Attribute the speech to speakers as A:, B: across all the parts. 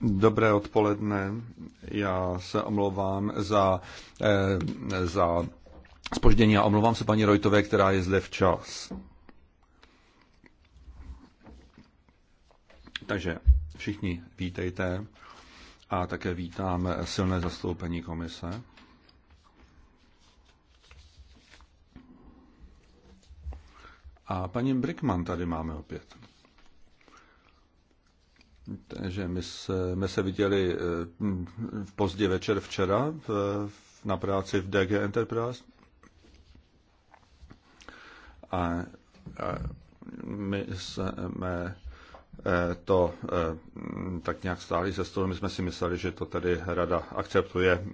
A: Dobré odpoledne. Já se omlouvám za, eh, za spoždění a omlouvám se paní Rojtové, která je zde včas. Takže všichni vítejte a také vítám silné zastoupení komise. A paní Brickman tady máme opět že my jsme se viděli eh, v pozdě večer včera v, na práci v DG Enterprise. A, a my jsme eh, to eh, tak nějak stáli ze stolu. My jsme si mysleli, že to tady rada akceptuje.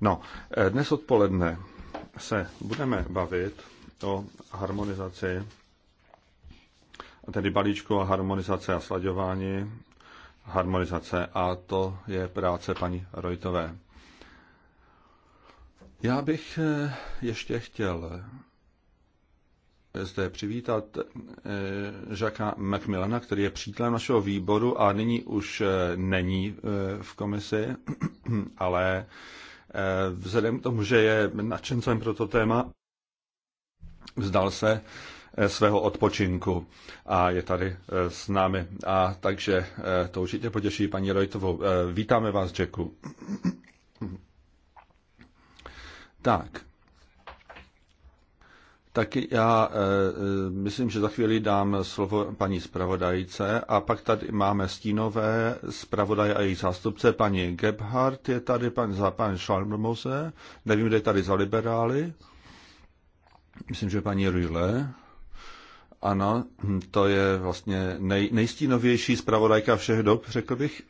A: No, dnes odpoledne se budeme bavit o harmonizaci tedy balíčku a harmonizace a slaďování, harmonizace a to je práce paní Rojtové. Já bych eh, ještě chtěl eh, zde přivítat Žaka eh, Macmillana, který je přítelem našeho výboru a nyní už není v komisi, ale vzhledem k tomu, že je nadšencem pro to téma, vzdal se svého odpočinku a je tady e, s námi. A takže e, to určitě potěší paní Rojtovou. E, vítáme vás, Jacku. Tak. Tak já e, myslím, že za chvíli dám slovo paní zpravodajce a pak tady máme stínové zpravodaje a jejich zástupce. Paní Gebhardt je tady, pan, za pan Schalmose, nevím, kde je tady za liberály. Myslím, že paní Rühle. Ano, hm, to je vlastně nej, nejstínovější zpravodajka všech dob, řekl bych.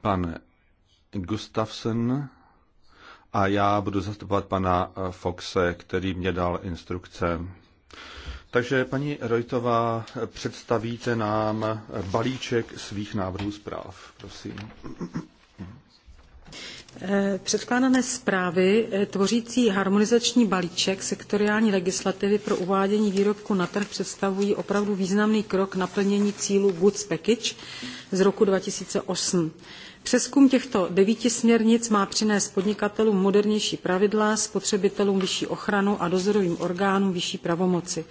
A: Pan Gustafsen a já budu zastupovat pana Foxe, který mě dal instrukce. Takže paní Rojtová, představíte nám balíček svých návrhů zpráv, prosím.
B: Eh, předkládané zprávy eh, tvořící harmonizační balíček sektoriální legislativy pro uvádění výrobku na trh představují opravdu významný krok naplnění cílu Goods Package z roku 2008. Přeskum těchto devíti směrnic má přinést podnikatelům modernější pravidla, spotřebitelům vyšší ochranu a dozorovým orgánům vyšší pravomoci.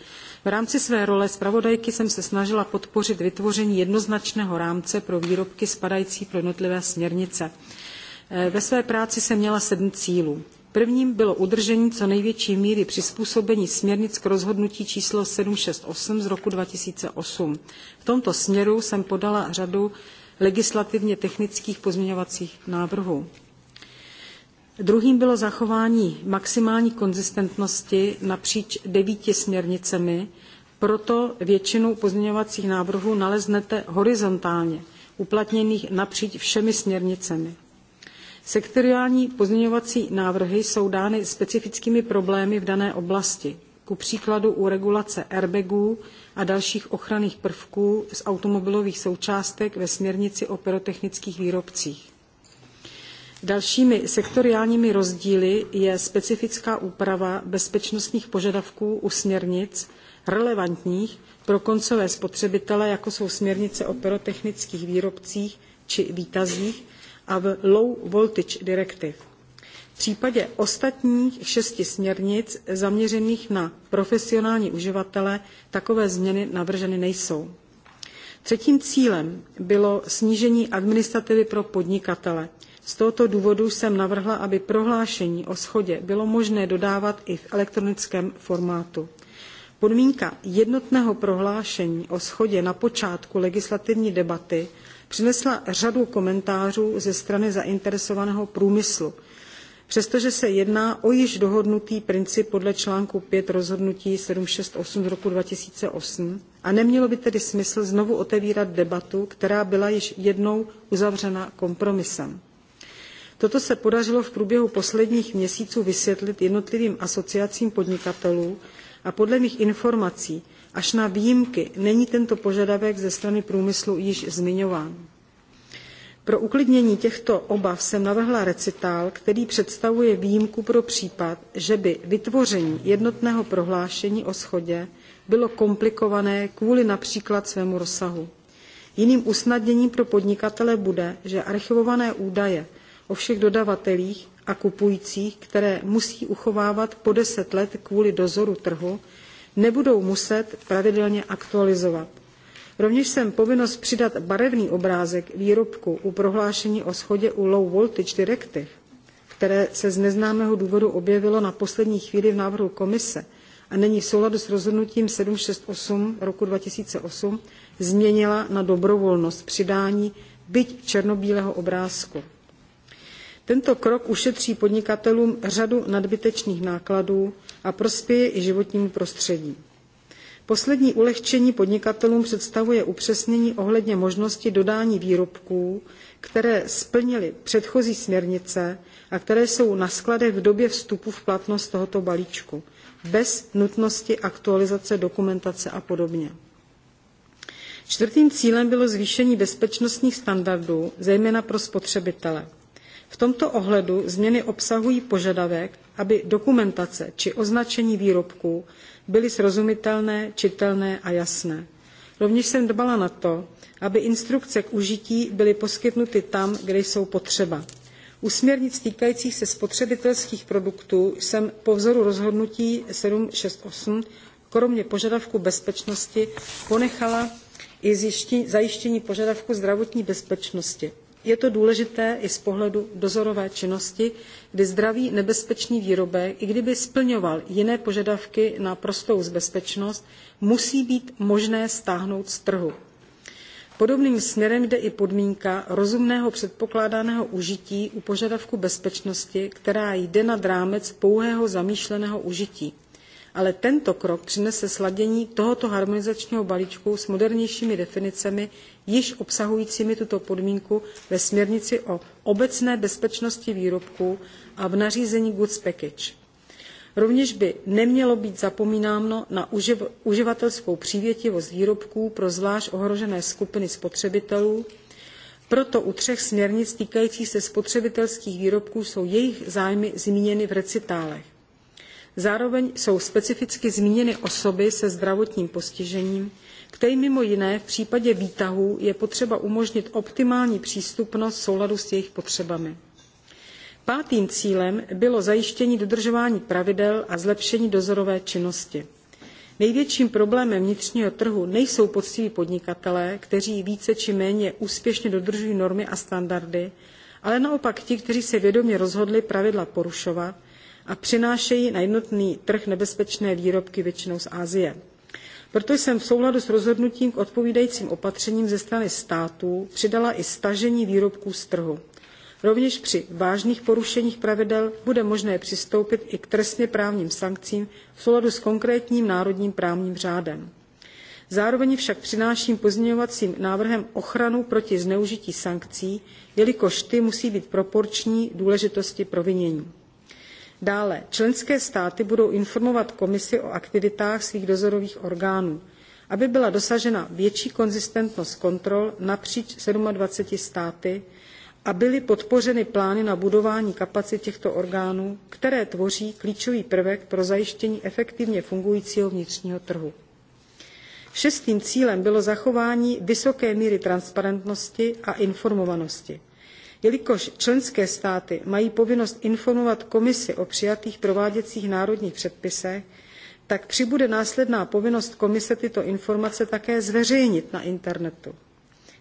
B: V rámci své role zpravodajky jsem se snažila podpořit vytvoření jednoznačného rámce pro výrobky spadající pro jednotlivé směrnice. Eh, ve své práci jsem měla sedm cílů. Prvním bylo udržení co největší míry přizpůsobení směrnic k rozhodnutí číslo 768 z roku 2008. V tomto směru jsem podala řadu legislativně technických pozměňovacích návrhů. Druhým bylo zachování maximální konzistentnosti napříč devíti směrnicemi, proto většinu pozměňovacích návrhů naleznete horizontálně uplatněných napříč všemi směrnicemi. Sektoriální pozměňovací návrhy jsou dány specifickými problémy v dané oblasti, ku příkladu u regulace airbagů a dalších ochranných prvků z automobilových součástek ve směrnici o pyrotechnických výrobcích. Dalšími sektoriálními rozdíly je specifická úprava bezpečnostních požadavků u směrnic relevantních pro koncové spotřebitele, jako jsou směrnice o pyrotechnických výrobcích či výtazích, a v Low Voltage Directive. V případě ostatních šesti směrnic zaměřených na profesionální uživatele takové změny navrženy nejsou. Třetím cílem bylo snížení administrativy pro podnikatele. Z tohoto důvodu jsem navrhla, aby prohlášení o schodě bylo možné dodávat i v elektronickém formátu. Podmínka jednotného prohlášení o schodě na počátku legislativní debaty přinesla řadu komentářů ze strany zainteresovaného průmyslu. Přestože se jedná o již dohodnutý princip podle článku 5 rozhodnutí 768 z roku 2008 a nemělo by tedy smysl znovu otevírat debatu, která byla již jednou uzavřena kompromisem. Toto se podařilo v průběhu posledních měsíců vysvětlit jednotlivým asociacím podnikatelů a podle mých informací Až na výjimky není tento požadavek ze strany průmyslu již zmiňován. Pro uklidnění těchto obav jsem navrhla recitál, který představuje výjimku pro případ, že by vytvoření jednotného prohlášení o schodě bylo komplikované kvůli například svému rozsahu. Jiným usnadněním pro podnikatele bude, že archivované údaje o všech dodavatelích a kupujících, které musí uchovávat po deset let kvůli dozoru trhu, nebudou muset pravidelně aktualizovat. Rovněž jsem povinnost přidat barevný obrázek výrobku u prohlášení o schodě u Low Voltage Directive, které se z neznámého důvodu objevilo na poslední chvíli v návrhu komise a není v souladu s rozhodnutím 768 roku 2008, změnila na dobrovolnost přidání byť černobílého obrázku. Tento krok ušetří podnikatelům řadu nadbytečných nákladů, a prospěje i životnímu prostředí. Poslední ulehčení podnikatelům představuje upřesnění ohledně možnosti dodání výrobků, které splnily předchozí směrnice a které jsou na skladech v době vstupu v platnost tohoto balíčku, bez nutnosti aktualizace dokumentace a podobně. Čtvrtým cílem bylo zvýšení bezpečnostních standardů, zejména pro spotřebitele. V tomto ohledu změny obsahují požadavek aby dokumentace či označení výrobků byly srozumitelné, čitelné a jasné. Rovněž jsem dbala na to, aby instrukce k užití byly poskytnuty tam, kde jsou potřeba. U směrnic týkajících se spotřebitelských produktů jsem po vzoru rozhodnutí 768 kromě požadavku bezpečnosti ponechala i zajištění požadavku zdravotní bezpečnosti. Je to důležité i z pohledu dozorové činnosti, kdy zdravý nebezpečný výrobek, i kdyby splňoval jiné požadavky na prostou bezpečnost, musí být možné stáhnout z trhu. Podobným směrem jde i podmínka rozumného předpokládaného užití u požadavku bezpečnosti, která jde nad rámec pouhého zamýšleného užití ale tento krok přinese sladění tohoto harmonizačního balíčku s modernějšími definicemi, již obsahujícími tuto podmínku ve směrnici o obecné bezpečnosti výrobků a v nařízení Goods Package. Rovněž by nemělo být zapomínáno na uživ, uživatelskou přívětivost výrobků pro zvlášť ohrožené skupiny spotřebitelů, proto u třech směrnic týkajících se spotřebitelských výrobků jsou jejich zájmy zmíněny v recitálech. Zároveň jsou specificky zmíněny osoby se zdravotním postižením, který mimo jiné v případě výtahů je potřeba umožnit optimální přístupnost v souladu s jejich potřebami. Pátým cílem bylo zajištění dodržování pravidel a zlepšení dozorové činnosti. Největším problémem vnitřního trhu nejsou poctiví podnikatelé, kteří více či méně úspěšně dodržují normy a standardy, ale naopak ti, kteří se vědomě rozhodli pravidla porušovat – a přinášejí na jednotný trh nebezpečné výrobky většinou z Asie. Proto jsem v souladu s rozhodnutím k odpovídajícím opatřením ze strany států přidala i stažení výrobků z trhu. Rovněž při vážných porušeních pravidel bude možné přistoupit i k trestně právním sankcím v souladu s konkrétním národním právním řádem. Zároveň však přináším pozměňovacím návrhem ochranu proti zneužití sankcí, jelikož ty musí být proporční důležitosti provinění. Dále členské státy budou informovat komisi o aktivitách svých dozorových orgánů, aby byla dosažena větší konzistentnost kontrol napříč 27 státy a byly podpořeny plány na budování kapacit těchto orgánů, které tvoří klíčový prvek pro zajištění efektivně fungujícího vnitřního trhu. Šestým cílem bylo zachování vysoké míry transparentnosti a informovanosti. Jelikož členské státy mají povinnost informovat komisi o přijatých prováděcích národních předpisech, tak přibude následná povinnost komise tyto informace také zveřejnit na internetu.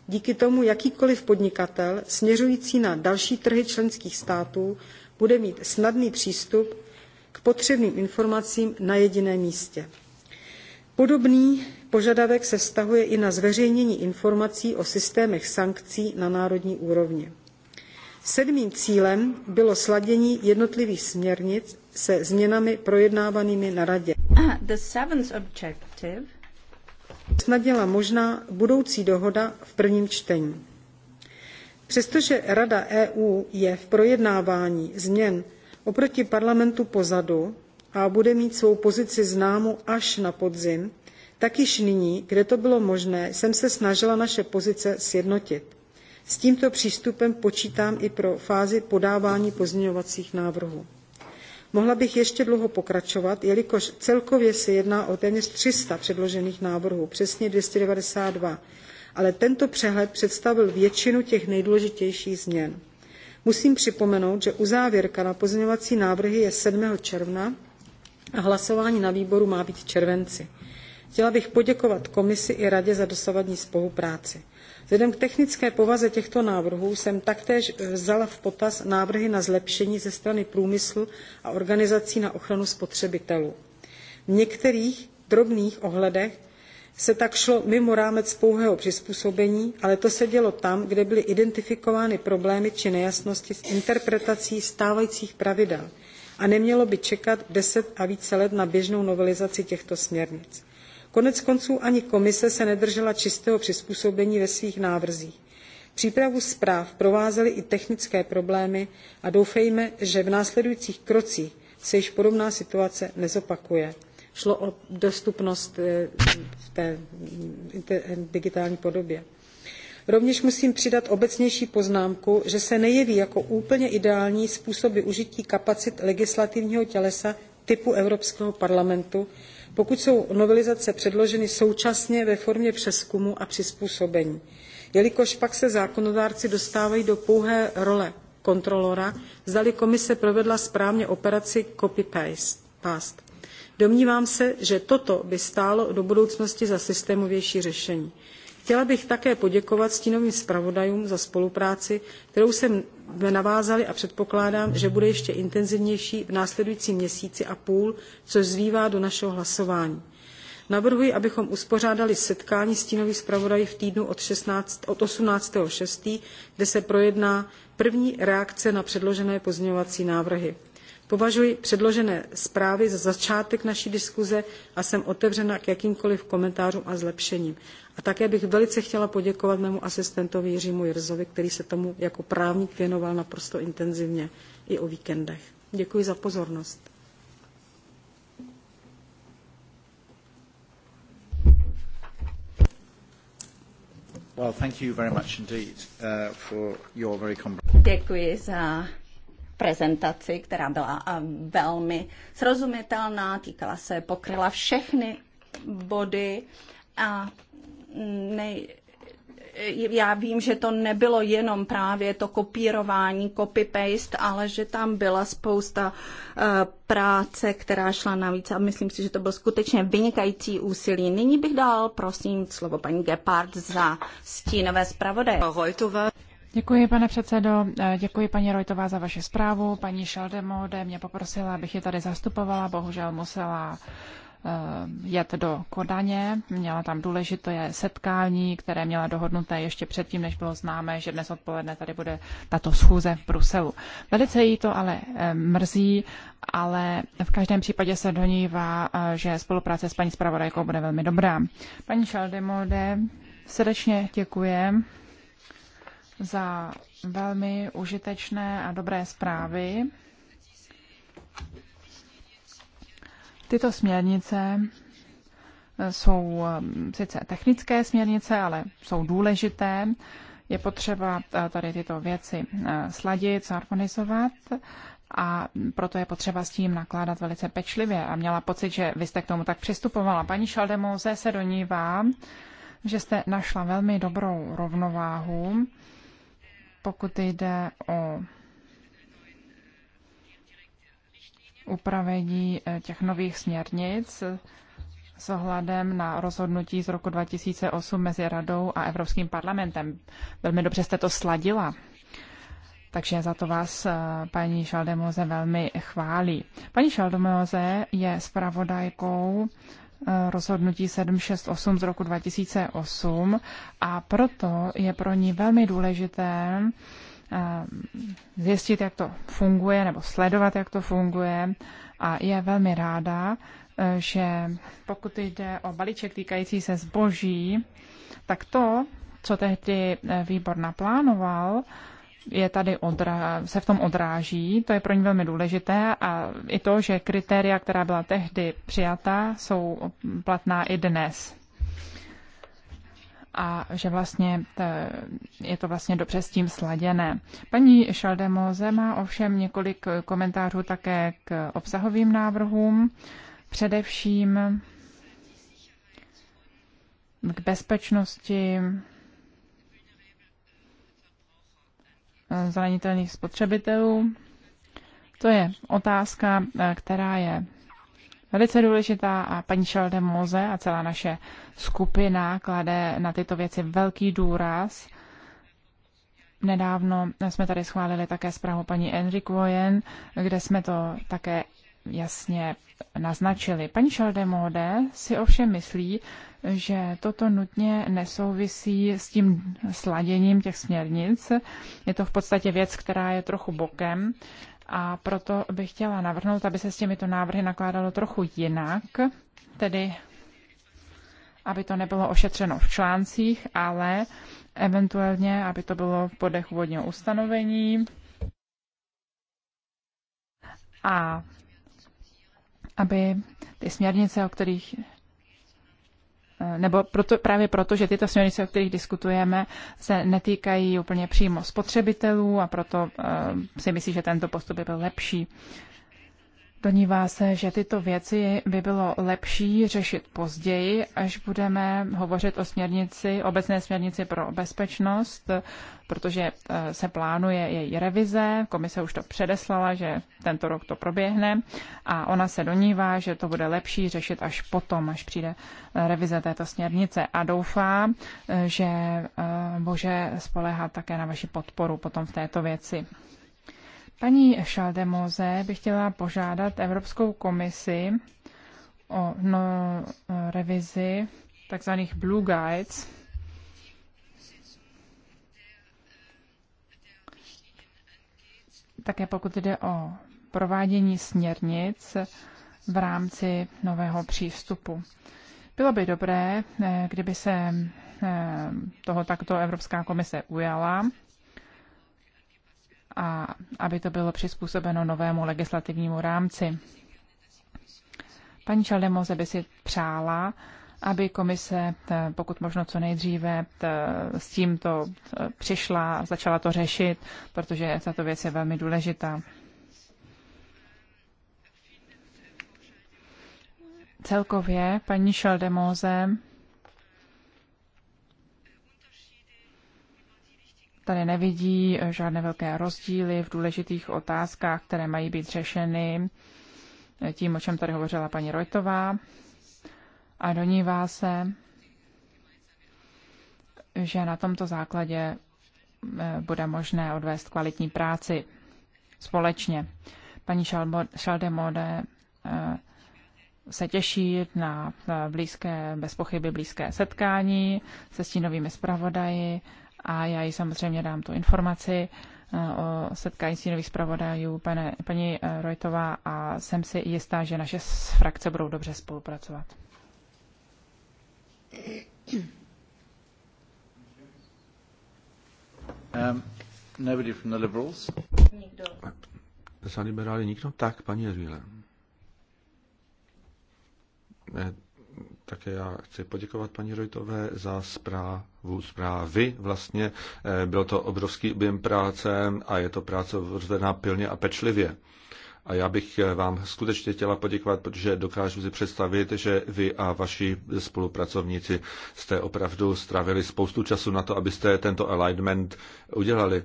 B: Díky tomu jakýkoliv podnikatel směřující na další trhy členských států bude mít snadný přístup k potřebným informacím na jediném místě. Podobný požadavek se vztahuje i na zveřejnění informací o systémech sankcí na národní úrovni. Sedmým cílem bylo sladění jednotlivých směrnic se změnami projednávanými na radě. Ah, the seventh objective snadila možná budoucí dohoda v prvním čtení. Přestože Rada EU je v projednávání změn oproti parlamentu pozadu a bude mít svou pozici známu až na podzim, tak již nyní, kde to bylo možné, jsem se snažila naše pozice sjednotit. S tímto přístupem počítám i pro fázi podávání pozměňovacích návrhů. Mohla bych ještě dlouho pokračovat, jelikož celkově se jedná o téměř 300 předložených návrhů, přesně 292, ale tento přehled představil většinu těch nejdůležitějších změn. Musím připomenout, že uzávěrka na pozměňovací návrhy je 7. června a hlasování na výboru má být v červenci. Chtěla bych poděkovat komisi i radě za dosavadní spolupráci. Vzhledem k technické povaze těchto návrhů jsem taktéž eh, vzala v potaz návrhy na zlepšení ze strany průmyslu a organizací na ochranu spotřebitelů. V některých drobných ohledech se tak šlo mimo rámec pouhého přizpůsobení, ale to se dělo tam, kde byly identifikovány problémy či nejasnosti s interpretací stávajících pravidel a nemělo by čekat deset a více let na běžnou novelizaci těchto směrnic. Konec konců ani komise se nedržela čistého přizpůsobení ve svých návrzích. Přípravu zpráv provázely i technické problémy a doufejme, že v následujících krocích se již podobná situace nezopakuje. Šlo o dostupnost eh, v té eh, digitální podobě. Rovněž musím přidat obecnější poznámku, že se nejeví jako úplně ideální způsob využití kapacit legislativního tělesa typu Evropského parlamentu, pokud jsou novelizace předloženy současně ve formě přeskumu a přizpůsobení, jelikož pak se zákonodárci dostávají do pouhé role kontrolora, zdali komise provedla správně operaci copy-paste. Domnívám se, že toto by stálo do budoucnosti za systémovější řešení. Chtěla bych také poděkovat stínovým zpravodajům za spolupráci, kterou jsme navázali a předpokládám, že bude ještě intenzivnější v následujícím měsíci a půl, což zbývá do našeho hlasování. Navrhuji, abychom uspořádali setkání stínových zpravodají v týdnu od, 16, od 18.6., kde se projedná první reakce na předložené pozměňovací návrhy. Považuji předložené zprávy za začátek naší diskuze a jsem otevřena k jakýmkoliv komentářům a zlepšením. A také bych velice chtěla poděkovat mému asistentovi Jiřímu Jirzovi, který se tomu jako právník věnoval naprosto intenzivně i o víkendech. Děkuji za pozornost.
C: Well, thank you very much indeed uh, for your very
D: Děkuji za prezentaci, která byla uh, velmi srozumitelná, týkala se, pokryla všechny body a ne, já vím, že to nebylo jenom právě to kopírování, copy-paste, ale že tam byla spousta eh, práce, která šla navíc a myslím si, že to byl skutečně vynikající úsilí. Nyní bych dal, prosím, slovo paní Gepard za stínové zpravodaje.
C: Děkuji, pane předsedo. Eh, děkuji, paní Rojtová, za vaši zprávu. Paní Šaldemode mě poprosila, abych je tady zastupovala. Bohužel musela Eh, jet do Kodaně, měla tam důležité setkání, které měla dohodnuté ještě předtím, než bylo známé, že dnes odpoledne tady bude tato schůze v Bruselu. Velice jí to ale eh, mrzí, ale v každém případě se donívá, eh, že spolupráce s paní zpravodajkou bude velmi dobrá. Paní šaldemode srdečně děkuji za velmi užitečné a dobré zprávy. Tyto směrnice eh, jsou eh, sice technické směrnice, ale jsou důležité. Je potřeba eh, tady tyto věci sladit, zharmonizovat a proto je potřeba s tím nakládat velice pečlivě. A měla pocit, že vy jste k tomu tak přistupovala. Paní Šaldemouze se do ní vám, že jste našla velmi dobrou rovnováhu, pokud jde o upravení eh, těch nových směrnic s ohledem na rozhodnutí z roku 2008 mezi Radou a Evropským parlamentem. Velmi dobře jste to sladila. Takže za to vás eh, paní Šaldemoze velmi chválí. Paní Šaldemoze je zpravodajkou eh, rozhodnutí 768 z roku 2008 a proto je pro ní velmi důležité, Eh, zjistit, jak to funguje, nebo sledovat, jak to funguje. A je velmi ráda, eh, že pokud jde o balíček týkající se zboží, tak to, co tehdy eh, výbor naplánoval, je tady odra- se v tom odráží, to je pro ně velmi důležité a i to, že kritéria, která byla tehdy přijata, jsou platná i dnes a že vlastně je to vlastně dobře s tím sladěné. Paní Šaldemoze má ovšem několik komentářů také k obsahovým návrhům, především k bezpečnosti zranitelných spotřebitelů. To je otázka, která je velice důležitá a paní Šelde Moze a celá naše skupina klade na tyto věci velký důraz. Nedávno jsme tady schválili také zprávu paní Enrik Vojen, kde jsme to také jasně naznačili. Paní Šaldemode si ovšem myslí, že toto nutně nesouvisí s tím sladěním těch směrnic. Je to v podstatě věc, která je trochu bokem a proto bych chtěla navrhnout, aby se s těmito návrhy nakládalo trochu jinak, tedy aby to nebylo ošetřeno v článcích, ale eventuálně, aby to bylo v podech úvodního ustanovení a aby ty směrnice, o kterých nebo proto, právě proto, že tyto směrnice, o kterých diskutujeme, se netýkají úplně přímo spotřebitelů a proto eh, si myslím, že tento postup by byl lepší. Donívá se, že tyto věci by bylo lepší řešit později, až budeme hovořit o směrnici, obecné směrnici pro bezpečnost, protože eh, se plánuje její revize. Komise už to předeslala, že tento rok to proběhne a ona se donívá, že to bude lepší řešit až potom, až přijde eh, revize této směrnice a doufá, eh, že může spolehat také na vaši podporu potom v této věci. Paní Šaldemoze bych chtěla požádat Evropskou komisi o no, revizi tzv. Blue Guides, také pokud jde o provádění směrnic v rámci nového přístupu. Bylo by dobré, eh, kdyby se eh, toho takto Evropská komise ujala a aby to bylo přizpůsobeno novému legislativnímu rámci. Paní Šaldemoze by si přála, aby komise eh, pokud možno co nejdříve eh, s tímto eh, přišla, začala to řešit, protože tato věc je velmi důležitá. Celkově paní Šaldemoze tady nevidí eh, žádné velké rozdíly v důležitých otázkách, které mají být řešeny eh, tím, o čem tady hovořila paní Rojtová. A donívá se, že na tomto základě eh, bude možné odvést kvalitní práci společně. Paní Šaldemode se těší na blízké, bez pochyby blízké setkání se stínovými zpravodaji a já jí samozřejmě dám tu informaci eh, o setkání stínových zpravodajů pane, paní eh, Rojtová a jsem si jistá, že naše frakce budou dobře spolupracovat.
A: Um, nobody from the liberals. Nikdo. liberály nikdo? Tak, paní Jezvíle. Eh, také já chci poděkovat paní Rojtové za zprávu zprávy. Vlastně eh, byl to obrovský objem práce a je to práce rozvedená pilně a pečlivě. A já bych eh, vám skutečně chtěla poděkovat, protože dokážu si představit, že vy a vaši spolupracovníci jste opravdu stravili spoustu času na to, abyste tento alignment udělali.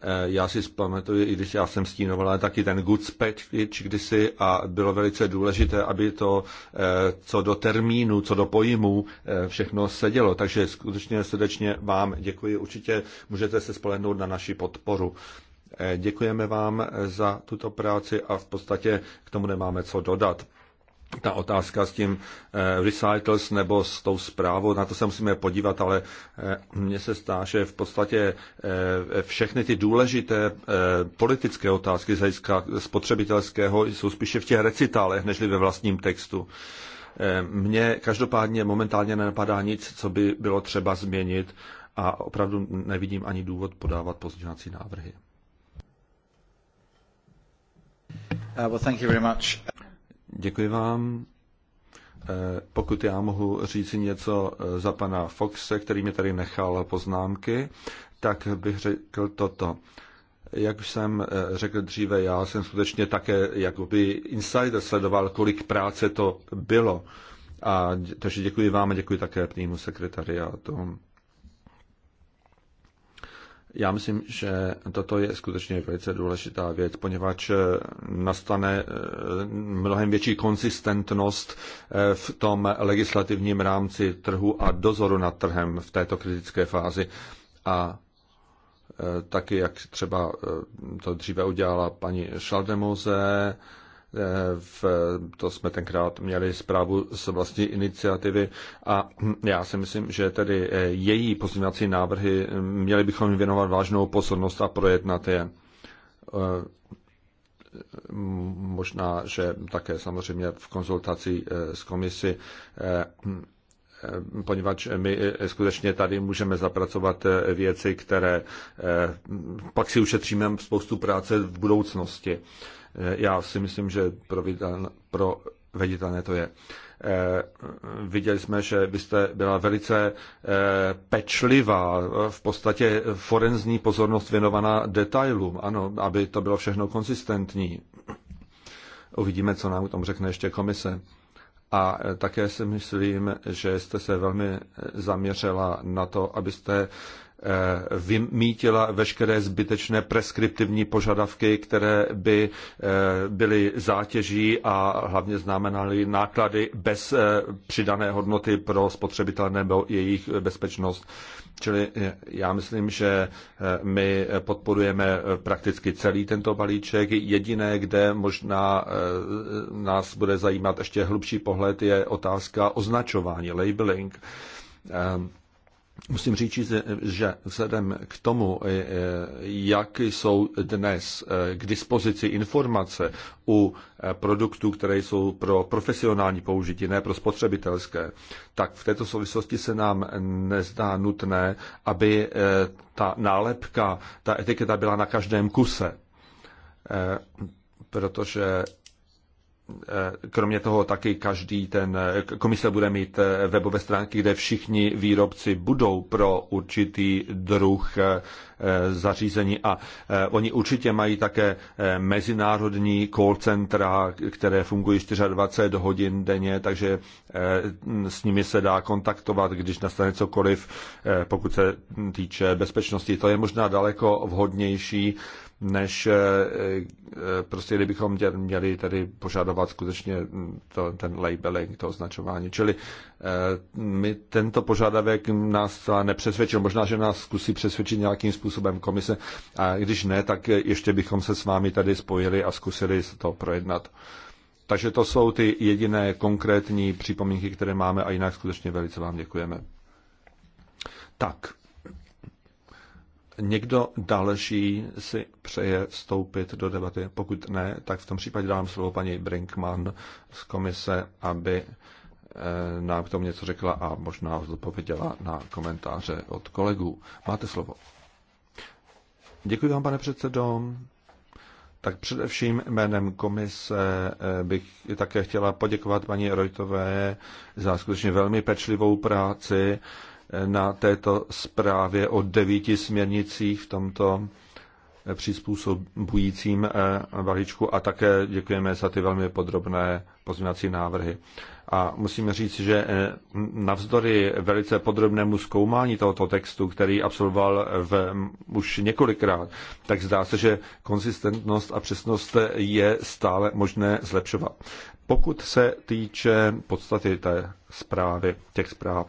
A: Eh, já si vzpamatuju, i když já jsem ale taky ten Goods Package kdysi a bylo velice důležité, aby to eh, co do termínu, co do pojmu eh, všechno sedělo. Takže skutečně srdečně vám děkuji. Určitě můžete se spolehnout na naši podporu. Děkujeme vám za tuto práci a v podstatě k tomu nemáme co dodat ta otázka s tím eh, recitals nebo s tou zprávou, na to se musíme podívat, ale eh, mně se stá, že v podstatě eh, všechny ty důležité politické otázky z hlediska spotřebitelského jsou spíše v těch recitálech, nežli ve vlastním textu. Mně každopádně momentálně nenapadá nic, co by bylo třeba změnit a opravdu nevidím ani důvod podávat pozdělací návrhy.
C: Uh, well, thank you very much.
A: Děkuji vám. Eh, pokud já mohu říct něco eh, za pana Foxe, který mi tady nechal poznámky, tak bych řekl toto. Jak už jsem eh, řekl dříve, já jsem skutečně také jakoby insider sledoval, kolik práce to bylo. A, takže děkuji vám a děkuji také týmu sekretariátu. Já myslím, že toto je skutečně velice důležitá věc, poněvadž eh, nastane eh, mnohem větší konsistentnost eh, v tom legislativním rámci trhu a dozoru nad trhem v této kritické fázi. A taky, jak třeba to dříve udělala paní Šaldemose, Eh, v, to jsme tenkrát měli zprávu z vlastní iniciativy a já si myslím, že tedy eh, její pozměňovací návrhy hm, měli bychom věnovat vážnou pozornost a projednat je. Eh, možná, že také samozřejmě v konzultaci s komisí poněvadž my skutečně tady můžeme zapracovat věci, které pak si ušetříme spoustu práce v budoucnosti. Eh, já si myslím, že pro veditelné to je. Eh, viděli jsme, že vy jste byla velice eh, pečlivá, v podstatě forenzní pozornost věnovaná detailům, ano, aby to bylo všechno konsistentní. Uvidíme, co nám o tom řekne ještě komise. A také si myslím, že jste se velmi zaměřila na to, abyste Eh, vymítila veškeré zbytečné preskriptivní požadavky, které by eh, byly zátěží a hlavně znamenaly náklady bez eh, přidané hodnoty pro spotřebitele nebo jejich bezpečnost. Čili já myslím, že my podporujeme prakticky celý tento balíček. Jediné, kde možná nás bude zajímat ještě hlubší pohled, je otázka označování, labeling Musím říct, že vzhledem k tomu, eh, jak jsou dnes eh, k dispozici informace u eh, produktů, které jsou pro profesionální použití, ne pro spotřebitelské, tak v této souvislosti se nám nezdá nutné, aby ta nálepka, ta etiketa byla na každém kuse protože Eh, kromě toho taky každý ten, eh, komise bude mít eh, webové stránky, kde všichni výrobci budou pro určitý druh zařízení a oni určitě mají také mezinárodní call centra, které fungují 24 hodin denně, takže s nimi se dá kontaktovat, když nastane cokoliv, pokud se týče bezpečnosti. To je možná daleko vhodnější, než eh, eh, prostě kdybychom měli tady požadovat skutečně to, ten labeling, to označování. Čili eh, my tento požadavek nás nepřesvědčil. Možná, že nás zkusí přesvědčit nějakým způsobem komise a když ne, tak ještě bychom se s vámi tady spojili a zkusili to projednat. Takže to jsou ty jediné konkrétní připomínky, které máme a jinak skutečně velice vám děkujeme. Tak, někdo další si přeje vstoupit do debaty? Pokud ne, tak v tom případě dám slovo paní Brinkman z komise, aby eh, nám k tomu něco řekla a možná odpověděla na komentáře od kolegů. Máte slovo. Děkuji vám, pane předsedo. Tak především jménem komise eh, bych také chtěla poděkovat paní Rojtové za skutečně velmi pečlivou práci na této zprávě o devíti směrnicích v tomto přizpůsobujícím eh, balíčku a také děkujeme za ty velmi podrobné pozměňovací návrhy. A musíme říct, že eh, navzdory velice podrobnému zkoumání tohoto textu, který absolvoval eh, v, už několikrát, tak zdá se, že konzistentnost a přesnost je stále možné zlepšovat. Pokud se týče podstaty té zprávy, těch zpráv,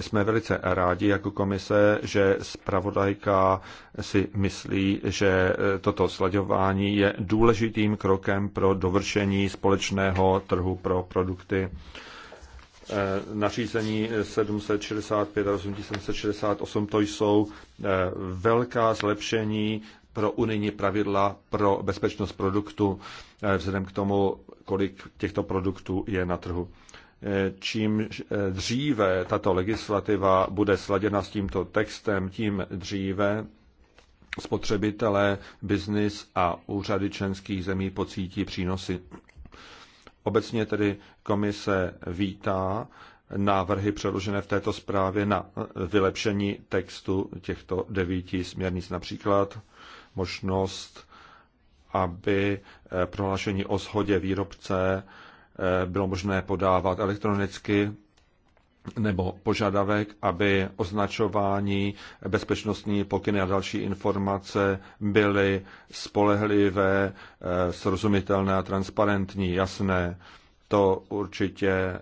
A: jsme velice rádi jako komise, že zpravodajka si myslí, že e, toto sladěvání je důležitým krokem pro dovršení společného trhu pro produkty e, nařízení 765 a 768 to jsou e, velká zlepšení pro unijní pravidla pro bezpečnost produktu, vzhledem k tomu, kolik těchto produktů je na trhu čím eh, dříve tato legislativa bude sladěna s tímto textem, tím dříve spotřebitelé, biznis a úřady členských zemí pocítí přínosy. Obecně tedy komise vítá návrhy předložené v této zprávě na vylepšení textu těchto devíti směrnic, například možnost, aby eh, prohlášení o shodě výrobce Eh, bylo možné podávat elektronicky, nebo požadavek, aby označování, bezpečnostní pokyny a další informace byly spolehlivé, eh, srozumitelné a transparentní, jasné. To určitě eh,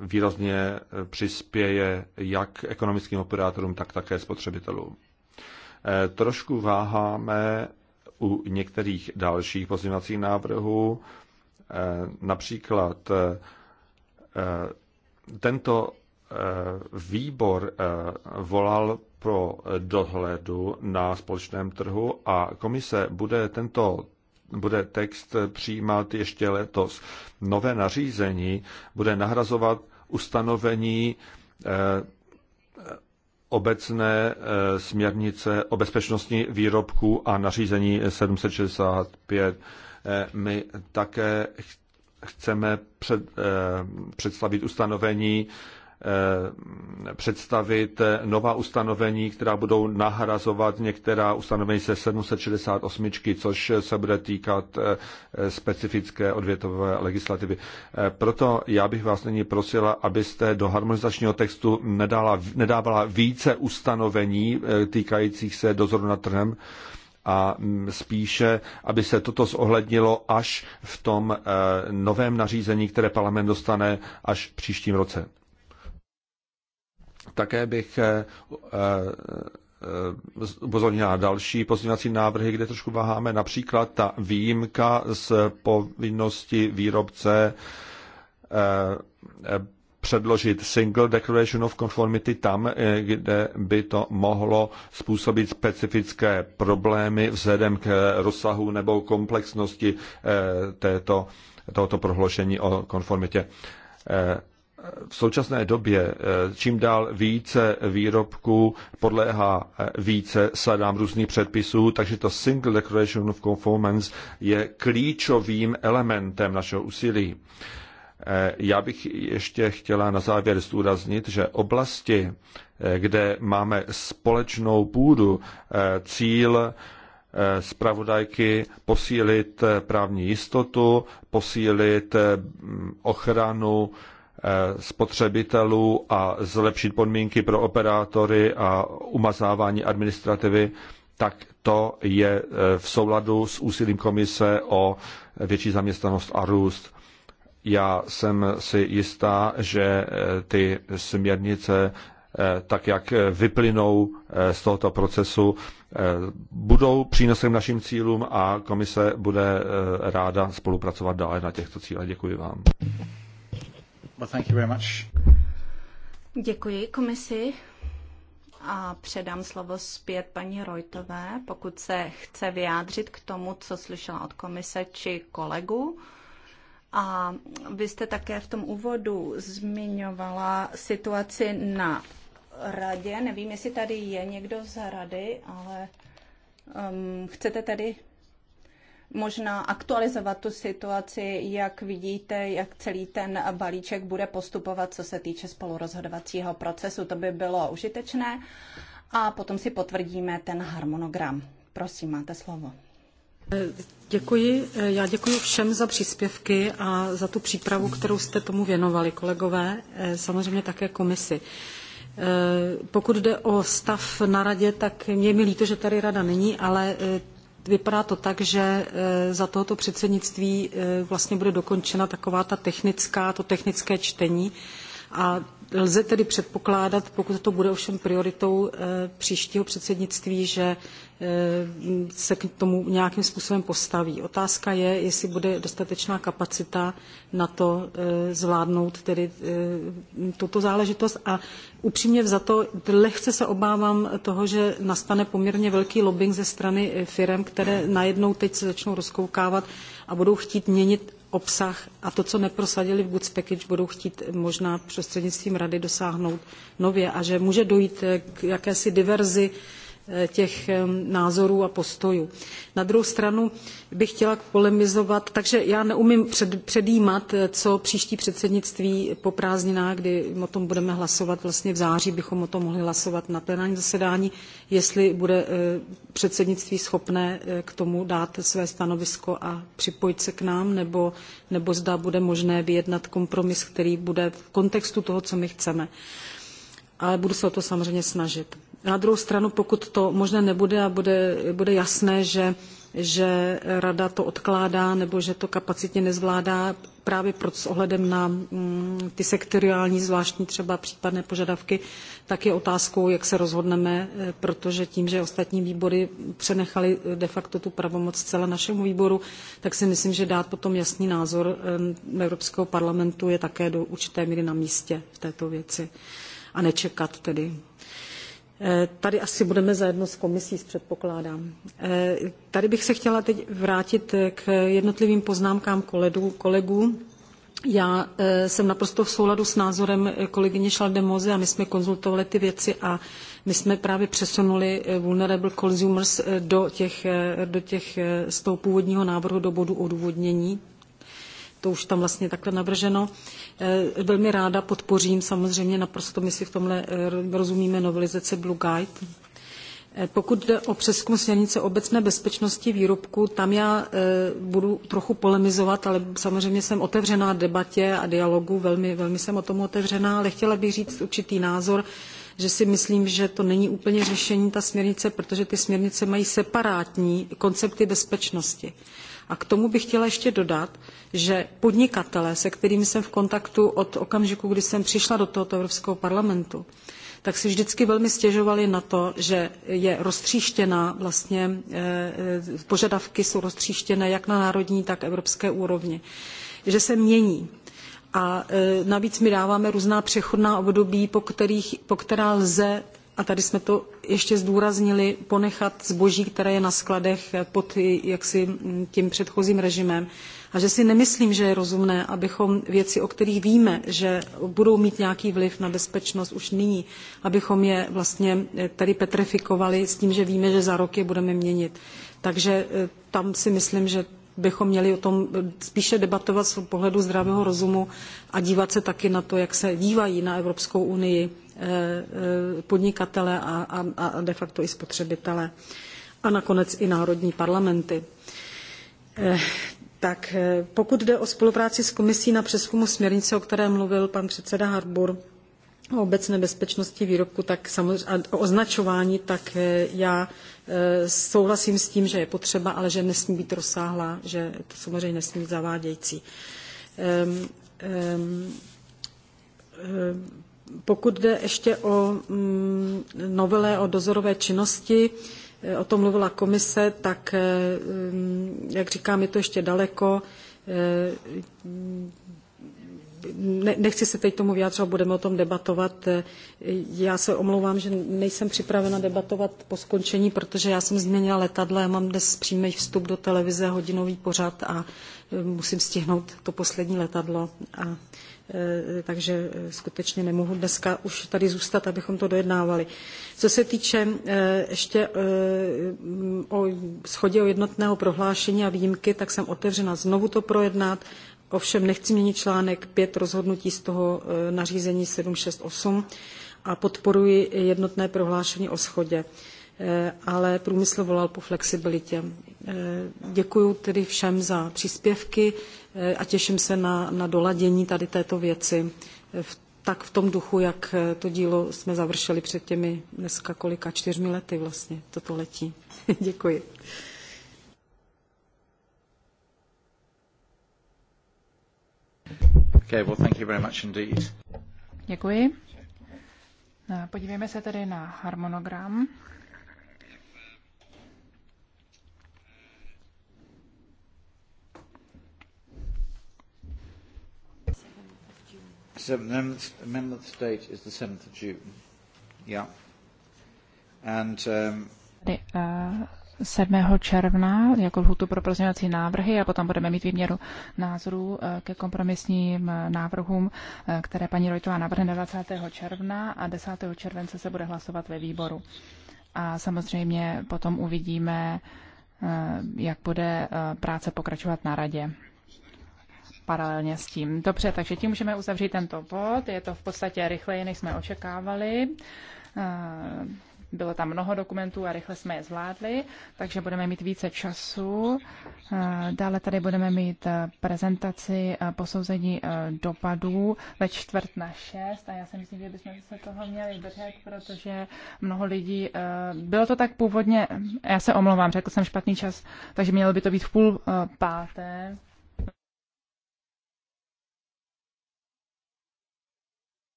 A: výrazně přispěje jak ekonomickým operátorům, tak také spotřebitelům. Trošku váháme u některých dalších pozměňovacích návrhů, Eh, například eh, tento eh, výbor volal pro dohledu na společném trhu a komise bude tento bude text přijímat ještě letos. Nové nařízení bude nahrazovat ustanovení obecné směrnice o bezpečnosti výrobků a nařízení 765 Eh, my také chceme před, eh, představit ustanovení, eh, představit nová ustanovení, která budou nahrazovat některá ustanovení se 768, což se bude týkat specifické odvětové legislativy. Proto já bych vás nyní prosila, abyste do harmonizačního textu nedala, nedávala více ustanovení týkajících se dozoru nad trhem, a mm, spíše, aby se toto zohlednilo až v tom eh, novém nařízení, které parlament dostane až v příštím roce. Také bych eh, eh, upozornila na další pozměňovací návrhy, kde trošku váháme. Například ta výjimka z povinnosti výrobce předložit Single Declaration of Conformity tam, eh, kde by to mohlo způsobit specifické problémy vzhledem k rozsahu nebo komplexnosti eh, této, tohoto prohlášení o konformitě. Eh, v současné době čím dál více výrobků podléhá více sadám různých předpisů, takže to Single Declaration of Conformance je klíčovým elementem našeho úsilí. Eh, já bych ještě chtěla na závěr zdůraznit, že oblasti, eh, kde máme společnou půdu, eh, cíl zpravodajky posílit právní jistotu, posílit ochranu spotřebitelů a zlepšit podmínky pro operátory a umazávání administrativy, tak to je v souladu s úsilím komise o větší zaměstnanost a růst. Já jsem si jistá, že eh, ty směrnice, eh, tak jak eh, vyplynou z tohoto procesu, budou přínosem našim cílům a komise bude ráda spolupracovat dále na těchto cílech. Děkuji vám.
C: Well, thank you very much.
D: Děkuji komisi a předám slovo zpět paní Rojtové, pokud se chce vyjádřit k tomu, co slyšela od komise či kolegu. A vy jste také v tom úvodu zmiňovala situaci na radě. Nevím, jestli tady je někdo z rady, ale um, chcete tady možná aktualizovat tu situaci, jak vidíte, jak celý ten balíček bude postupovat, co se týče spolurozhodovacího procesu. To by bylo užitečné. A potom si potvrdíme ten harmonogram. Prosím, máte slovo.
B: Děkuji. Já děkuji všem za příspěvky a za tu přípravu, kterou jste tomu věnovali, kolegové, samozřejmě také komisi. Pokud jde o stav na radě, tak mě mi líto, že tady rada není, ale e, vypadá to tak, že e, za tohoto předsednictví e, vlastně bude dokončena taková ta technická, to technické čtení a lze tedy předpokládat, pokud to bude ovšem prioritou eh, příštího předsednictví, že eh, se k tomu nějakým způsobem postaví. Otázka je, jestli bude dostatečná kapacita na to eh, zvládnout tedy tuto záležitost a upřímně vzato lehce se obávám toho, že nastane poměrně velký lobbying ze strany firm, které najednou teď se začnou rozkoukávat a budou chtít měnit obsah a to, co neprosadili v Goods Package, budou chtít možná prostřednictvím rady dosáhnout nově a že může dojít k jakési diverzi Eh, těch názorů a postojů. Na druhou stranu bych chtěla polemizovat, takže já neumím před, předjímat, eh, co příští předsednictví po prázdninách, kdy o tom budeme hlasovat vlastně v září, bychom o tom mohli hlasovat na plenárním zasedání, jestli bude eh, předsednictví schopné k tomu dát své stanovisko a připojit se k nám, nebo, nebo zda bude možné vyjednat kompromis, který bude v kontextu toho, co my chceme. Ale budu se o to samozřejmě snažit. Na druhou stranu, pokud to možné nebude a bude, bude jasné, že, že rada to odkládá nebo že to kapacitně nezvládá právě proto s ohledem na mm, ty sektoriální zvláštní třeba případné požadavky, tak je otázkou, jak se rozhodneme, eh, protože tím, že ostatní výbory přenechali eh, de facto tu pravomoc zcela našemu výboru, tak si myslím, že dát potom jasný názor eh, Evropského parlamentu je také do určité míry na místě v této věci a nečekat tedy Eh, tady asi budeme zajedno s komisí, předpokládám. Eh, tady bych se chtěla teď vrátit k jednotlivým poznámkám kolegů. Já eh, jsem naprosto v souladu s názorem kolegyně Schaldemose a my jsme konzultovali ty věci a my jsme právě přesunuli vulnerable consumers do těch, do těch z toho původního návrhu do bodu odůvodnění to už tam vlastně takhle navrženo. Eh, velmi ráda podpořím samozřejmě naprosto, my si v tomhle eh, rozumíme novelizaci Blue Guide. Eh, pokud jde o přeskum směrnice obecné bezpečnosti výrobku, tam já budu trochu polemizovat, ale samozřejmě jsem otevřená debatě a dialogu, velmi, velmi jsem o tom otevřená, ale chtěla bych říct určitý názor, že si myslím, že to není úplně řešení ta směrnice, protože ty směrnice mají separátní koncepty bezpečnosti. A k tomu bych chtěla ještě dodat, že podnikatelé, se kterými jsem v kontaktu od okamžiku, kdy jsem přišla do tohoto Evropského parlamentu, tak si vždycky velmi stěžovali na to, že je roztříštěná vlastně, eh, eh, požadavky jsou roztříštěné jak na národní, tak evropské úrovni, že se mění. A eh, navíc my dáváme různá přechodná období, po, kterých, po která lze a tady jsme to ještě zdůraznili, ponechat zboží, které je na skladech pod jaksi tím předchozím režimem. A že si nemyslím, že je rozumné, abychom věci, o kterých víme, že budou mít nějaký vliv na bezpečnost už nyní, abychom je vlastně tady petrifikovali s tím, že víme, že za rok je budeme měnit. Takže eh, tam si myslím, že bychom měli o tom spíše debatovat z pohledu zdravého rozumu a dívat se taky na to, jak se dívají na Evropskou unii Eh, eh, podnikatele a, a, a de facto i spotřebitele a nakonec i národní parlamenty. Eh, tak pokud jde o spolupráci s komisí na přeskumu směrnice, o které mluvil pan předseda Harbour, o obecné bezpečnosti výrobku tak samozřejmě, a označování, tak já souhlasím s tím, že je potřeba, ale že nesmí být rozsáhlá, že to samozřejmě nesmí být zavádějící. Um, um, um, pokud jde ještě o mm, novelé o dozorové činnosti, eh, o tom mluvila komise, tak, eh, mm, jak říkám, je to ještě daleko. Eh, nechci se teď tomu vyjádřit, budeme o tom debatovat. Já se omlouvám, že nejsem připravena debatovat po skončení, protože já jsem změnila letadlo, a mám dnes přímý vstup do televize, hodinový pořad a musím stihnout to poslední letadlo. A Eh, takže eh, skutečně nemohu dneska už tady zůstat, abychom to dojednávali. Co se týče eh, ještě mm, o schodě o jednotného prohlášení a výjimky, tak jsem otevřena znovu to projednat. Ovšem nechci měnit článek 5 rozhodnutí z toho nařízení 768 a podporuji jednotné prohlášení o schodě ale průmysl volal po flexibilitě. Děkuji tedy všem za příspěvky. Eh, a těším se na, na doladění tady této věci eh, v, tak v tom duchu, jak eh, to dílo jsme završili před těmi dneska kolika, čtyřmi lety vlastně, toto letí. Děkuji.
A: Okay, well, thank you very much indeed.
C: Děkuji. Podívejme se tedy na harmonogram. amendment, amendment date is the 7th of June.
A: Yeah. And, um...
C: 7. Eh, června jako lhutu pro pozměňovací návrhy a potom budeme mít výměru názorů eh, ke kompromisním eh, návrhům, které paní Rojtová navrhne 20. června a 10. července se bude hlasovat ve výboru. A samozřejmě potom uvidíme, jak bude práce pokračovat na radě paralelně s tím. Dobře, takže tím můžeme uzavřít tento bod. Je to v podstatě rychleji, než jsme očekávali. Eh, bylo tam mnoho dokumentů a rychle jsme je zvládli, takže budeme mít více času. Eh, dále tady budeme mít eh, prezentaci posouzení dopadů ve čtvrt na šest a já si myslím, že bychom se toho měli držet, protože mnoho lidí, bylo to tak původně, já se omlouvám, řekl jsem špatný čas, takže mělo by to být v půl páté.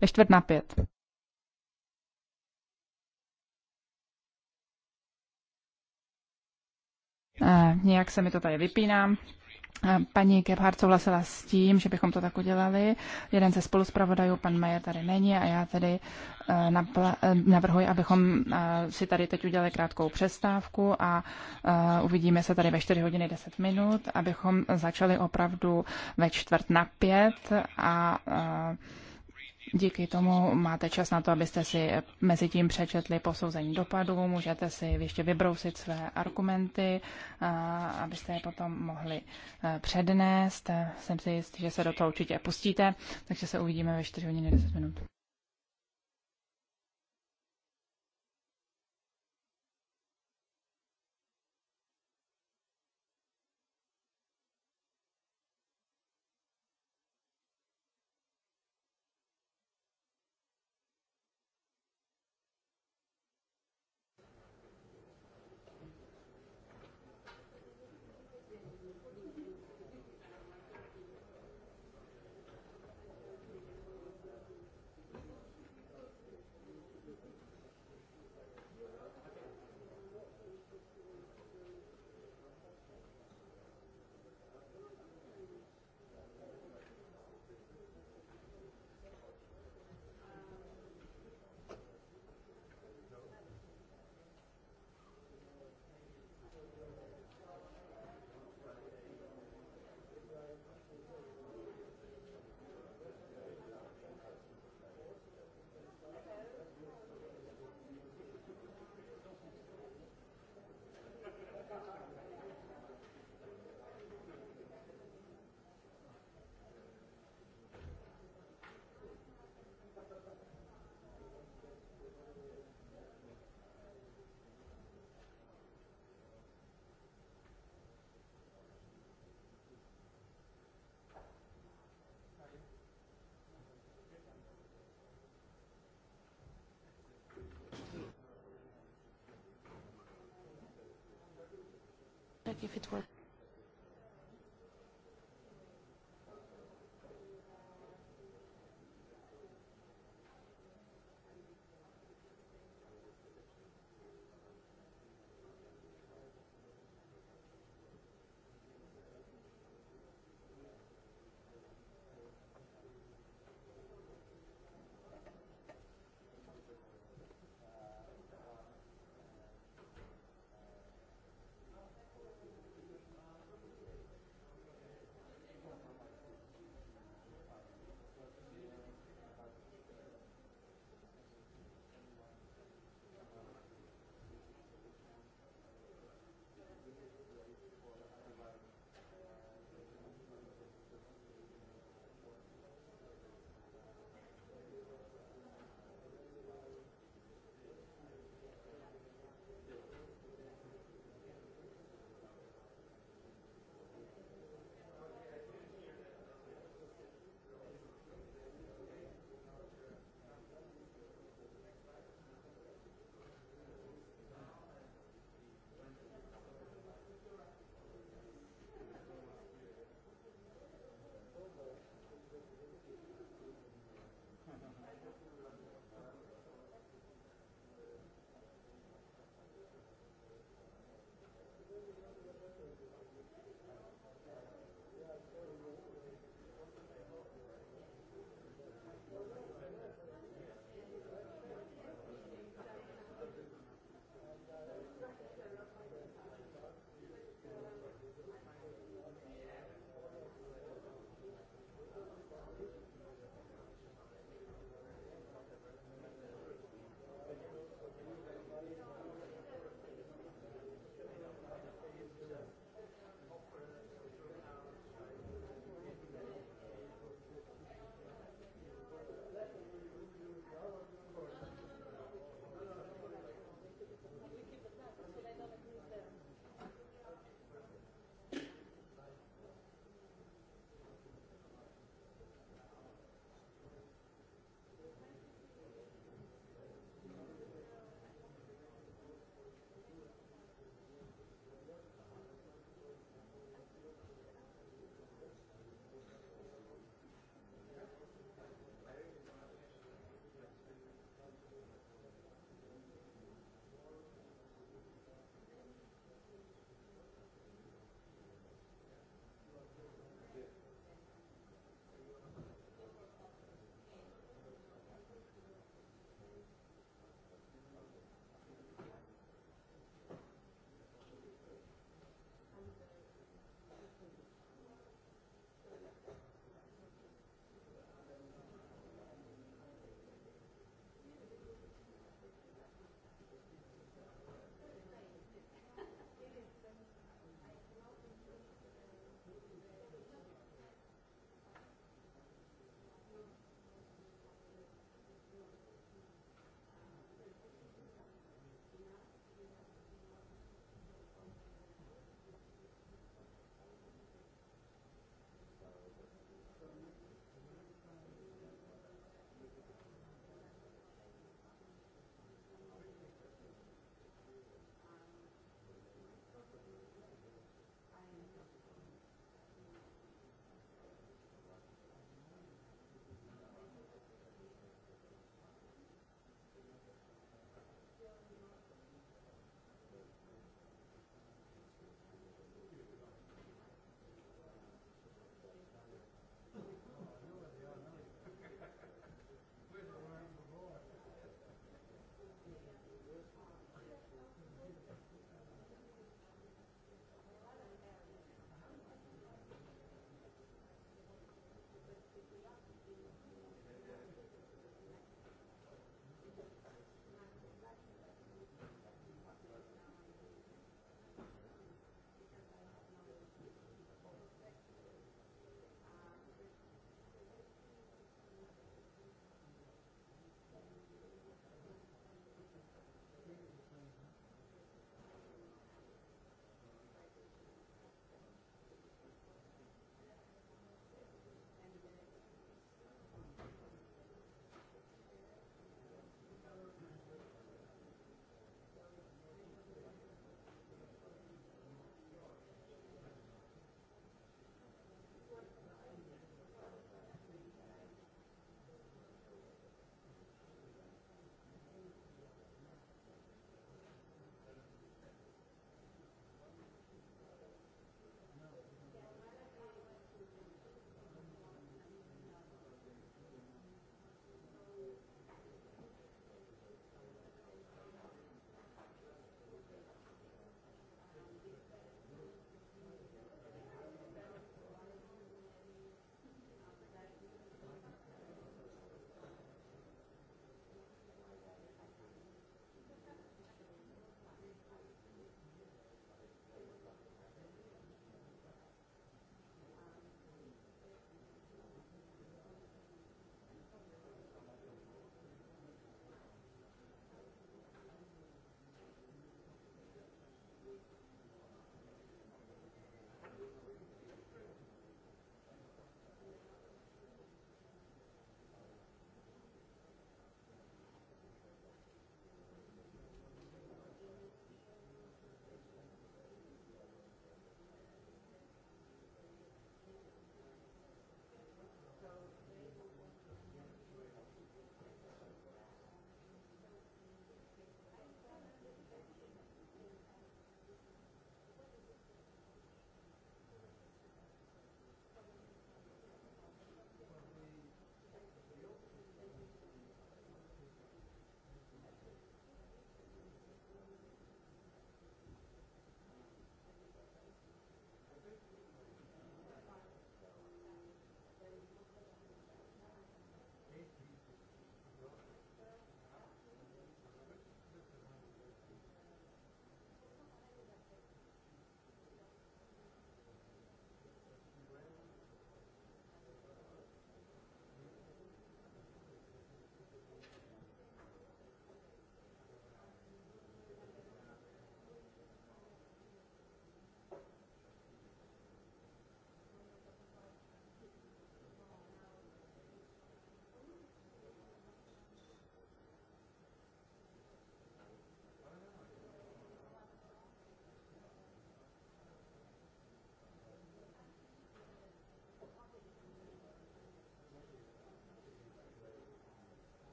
C: ve čtvrt na pět. Eh, nějak se mi to tady vypínám. Eh, paní Gebhardt souhlasila s tím, že bychom to tak udělali. Jeden ze spoluspravodajů pan Majer, tady není a já tedy eh, eh, navrhuji, abychom si tady teď udělali krátkou přestávku a uvidíme se tady ve 4 hodiny 10 minut, abychom začali opravdu ve čtvrt na pět a Díky tomu máte čas na to, abyste si mezi tím přečetli posouzení dopadů, můžete si ještě vybrousit své argumenty, abyste je potom mohli e, přednést. Jsem si jistý, že se do toho určitě pustíte, takže se uvidíme ve 4 hodiny 10 minut.
E: if it were.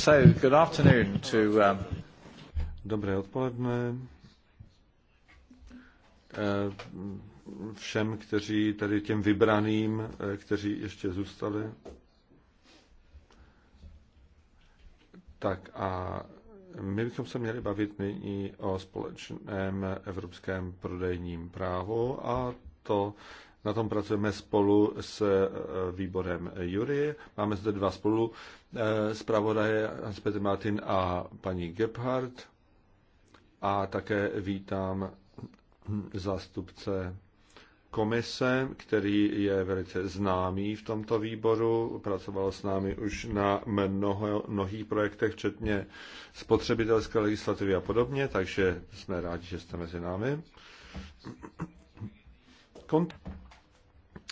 A: So, good afternoon to, um, Dobré odpoledne eh, všem, kteří tady těm vybraným, eh, kteří ještě zůstali. Tak a my bychom se měli bavit nyní o společném evropském prodejním právu a to na tom pracujeme spolu s eh, výborem Jury. Máme zde dva spolu eh, zpravodaje, Hans-Peter Martin a paní Gebhardt. A také vítám hm, zástupce komise, který je velice známý v tomto výboru, pracoval s námi už na mnoho, mnohých projektech, včetně spotřebitelské legislativy a podobně, takže jsme rádi, že jste mezi námi. Kont-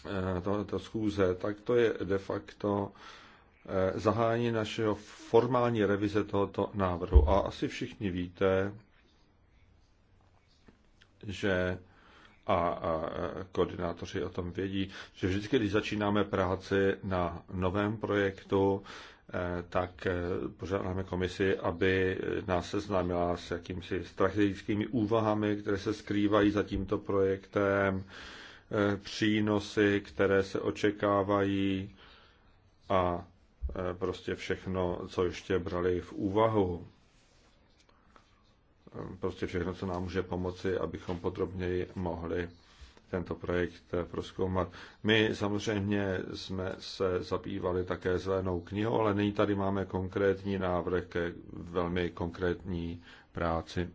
A: Eh, to schůze, tak to je de facto eh, zahájení našeho formální revize tohoto návrhu. A asi všichni víte, že a, a koordinátoři o tom vědí, že vždycky, když začínáme práci na novém projektu, eh, tak požádáme komisi, aby nás seznámila s jakýmsi strategickými úvahami, které se skrývají za tímto projektem, Eh, přínosy, které se očekávají a eh, prostě všechno, co ještě brali v úvahu. Eh, prostě všechno, co nám může pomoci, abychom podrobněji mohli tento projekt proskoumat. My samozřejmě jsme se zabývali také zelenou knihou, ale nyní tady máme konkrétní návrh ke velmi konkrétní práci.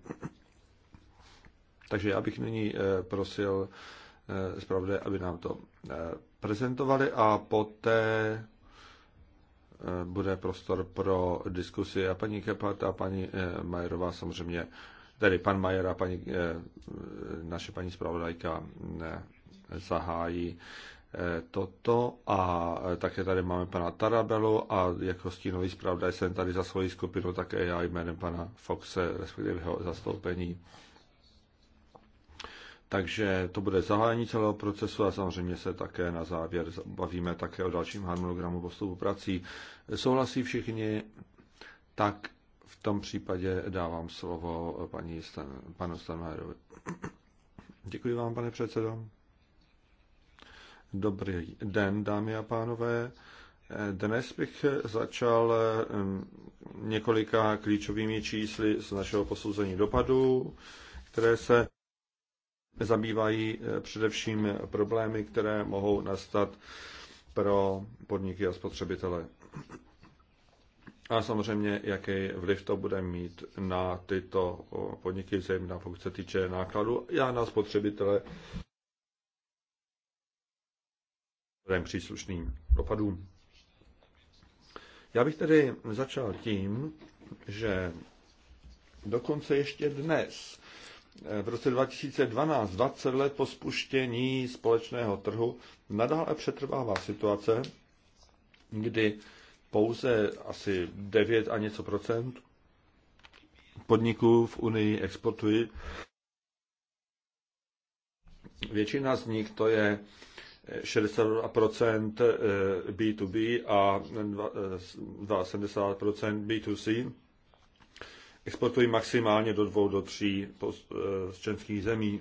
A: Takže já bych nyní prosil Eh, zpravodaje, aby nám to eh, prezentovali a poté eh, bude prostor pro diskusi a paní Kepat a paní Majerová samozřejmě, tedy pan Majer a paní, naše paní zpravodajka zahájí toto a také tady máme pana Tarabelu a jako stínový zpravodaj jsem tady za svoji skupinu také já jménem pana Foxe, respektive jeho zastoupení. Takže to bude zahájení celého procesu a samozřejmě se také na závěr bavíme také o dalším harmonogramu postupu prací. Souhlasí všichni, tak v tom případě dávám slovo paní Stan, panu Stanmajerovi. Děkuji vám, pane předsedo. Dobrý den, dámy a pánové. Dnes bych začal mm, několika klíčovými čísly z našeho posouzení dopadů, které se zabývají eh, především problémy, které mohou nastat pro podniky a spotřebitele. A samozřejmě, jaký vliv to bude mít na tyto podniky, zejména pokud se týče nákladu Já na spotřebitele příslušným dopadům. Já bych tedy začal tím, že dokonce ještě dnes Eh, v roce 2012, 20 let po spuštění společného trhu, nadále přetrvává situace, kdy pouze asi 9 a něco procent podniků v Unii exportují. Většina z nich to je 60% eh, eh, B2B a 70% B2C exportují maximálně do dvou, do tří eh, z členských zemí.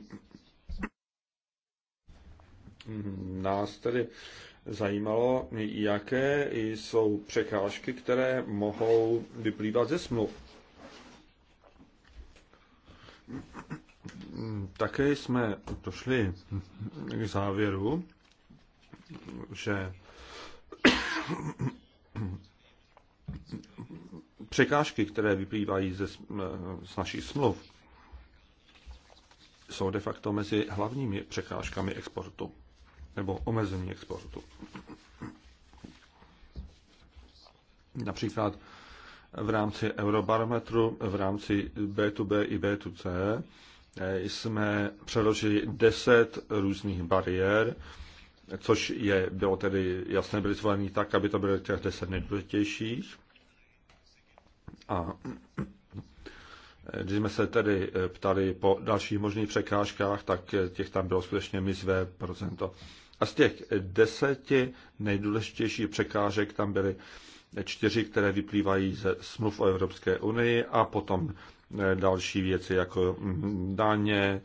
A: Nás tedy zajímalo, jaké jsou překážky, které mohou vyplývat ze smluv. Také jsme došli k závěru, že překážky, které vyplývají ze, eh, z našich smluv, jsou de facto mezi hlavními překážkami exportu nebo omezení exportu. Například v rámci Eurobarometru, v rámci B2B i B2C eh, jsme přeložili 10 různých bariér, což je, bylo tedy jasné, byli zvoleni tak, aby to bylo těch deset nejdůležitějších. A když jsme se tedy ptali po dalších možných překážkách, tak těch tam bylo skutečně mizvé procento. A z těch deseti nejdůležitějších překážek tam byly čtyři, které vyplývají ze smluv o Evropské unii a potom další věci jako daně,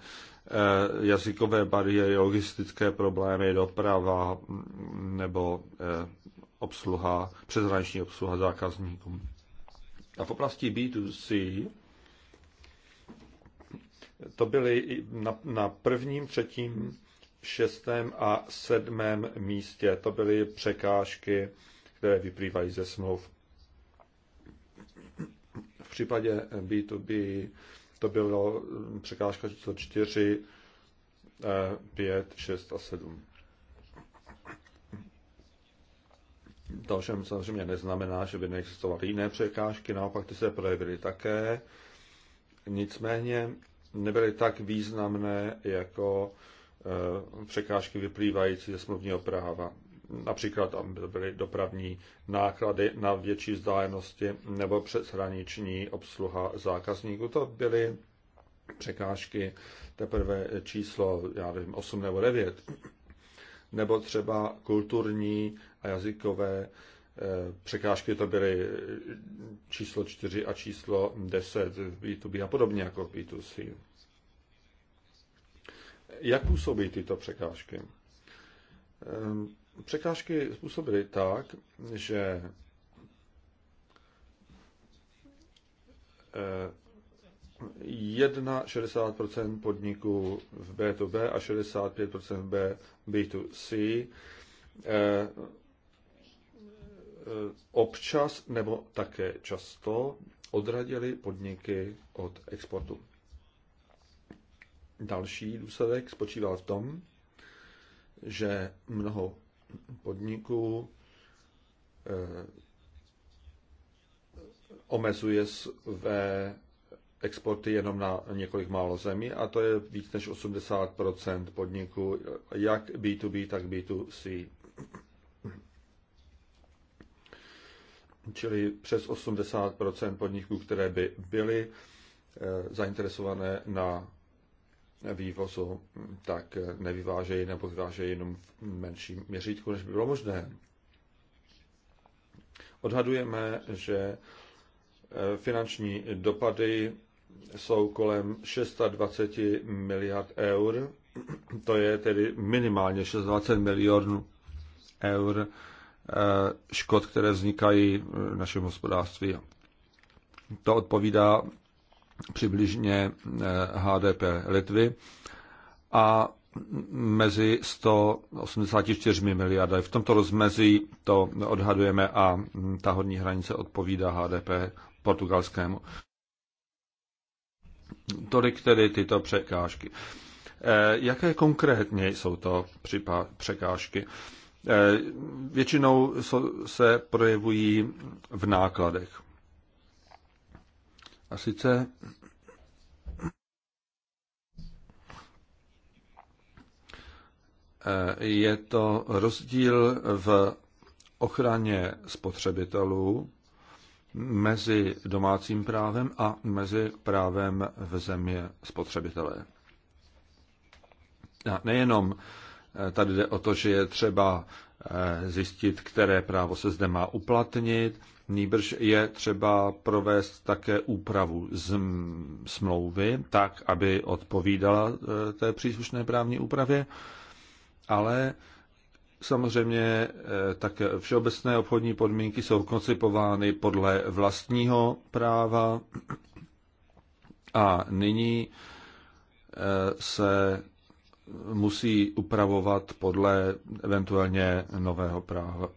A: Eh, jazykové bariéry, logistické problémy, doprava mm, nebo eh, obsluha, přeshraniční obsluha zákazníkům. A v oblasti B2C to byly na, na prvním, třetím, šestém a sedmém místě. To byly překážky, které vyplývají ze smluv. V případě B2B to bylo mm, překážka číslo 4, 5, 6 a 7. To všem samozřejmě neznamená, že by neexistovaly jiné překážky, naopak ty se projevily také. Nicméně nebyly tak významné jako eh, překážky vyplývající ze smluvního práva. Například tam byly dopravní náklady na větší vzdálenosti nebo přeshraniční obsluha zákazníků. To byly překážky teprve číslo, já nevím, 8 nebo 9. Nebo třeba kulturní a jazykové eh, překážky to byly číslo 4 a číslo 10 v B2B a podobně jako v B2C. Jak působí tyto překážky? Ehm, překážky způsobily tak, že eh, jedna 60% podniků v B2B a 65% v B2C eh, občas nebo také často odradili podniky od exportu. Další důsledek spočíval v tom, že mnoho podniků eh, omezuje své exporty jenom na několik málo zemí a to je víc než 80 podniků, jak B2B, tak B2C. Čili přes 80 podniků, které by byly eh, zainteresované na vývozu, tak nevyvážejí nebo vyvážejí jenom v menším měřítku, než by bylo možné. Odhadujeme, že e, finanční dopady jsou kolem 620 miliard eur, to je tedy minimálně 620 milionů eur e, škod, které vznikají e, v našem hospodářství. To odpovídá přibližně HDP eh, Litvy a mezi 184 miliardy. V tomto rozmezí to odhadujeme a hm, ta horní hranice odpovídá HDP portugalskému. Tolik tedy tyto překážky. Eh, jaké konkrétně jsou to překážky? Eh, většinou se projevují v nákladech. A sice je to rozdíl v ochraně spotřebitelů mezi domácím právem a mezi právem v zemi spotřebitelé. A nejenom tady jde o to, že je třeba zjistit, které právo se zde má uplatnit, Nýbrž je třeba provést také úpravu z smlouvy tak, aby odpovídala e, té příslušné právní úpravě, ale Samozřejmě e, tak všeobecné obchodní podmínky jsou koncipovány podle vlastního práva a nyní e, se musí upravovat podle eventuálně nového práva.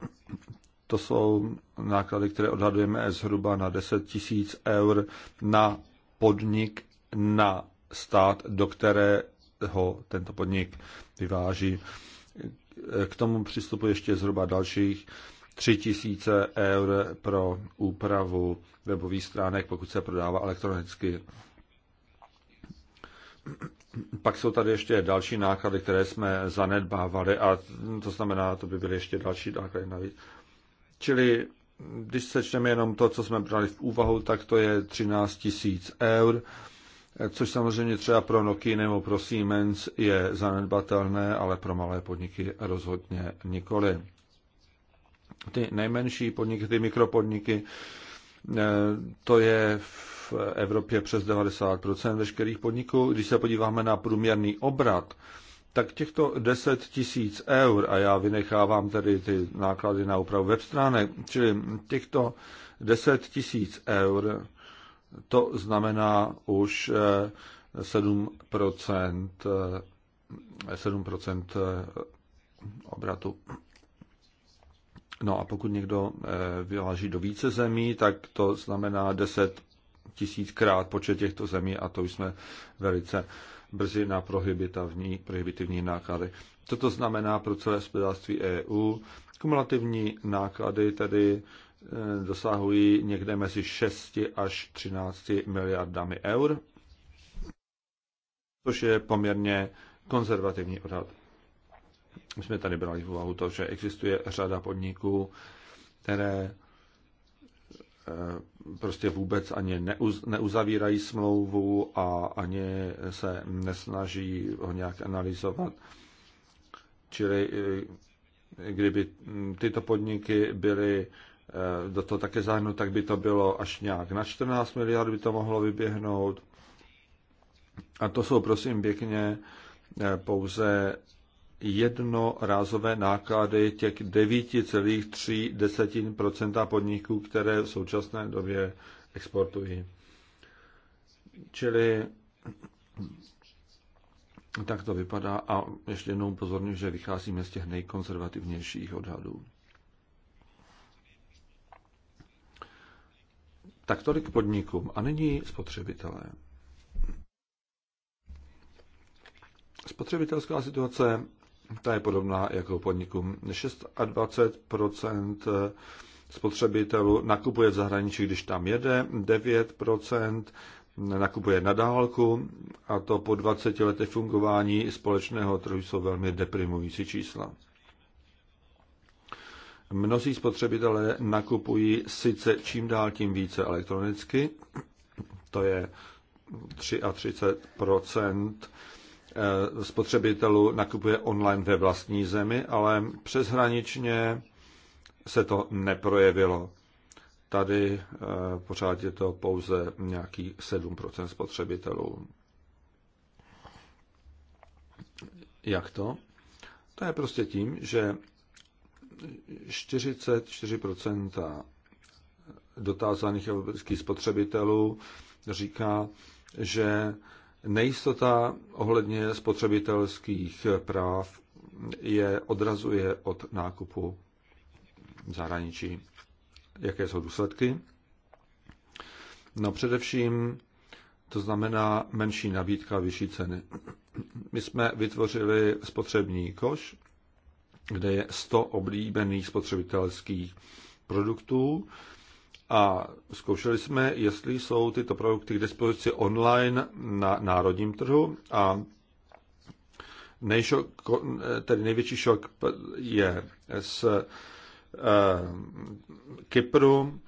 A: To jsou náklady, které odhadujeme zhruba na 10 tisíc eur na podnik, na stát, do kterého tento podnik vyváží. K tomu přistupuje ještě zhruba dalších 3 tisíce eur pro úpravu webových stránek, pokud se prodává elektronicky. Pak jsou tady ještě další náklady, které jsme zanedbávali a to znamená, to by byly ještě další náklady navíc. Čili když sečteme jenom to, co jsme brali v úvahu, tak to je 13 tisíc eur, což samozřejmě třeba pro Nokia nebo pro Siemens je zanedbatelné, ale pro malé podniky rozhodně nikoli. Ty nejmenší podniky, ty mikropodniky, eh, to je v Evropě přes 90% veškerých podniků. Když se podíváme na průměrný obrat, tak těchto 10 tisíc eur, a já vynechávám tedy ty náklady na úpravu web stránek, čili těchto 10 tisíc eur, to znamená už 7%, eh, 7% eh, eh, obratu. No a pokud někdo vyváží do více zemí, tak to znamená 10 tisíckrát počet těchto zemí a to už jsme velice brzy na prohibitivní, náklady. Co to znamená pro celé hospodářství EU? Kumulativní náklady tedy eh, dosahují někde mezi 6 až 13 miliardami eur, což je poměrně konzervativní odhad. My jsme tady brali v úvahu to, že existuje řada podniků, které prostě vůbec ani neuz, neuzavírají smlouvu a ani se nesnaží ho nějak analyzovat. Čili kdyby tyto podniky byly e, do toho také zahrnuty, tak by to bylo až nějak na 14 miliard by to mohlo vyběhnout. A to jsou prosím pěkně e, pouze jednorázové náklady těch 9,3 podniků, které v současné době exportují. Čili tak to vypadá a ještě jednou pozorním, že vycházíme z těch nejkonzervativnějších odhadů. Tak tolik podnikům a nyní spotřebitelé. Spotřebitelská situace ta je podobná jako podnikům. 26% spotřebitelů nakupuje v zahraničí, když tam jede, 9% nakupuje na dálku a to po 20 letech fungování společného trhu jsou velmi deprimující čísla. Mnozí spotřebitelé nakupují sice čím dál tím více elektronicky, to je 33 Eh, spotřebitelů nakupuje online ve vlastní zemi, ale přeshraničně se to neprojevilo. Tady eh, pořád je to pouze nějaký 7% spotřebitelů. Jak to? To je prostě tím, že 44% dotázaných evropských spotřebitelů říká, že Nejistota ohledně spotřebitelských práv je odrazuje od nákupu v zahraničí. Jaké jsou důsledky? No především to znamená menší nabídka, vyšší ceny. My jsme vytvořili spotřební koš, kde je 100 oblíbených spotřebitelských produktů a zkoušeli jsme, jestli jsou tyto produkty k dispozici online na národním trhu a nejšok, tedy největší šok je z eh, Kypru.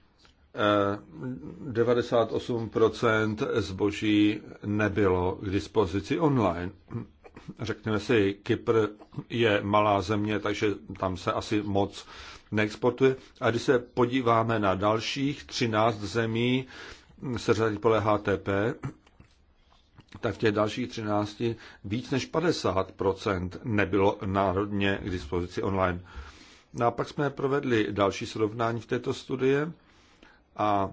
A: Eh, 98% zboží nebylo k dispozici online. Řekněme si, Kypr je malá země, takže tam se asi moc neexportuje. A když se podíváme na dalších 13 zemí, řadí podle HTP, tak v těch dalších 13 víc než 50% nebylo národně k dispozici online. No a pak jsme provedli další srovnání v této studie a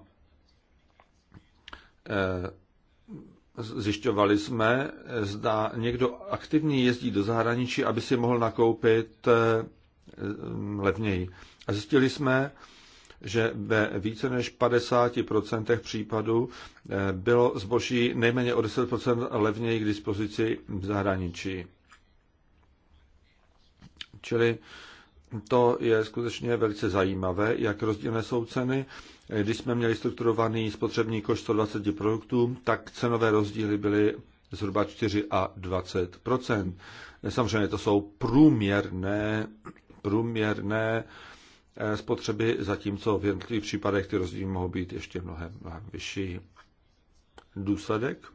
A: eh, zjišťovali jsme, eh, zda někdo aktivně jezdí do zahraničí, aby si mohl nakoupit eh, Eh, levněji. A zjistili jsme, že ve více než 50% případů eh, bylo zboží nejméně o 10% levněji k dispozici v zahraničí. Čili to je skutečně velice zajímavé, jak rozdílné jsou ceny. Když jsme měli strukturovaný spotřební koš 120 produktů, tak cenové rozdíly byly zhruba 4 a 20 Samozřejmě to jsou průměrné průměrné eh, spotřeby, zatímco v jednotlivých případech ty rozdíly mohou být ještě mnohem, mnohem vyšší. Důsledek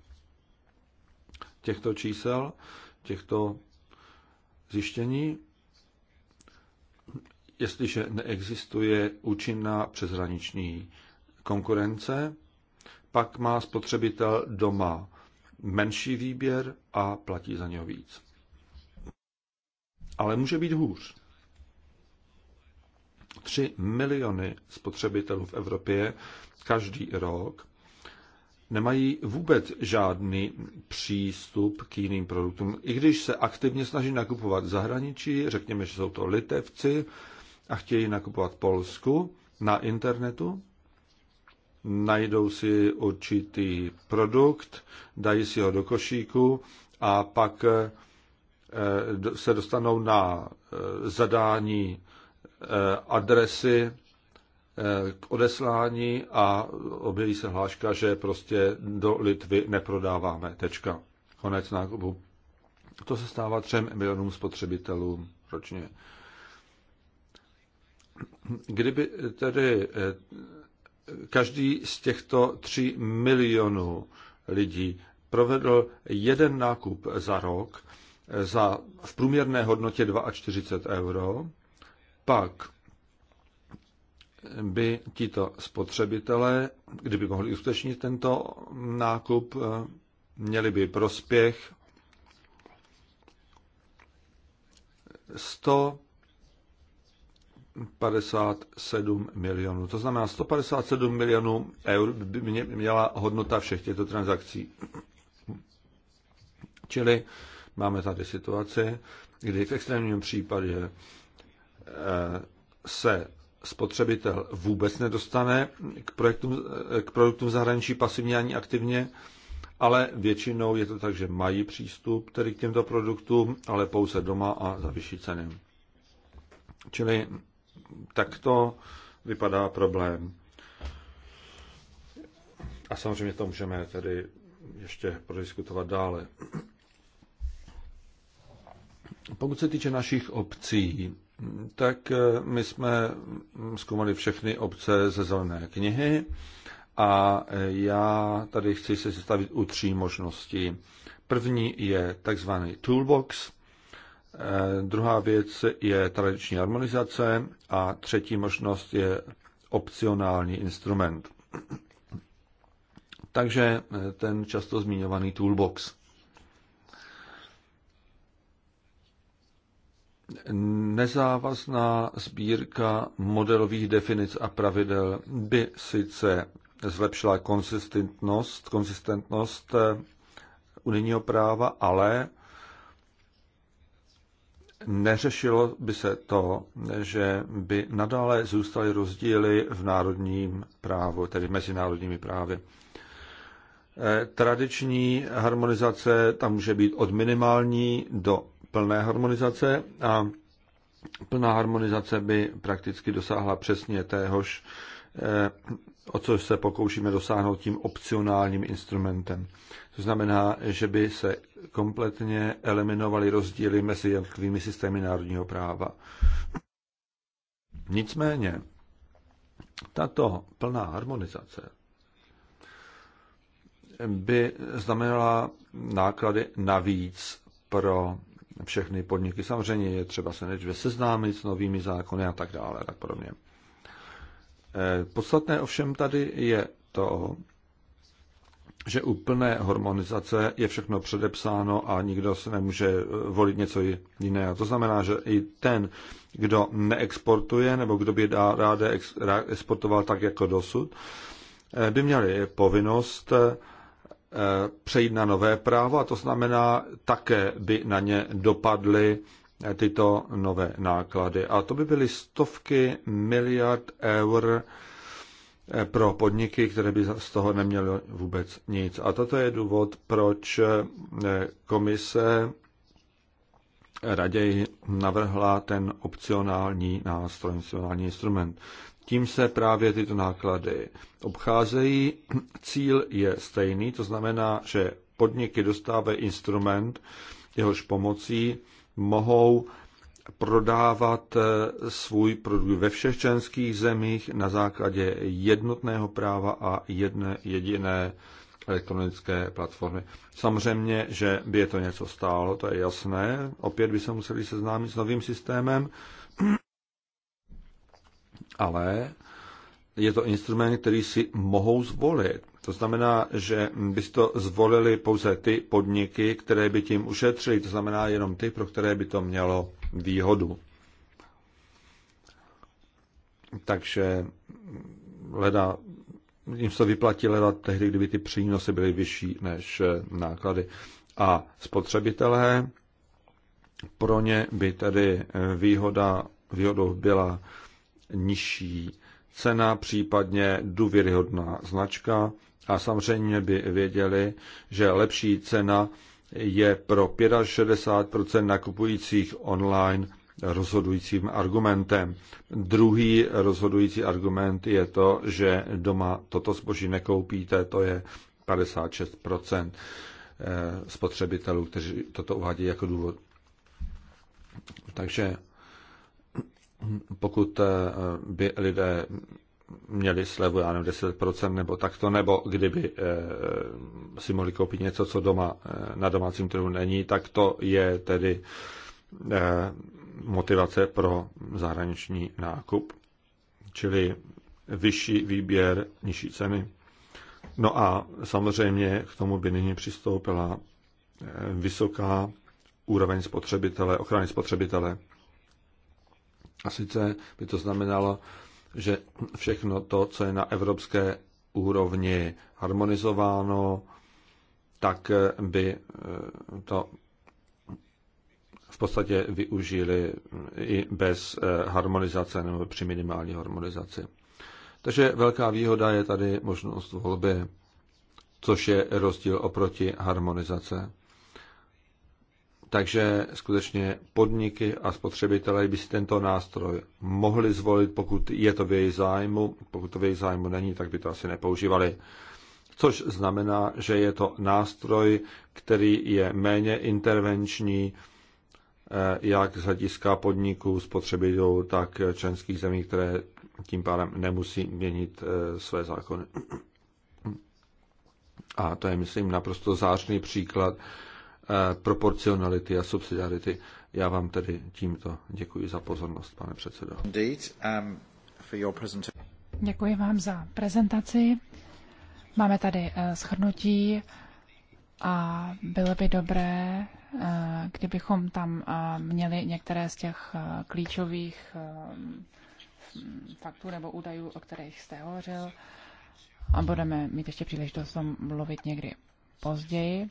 A: těchto čísel, těchto zjištění, jestliže neexistuje účinná přeshraniční konkurence, pak má spotřebitel doma menší výběr a platí za něho víc. Ale může být hůř. 3 miliony spotřebitelů v Evropě každý rok nemají vůbec žádný přístup k jiným produktům. I když se aktivně snaží nakupovat v zahraničí, řekněme, že jsou to litevci a chtějí nakupovat v Polsku na internetu, najdou si určitý produkt, dají si ho do košíku a pak eh, se dostanou na eh, zadání Eh, adresy eh, k odeslání a objeví se hláška, že prostě do Litvy neprodáváme. Tečka. Konec nákupu. To se stává třem milionům spotřebitelům ročně. Kdyby tedy eh, každý z těchto tří milionů lidí provedl jeden nákup za rok za v průměrné hodnotě 42 euro, pak by tito spotřebitelé, kdyby mohli uskutečnit tento nákup, eh, měli by prospěch 157 milionů. To znamená, 157 milionů eur by měla hodnota všech těchto transakcí. Čili máme tady situaci, kdy v extrémním případě Eh, se spotřebitel vůbec nedostane k, projektům, eh, k produktům zahraničí pasivně ani aktivně, ale většinou je to tak, že mají přístup tedy k těmto produktům, ale pouze doma a za vyšší ceny. Čili takto vypadá problém. A samozřejmě to můžeme tedy ještě prodiskutovat dále. Pokud se týče našich obcí, tak eh, my jsme zkoumali všechny obce ze zelené knihy a eh, já tady chci se zastavit u tří možností. První je takzvaný toolbox, eh, druhá věc je tradiční harmonizace a třetí možnost je opcionální instrument. Takže ten často zmiňovaný toolbox. nezávazná sbírka modelových definic a pravidel by sice zlepšila konsistentnost, konsistentnost eh, unijního práva, ale neřešilo by se to, že by nadále zůstaly rozdíly v národním právu, tedy mezinárodními právy. Eh, tradiční harmonizace tam může být od minimální do plné harmonizace a plná harmonizace by prakticky dosáhla přesně téhož, eh, o což se pokoušíme dosáhnout tím opcionálním instrumentem. To znamená, že by se kompletně eliminovaly rozdíly mezi jednotlivými systémy národního práva. Nicméně, tato plná harmonizace by znamenala náklady navíc pro všechny podniky. Samozřejmě je třeba se nejdříve seznámit s novými zákony a tak dále a tak podobně. Eh, podstatné ovšem tady je to, že u plné harmonizace je všechno předepsáno a nikdo se nemůže eh, volit něco jiného. To znamená, že i ten, kdo neexportuje nebo kdo by rád exportoval tak jako dosud, eh, by měl povinnost přejít na nové právo a to znamená, také by na ně dopadly tyto nové náklady. A to by byly stovky miliard eur pro podniky, které by z toho neměly vůbec nic. A toto je důvod, proč komise raději navrhla ten opcionální nástroj, opcionální instrument. Tím se právě tyto náklady obcházejí. Cíl je stejný, to znamená, že podniky dostávají instrument, jehož pomocí mohou prodávat eh, svůj produkt ve všech členských zemích na základě jednotného práva a jedné jediné elektronické platformy. Samozřejmě, že by je to něco stálo, to je jasné. Opět by se museli seznámit s novým systémem, ale je to instrument, který si mohou zvolit. To znamená, že bys to zvolili pouze ty podniky, které by tím ušetřili, to znamená jenom ty, pro které by to mělo výhodu. Takže leda, jim se vyplatí leda tehdy, kdyby ty přínosy byly vyšší než eh, náklady. A spotřebitelé, pro ně by tedy eh, výhoda, výhodou byla nižší cena, případně důvěryhodná značka a samozřejmě by věděli, že lepší cena je pro 65 nakupujících online rozhodujícím argumentem. Druhý rozhodující argument je to, že doma toto zboží nekoupíte, to je 56 eh, spotřebitelů, kteří toto uvádějí jako důvod. Takže pokud eh, by lidé měli slevu, já nevím, 10% nebo takto, nebo kdyby eh, si mohli koupit něco, co doma eh, na domácím trhu není, tak to je tedy motivace pro zahraniční nákup. Čili vyšší výběr, nižší ceny. No a samozřejmě k tomu by nyní přistoupila vysoká úroveň spotřebitele, ochrany spotřebitele. A sice by to znamenalo, že všechno to, co je na evropské úrovni harmonizováno, tak eh, by eh, to v podstatě využili mm, i bez eh, harmonizace nebo při minimální harmonizaci. Takže velká výhoda je tady možnost volby, což je rozdíl oproti harmonizace. Takže skutečně podniky a spotřebitelé by si tento nástroj mohli zvolit, pokud je to v jejich zájmu. Pokud to v jejich zájmu není, tak by to asi nepoužívali. Což znamená, že je to nástroj, který je méně intervenční, eh, jak z hlediska podniků, spotřebitelů, tak členských zemí, které tím pádem nemusí měnit eh, své zákony. A to je, myslím, naprosto zářný příklad proporcionality a subsidiarity. Já vám tedy tímto děkuji za pozornost, pane předsedo. Um,
C: děkuji vám za prezentaci. Máme tady eh, shrnutí a bylo by dobré, eh, kdybychom tam eh, měli některé z těch klíčových faktů nebo údajů, o kterých jste hovořil. A budeme mít ještě příležitost o tom mluvit někdy později.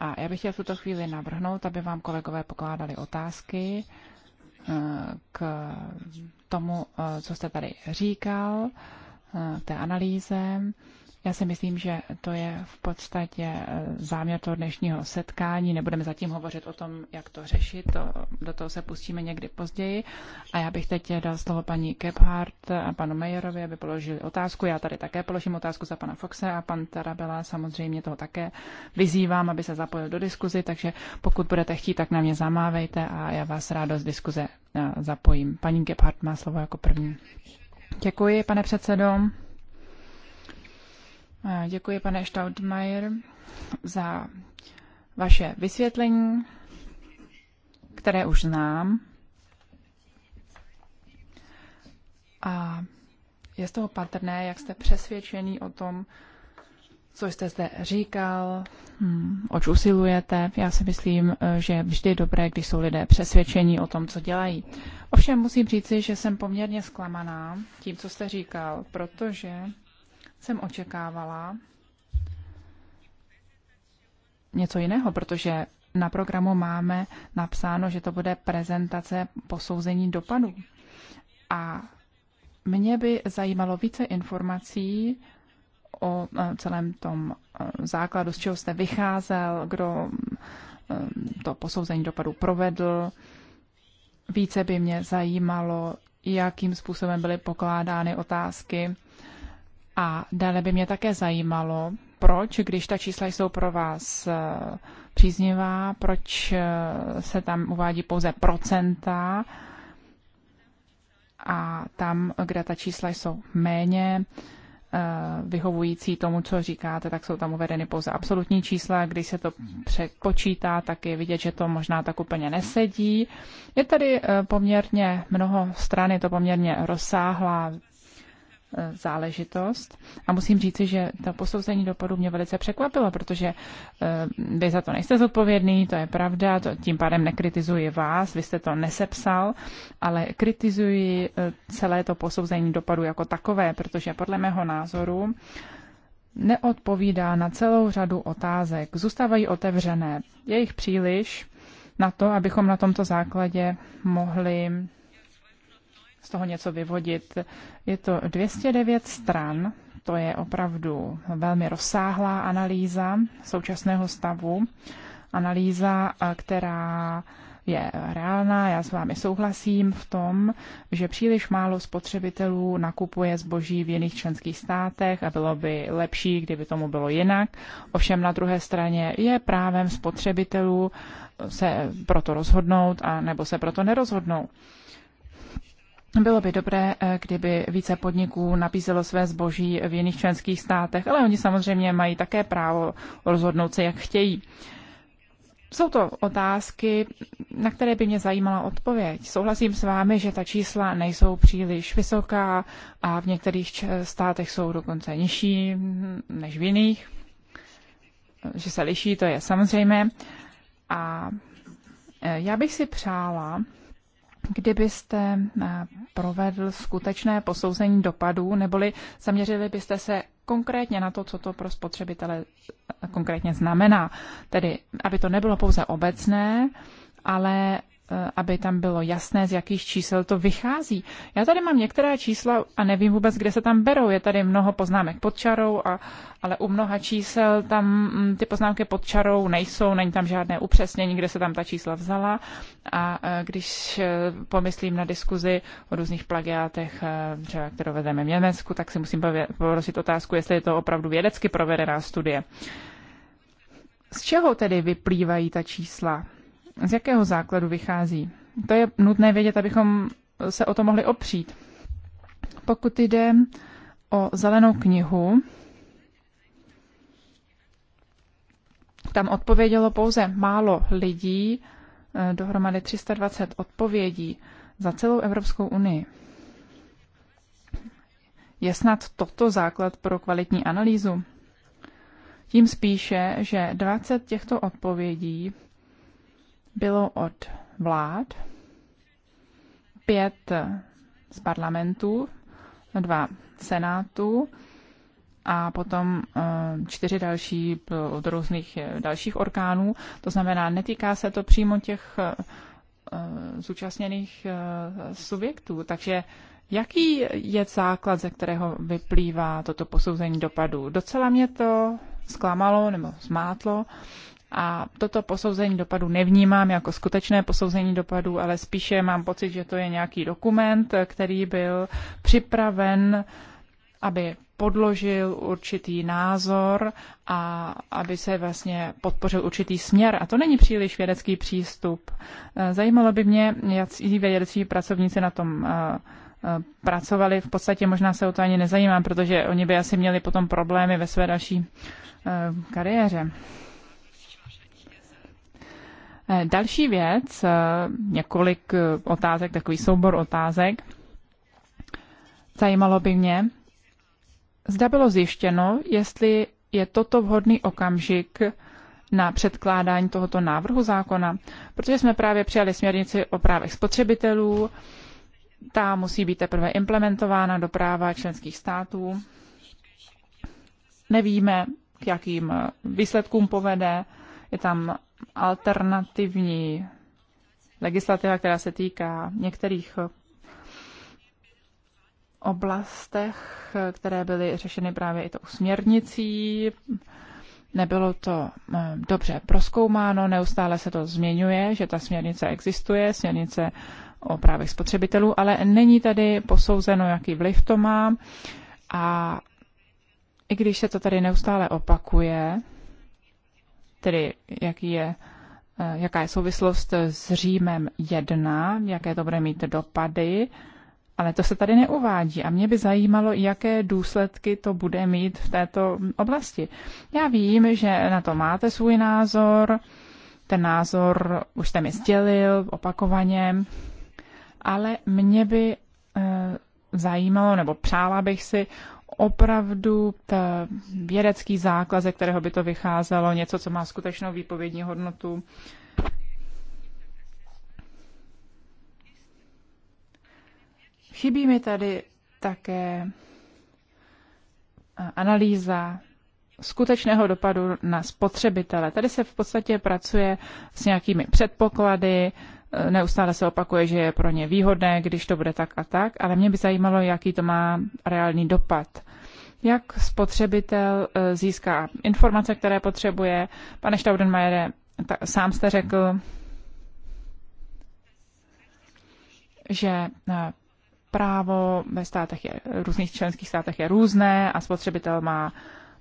C: A já bych chtěl v tuto chvíli navrhnout, aby vám kolegové pokládali otázky eh, k tomu, eh, co jste tady říkal, k eh, té analýze já si myslím, že to je v podstatě eh, záměr toho dnešního setkání. Nebudeme zatím hovořit o tom, jak to řešit, to, do toho se pustíme někdy později. A já bych teď dal slovo paní Gebhardt a panu Mejerovi, aby položili otázku. Já tady také položím otázku za pana Foxe a pan Tarabela samozřejmě toho také vyzývám, aby se zapojil do diskuzi, takže pokud budete chtít, tak na mě zamávejte a já vás rádo z diskuze eh, zapojím. Paní Gebhardt má slovo jako první. Děkuji, pane předsedo. Děkuji, pane Staudmajer, za vaše vysvětlení, které už znám. A je z toho patrné, jak jste přesvědčený o tom, co jste zde říkal, hmm, oč usilujete. Já si myslím, že je vždy dobré, když jsou lidé přesvědčení o tom, co dělají. Ovšem musím říci, že jsem poměrně zklamaná tím, co jste říkal, protože jsem očekávala něco jiného, protože na programu máme napsáno, že to bude prezentace posouzení dopadů. A mě by zajímalo více informací o eh, celém tom eh, základu, z čeho jste vycházel, kdo eh, to posouzení dopadů provedl. Více by mě zajímalo, jakým způsobem byly pokládány otázky a dále by mě také zajímalo, proč, když ta čísla jsou pro vás eh, příznivá, proč eh, se tam uvádí pouze procenta a tam, kde ta čísla jsou méně eh, vyhovující tomu, co říkáte, tak jsou tam uvedeny pouze absolutní čísla. Když se to přepočítá, tak je vidět, že to možná tak úplně nesedí. Je tady poměrně mnoho stran, je to poměrně rozsáhlá Eh, záležitost. A musím říci, že to posouzení dopadu mě velice překvapilo, protože eh, vy za to nejste zodpovědný, to je pravda, to, tím pádem nekritizuji vás, vy jste to nesepsal, ale kritizuji eh, celé to posouzení dopadu jako takové, protože podle mého názoru neodpovídá na celou řadu otázek. Zůstávají otevřené. Je jich příliš na to, abychom na tomto základě mohli z toho něco vyvodit. Je to 209 stran, to je opravdu velmi rozsáhlá analýza současného stavu, analýza, eh, která je reálná, já s vámi souhlasím v tom, že příliš málo spotřebitelů nakupuje zboží v jiných členských státech a bylo by lepší, kdyby tomu bylo jinak. Ovšem na druhé straně je právem spotřebitelů se proto rozhodnout a nebo se proto nerozhodnout bylo by dobré, eh, kdyby více podniků nabízelo své zboží v jiných členských státech, ale oni samozřejmě mají také právo rozhodnout se, jak chtějí. Jsou to otázky, na které by mě zajímala odpověď. Souhlasím s vámi, že ta čísla nejsou příliš vysoká a v některých státech jsou dokonce nižší než v jiných. Že se liší, to je samozřejmé. A eh, já bych si přála, kdybyste eh, provedl skutečné posouzení dopadů, neboli zaměřili byste se konkrétně na to, co to pro spotřebitele eh, konkrétně znamená. Tedy, aby to nebylo pouze obecné, ale Eh, aby tam bylo jasné, z jakých čísel to vychází. Já tady mám některá čísla a nevím vůbec, kde se tam berou. Je tady mnoho poznámek pod čarou, a, ale u mnoha čísel tam mm, ty poznámky pod čarou nejsou, není tam žádné upřesnění, kde se tam ta čísla vzala. A eh, když eh, pomyslím na diskuzi o různých plagiátech, třeba kterou vedeme v Německu, tak si musím porosit otázku, jestli je to opravdu vědecky provedená studie. Z čeho tedy vyplývají ta čísla? Z jakého základu vychází? To je nutné vědět, abychom se o to mohli opřít. Pokud jde o zelenou knihu, tam odpovědělo pouze málo lidí, eh, dohromady 320 odpovědí za celou Evropskou unii. Je snad toto základ pro kvalitní analýzu? Tím spíše, že 20 těchto odpovědí bylo od vlád, pět z parlamentů, dva senátů a potom eh, čtyři další od různých eh, dalších orgánů. To znamená, netýká se to přímo těch eh, zúčastněných subjektů. Takže jaký je základ, ze kterého vyplývá toto posouzení dopadů? Docela mě to zklamalo nebo zmátlo, a toto posouzení dopadu nevnímám jako skutečné posouzení dopadu, ale spíše mám pocit, že to je nějaký dokument, který byl připraven, aby podložil určitý názor a aby se vlastně podpořil určitý směr. A to není příliš vědecký přístup. Eh, zajímalo by mě, jak vědecí pracovníci na tom eh, eh, pracovali. V podstatě možná se o to ani nezajímám, protože oni by asi měli potom problémy ve své další kariéře. Eh, další věc, eh, několik eh, otázek, takový soubor otázek. Zajímalo by mě, zda bylo zjištěno, jestli je toto vhodný okamžik na předkládání tohoto návrhu zákona, protože jsme právě přijali směrnici o právech spotřebitelů, ta musí být teprve implementována do práva členských států. Nevíme, k jakým výsledkům povede, je tam alternativní legislativa, která se týká některých oblastech, které byly řešeny právě i tou směrnicí. Nebylo to eh, dobře proskoumáno, neustále se to změňuje, že ta směrnice existuje, směrnice o právech spotřebitelů, ale není tady posouzeno, jaký vliv to má. A i když se to tady neustále opakuje, tedy jaký je, eh, jaká je souvislost s Římem 1, jaké to bude mít dopady, ale to se tady neuvádí a mě by zajímalo, jaké důsledky to bude mít v této oblasti. Já vím, že na to máte svůj názor, ten názor už jste mi sdělil opakovaně, ale mě by eh, zajímalo, nebo přála bych si opravdu ta vědecký základ, ze kterého by to vycházelo, něco, co má skutečnou výpovědní hodnotu. Chybí mi tady také eh, analýza skutečného dopadu na spotřebitele. Tady se v podstatě pracuje s nějakými předpoklady, neustále se opakuje, že je pro ně výhodné, když to bude tak a tak, ale mě by zajímalo, jaký to má reálný dopad. Jak spotřebitel eh, získá informace, které potřebuje? Pane Staudenmayere, sám jste řekl, že eh, právo ve státech je, různých členských státech je různé a spotřebitel má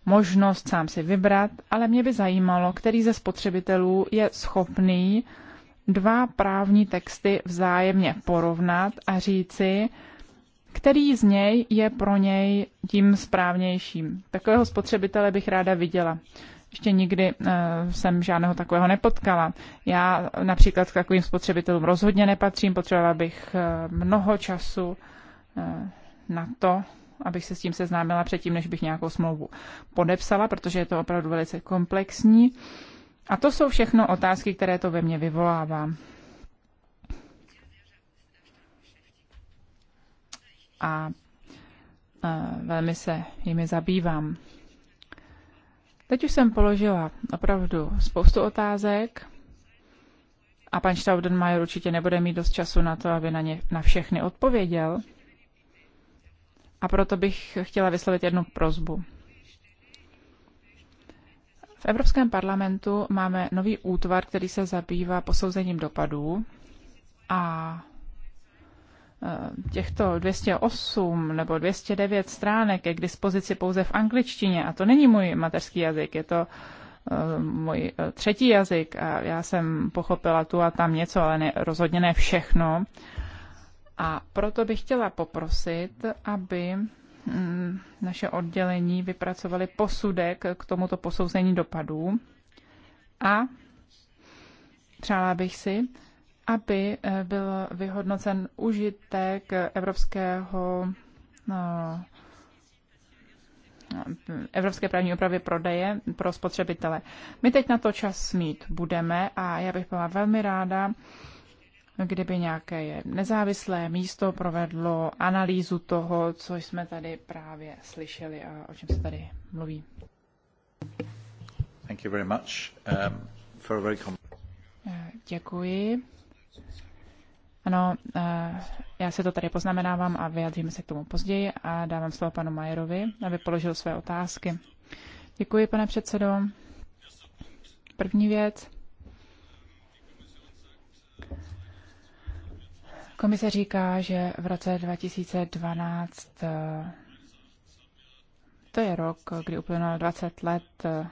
C: možnost sám si vybrat, ale mě by zajímalo, který ze spotřebitelů je schopný uh, dva právní texty vzájemně porovnat a říci, který z něj je pro něj tím správnějším. Takového spotřebitele bych ráda viděla. Ještě nikdy uh, jsem žádného takového nepotkala. Já například k takovým spotřebitelům rozhodně nepatřím, potřebovala bych uh, mnoho času uh, na to, abych se s tím seznámila předtím, než bych nějakou smlouvu podepsala, protože je to opravdu velice komplexní. Uh, a to jsou všechno otázky, které to ve mně vyvolává. A e, velmi se jimi zabývám. Teď už jsem položila opravdu spoustu otázek a pan Staudenmajer určitě nebude mít dost času na to, aby na, ně, na všechny odpověděl. A proto bych chtěla vyslovit jednu prozbu. V Evropském parlamentu máme nový útvar, který se zabývá posouzením dopadů a e, těchto 208 nebo 209 stránek je k dispozici pouze v angličtině a to není můj mateřský jazyk, je to e, můj e, třetí jazyk a já jsem pochopila tu a tam něco, ale ne, rozhodně ne všechno. A proto bych chtěla poprosit, aby Mm, naše oddělení vypracovali posudek k tomuto posouzení dopadů a přála bych si, aby eh, byl vyhodnocen užitek evropského eh, evropské právní úpravy prodeje pro spotřebitele. My teď na to čas mít budeme a já bych byla velmi ráda, kdyby nějaké nezávislé místo provedlo analýzu toho, co jsme tady právě slyšeli a o čem se tady mluví. Thank you very much, um, for a very eh, Děkuji. Ano, eh, já se to tady poznamenávám a vyjadříme se k tomu později a dávám slovo panu Majerovi, aby položil své otázky. Děkuji, pane předsedo. První věc. Komise říká, že v roce 2012 eh, to je rok, kdy uplynulo 20 let eh,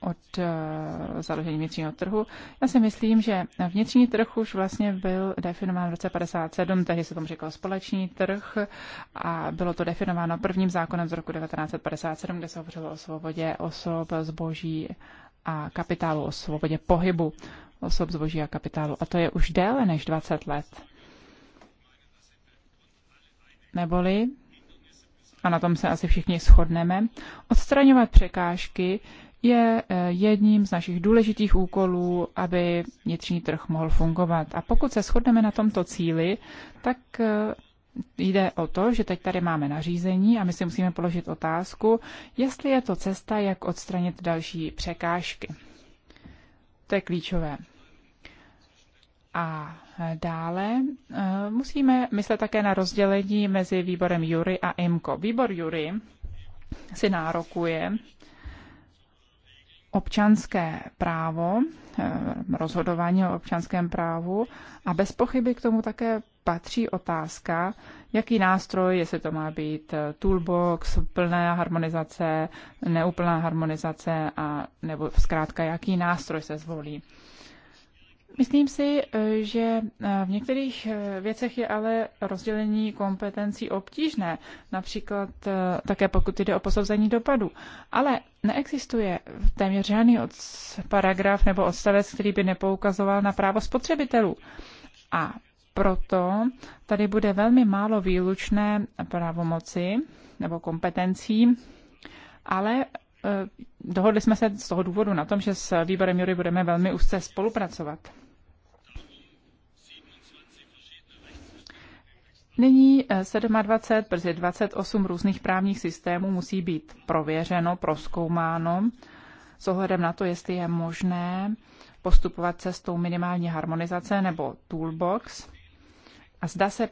C: od eh, založení vnitřního trhu. Já si myslím, že vnitřní trh už vlastně byl definován v roce 57, tehdy se tomu říkalo společný trh a bylo to definováno prvním zákonem z roku 1957, kde se hovořilo o svobodě osob, zboží a kapitálu, o svobodě pohybu osob, zboží a kapitálu. A to je už déle než 20 let neboli, a na tom se asi všichni shodneme, odstraňovat překážky je eh, jedním z našich důležitých úkolů, aby vnitřní trh mohl fungovat. A pokud se shodneme na tomto cíli, tak eh, jde o to, že teď tady máme nařízení a my si musíme položit otázku, jestli je to cesta, jak odstranit další překážky. To je klíčové. A dále eh, musíme myslet také na rozdělení mezi výborem Jury a IMKO. Výbor Jury si nárokuje občanské právo, eh, rozhodování o občanském právu a bez pochyby k tomu také patří otázka, jaký nástroj, jestli to má být eh, toolbox, plná harmonizace, neúplná harmonizace a nebo zkrátka jaký nástroj se zvolí. Myslím si, eh, že eh, v některých eh, věcech je ale rozdělení kompetencí obtížné, například také pokud jde o posouzení dopadu. Ale neexistuje téměř žádný paragraf nebo odstavec, který by nepoukazoval na právo spotřebitelů. A proto tady bude velmi málo výlučné právomoci nebo kompetencí, ale dohodli jsme se z toho důvodu na tom, že s výborem Jury budeme velmi úzce spolupracovat. Nyní 27, brzy 28 různých právních systémů musí být prověřeno, proskoumáno s ohledem na to, jestli je možné postupovat cestou minimální harmonizace nebo toolbox. A zda se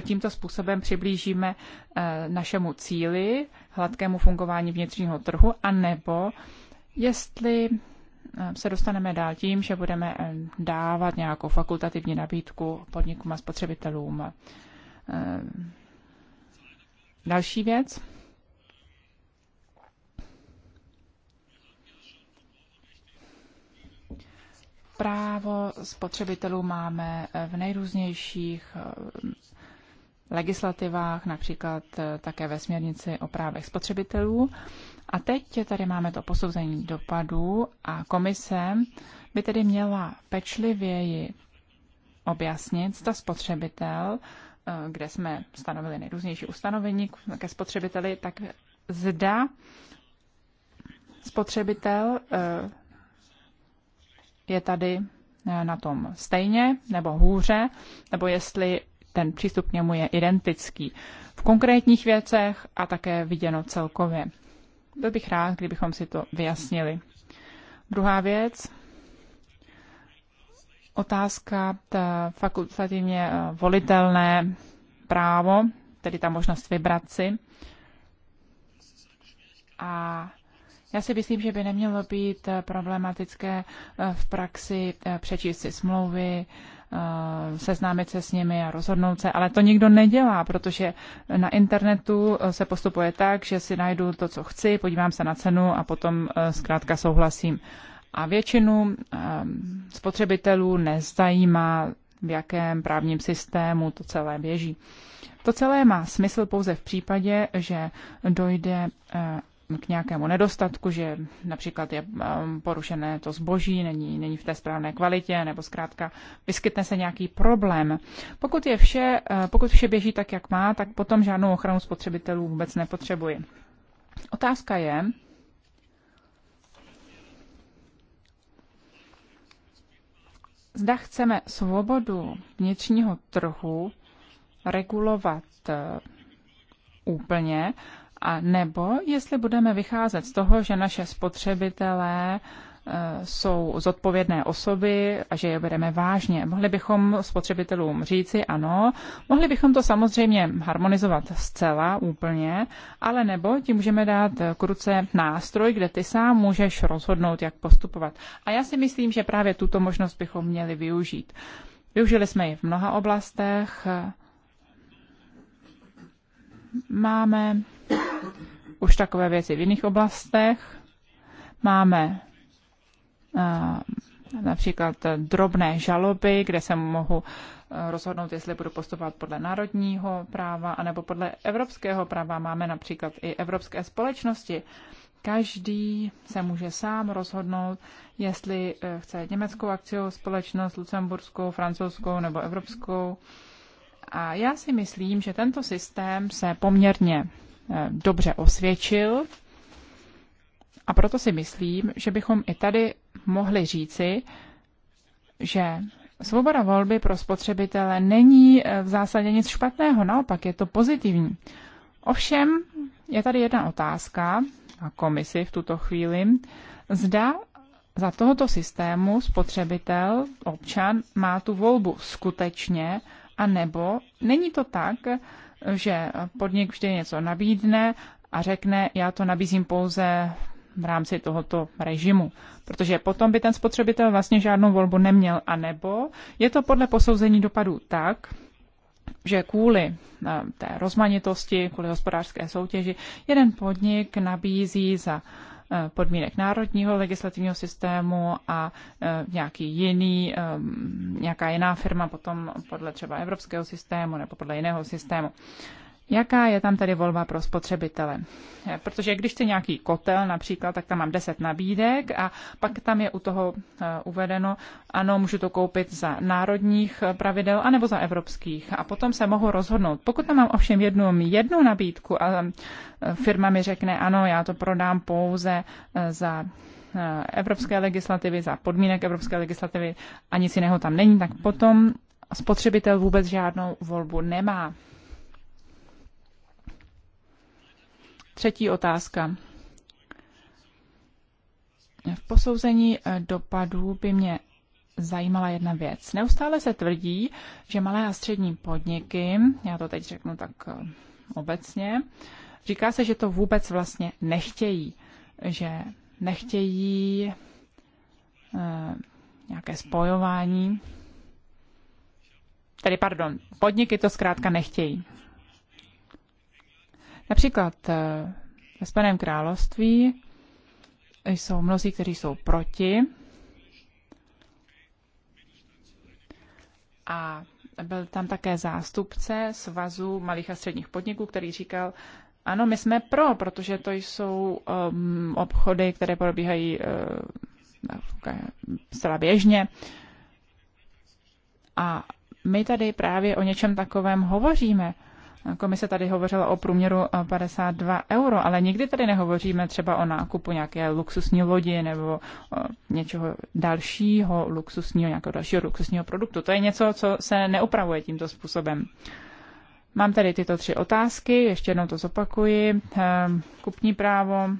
C: tímto způsobem přiblížíme eh, našemu cíli, hladkému fungování vnitřního trhu, anebo jestli eh, se dostaneme dál tím, že budeme eh, dávat nějakou fakultativní nabídku podnikům a spotřebitelům. Eh, další věc. Právo spotřebitelů máme eh, v nejrůznějších eh, legislativách, například také ve směrnici o právech spotřebitelů. A teď tady máme to posouzení dopadů a komise by tedy měla pečlivěji objasnit, zda spotřebitel Eh, kde jsme stanovili nejrůznější ustanovení ke spotřebiteli, tak zda spotřebitel eh, je tady eh, na tom stejně nebo hůře, nebo jestli ten přístup k němu je identický v konkrétních věcech a také viděno celkově. Byl bych rád, kdybychom si to vyjasnili. Druhá věc, otázka ta fakultativně eh, volitelné právo, tedy ta možnost vybrat si. A já si myslím, že by nemělo být eh, problematické eh, v praxi přečíst si smlouvy, seznámit se s nimi a rozhodnout se, ale to nikdo nedělá, protože na internetu se postupuje tak, že si najdu to, co chci, podívám se na cenu a potom zkrátka souhlasím. A většinu eh, spotřebitelů nezajímá, v jakém právním systému to celé běží. To celé má smysl pouze v případě, že dojde eh, k nějakému nedostatku, že například je eh, porušené to zboží, není, není v té správné kvalitě, nebo zkrátka vyskytne se nějaký problém. Pokud, je vše, pokud vše běží tak, jak má, tak potom žádnou ochranu spotřebitelů vůbec nepotřebuje. Otázka je, zda chceme svobodu vnitřního trhu regulovat eh, úplně, a nebo jestli budeme vycházet z toho, že naše spotřebitelé jsou zodpovědné osoby a že je bereme vážně. Mohli bychom spotřebitelům říci ano, mohli bychom to samozřejmě harmonizovat zcela úplně, ale nebo ti můžeme dát k ruce nástroj, kde ty sám můžeš rozhodnout, jak postupovat. A já si myslím, že právě tuto možnost bychom měli využít. Využili jsme ji v mnoha oblastech. Máme už takové věci v jiných oblastech. Máme Eh, například drobné žaloby, kde se mohu eh, rozhodnout, jestli budu postupovat podle národního práva anebo podle evropského práva. Máme například i evropské společnosti. Každý se může sám rozhodnout, jestli eh, chce německou akciovou společnost, lucemburskou, francouzskou nebo evropskou. A já si myslím, že tento systém se poměrně dobře osvědčil a proto si myslím, že bychom i tady mohli říci, že svoboda volby pro spotřebitele není eh, v zásadě nic špatného, naopak je to pozitivní. Ovšem, je tady jedna otázka na komisi v tuto chvíli. Zda za tohoto systému spotřebitel, občan, má tu volbu skutečně, a nebo není to tak, že podnik vždy něco nabídne a řekne, já to nabízím pouze v rámci tohoto režimu. Protože potom by ten spotřebitel vlastně žádnou volbu neměl, a nebo je to podle posouzení dopadů tak, že kvůli eh, té rozmanitosti, kvůli hospodářské soutěži, jeden podnik nabízí za eh, podmínek národního legislativního systému a eh, nějaký jiný, nějaká jiná firma potom podle třeba evropského systému nebo podle jiného systému. Jaká je tam tedy volba pro spotřebitele? Eh, protože když chci nějaký kotel například, tak tam mám 10 nabídek a pak tam je u toho eh, uvedeno, ano, můžu to koupit za národních eh, pravidel anebo za evropských a potom se mohu rozhodnout. Pokud tam mám ovšem jednu, jednu nabídku a firma mi řekne, ano, já to prodám pouze za evropské legislativy, za podmínek evropské legislativy a nic jiného tam není, tak potom spotřebitel vůbec žádnou volbu nemá. Třetí otázka. V posouzení eh, dopadů by mě zajímala jedna věc. Neustále se tvrdí, že malé a střední podniky, já to teď řeknu tak eh, obecně, říká se, že to vůbec vlastně nechtějí, že nechtějí eh, nějaké spojování. Tedy, pardon, podniky to zkrátka nechtějí. Například eh, ve Spaném království jsou mnozí, kteří jsou proti. A byl tam také zástupce svazu malých a středních podniků, který říkal, ano, my jsme pro, protože to jsou um, obchody, které probíhají eh, zcela běžně. A my tady právě o něčem takovém hovoříme. Komise tady hovořila o průměru 52 eh, euro, ale nikdy tady nehovoříme třeba o nákupu nějaké luxusní lodi nebo eh, něčeho dalšího luxusního, nějakého dalšího luxusního produktu. To je něco, co se neupravuje tímto způsobem. Mám tady tyto tři otázky, ještě jednou to zopakuji. Ehm, kupní právo,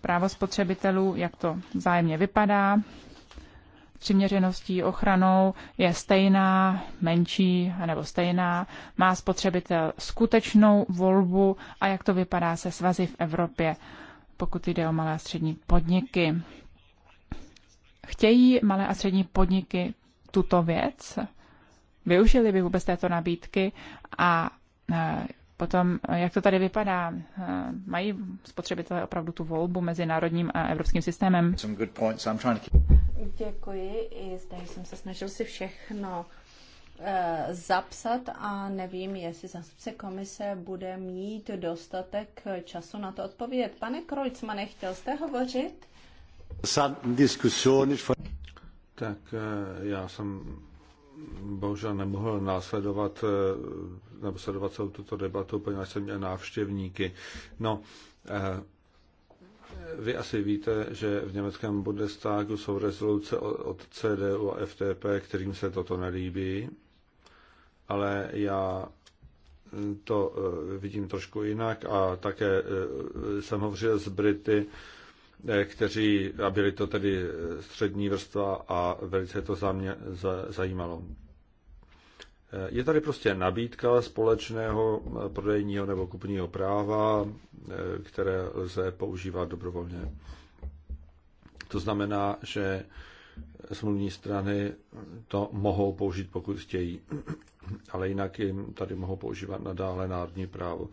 C: právo spotřebitelů, jak to vzájemně vypadá, přiměřeností, ochranou je stejná, menší nebo stejná, má spotřebitel skutečnou volbu a jak to vypadá se svazy v Evropě, pokud jde o malé a střední podniky. Chtějí malé a střední podniky tuto věc? Využili by vůbec této nabídky a e, potom, jak to tady vypadá? E, mají spotřebitelé opravdu tu volbu mezi národním a evropským systémem?
D: Děkuji. I zde jsem se snažil si všechno eh, zapsat a nevím, jestli zastupce komise bude mít dostatek eh, času na to odpovědět. Pane Krojcmane, chtěl jste hovořit?
A: Tak eh, já jsem bohužel nemohl následovat nebo sledovat celou tuto debatu, protože jsem měl návštěvníky. No, vy asi víte, že v německém Bundestagu jsou rezoluce od CDU a FDP, kterým se toto nelíbí, ale já to eh, vidím trošku jinak a také eh, jsem hovořil s Brity, eh, kteří, a byli to tedy střední vrstva a velice to za mě zajímalo. Eh, je tady prostě nabídka společného eh, prodejního nebo kupního práva, eh, které lze používat dobrovolně. To znamená, že smluvní strany to mohou použít, pokud chtějí, ale jinak jim tady mohou používat nadále národní právo.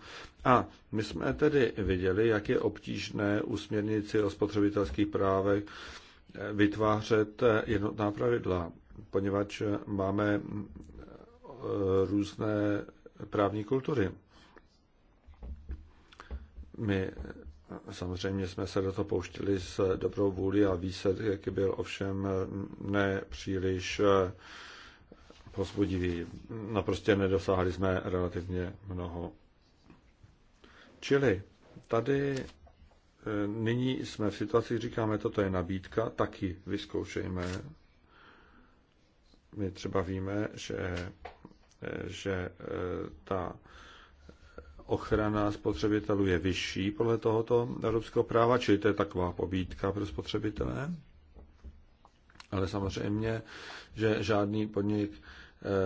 A: A my jsme tedy viděli, jak je obtížné u směrnici o spotřebitelských právech vytvářet jednotná pravidla, poněvadž máme různé právní kultury. My samozřejmě jsme se do toho pouštili s dobrou vůli a výsledek byl ovšem nepříliš eh, pozbudivý. No prostě nedosáhli jsme relativně mnoho. Čili tady eh, nyní jsme v situaci, říkáme, toto je nabídka, taky vyzkoušejme. My třeba víme, že že eh, ta ochrana spotřebitelů je vyšší podle tohoto evropského práva, čili to je taková pobídka pro spotřebitele. Ale samozřejmě, že žádný podnik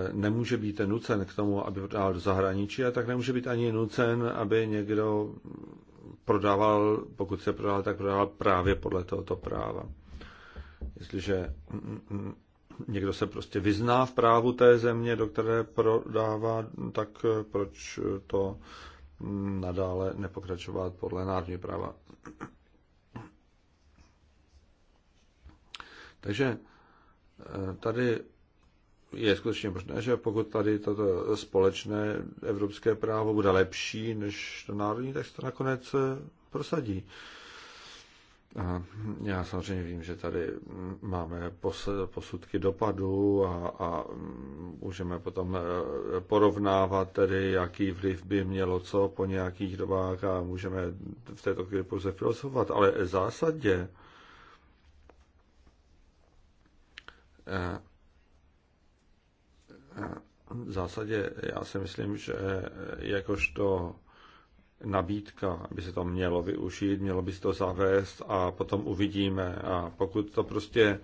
A: eh, nemůže být nucen k tomu, aby prodával do zahraničí, a tak nemůže být ani nucen, aby někdo prodával, pokud se prodával, tak prodával právě podle tohoto práva. Jestliže někdo se prostě vyzná v právu té země, do které prodává, tak proč to nadále nepokračovat podle národní práva. Takže eh, tady je skutečně možné, že pokud tady toto společné evropské právo bude lepší než to národní, tak se to nakonec eh, prosadí já samozřejmě vím, že tady máme posudky dopadu a, a můžeme potom e, porovnávat tedy, jaký vliv by mělo co po nějakých dobách a můžeme v této chvíli pouze filozofovat, ale v zásadě e, e, v zásadě já si myslím, že jakožto nabídka, by se to mělo využít, mělo by se to zavést a potom uvidíme. A pokud to prostě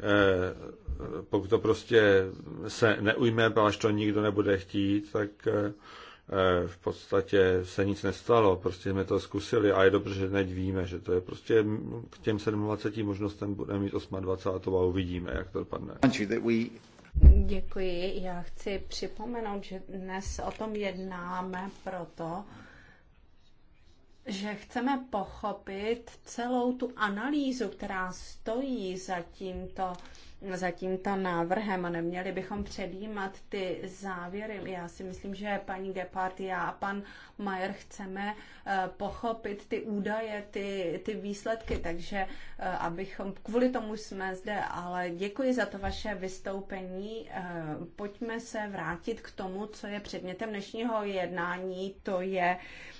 A: eh, pokud to prostě se neujme, až to nikdo nebude chtít, tak eh, v podstatě se nic nestalo, prostě jsme to zkusili a je dobře, že teď víme, že to je prostě k těm 27 možnostem budeme mít 28 a uvidíme, jak to dopadne.
D: Děkuji. Já chci připomenout, že dnes o tom jednáme proto, že chceme pochopit celou tu analýzu, která stojí za tímto za tímto návrhem a neměli bychom předjímat ty závěry. Já si myslím, že paní Gepard, já a pan Majer chceme eh, pochopit ty údaje, ty, ty výsledky, takže eh, abychom, kvůli tomu jsme zde, ale děkuji za to vaše vystoupení. Eh, pojďme se vrátit k tomu, co je předmětem dnešního jednání, to je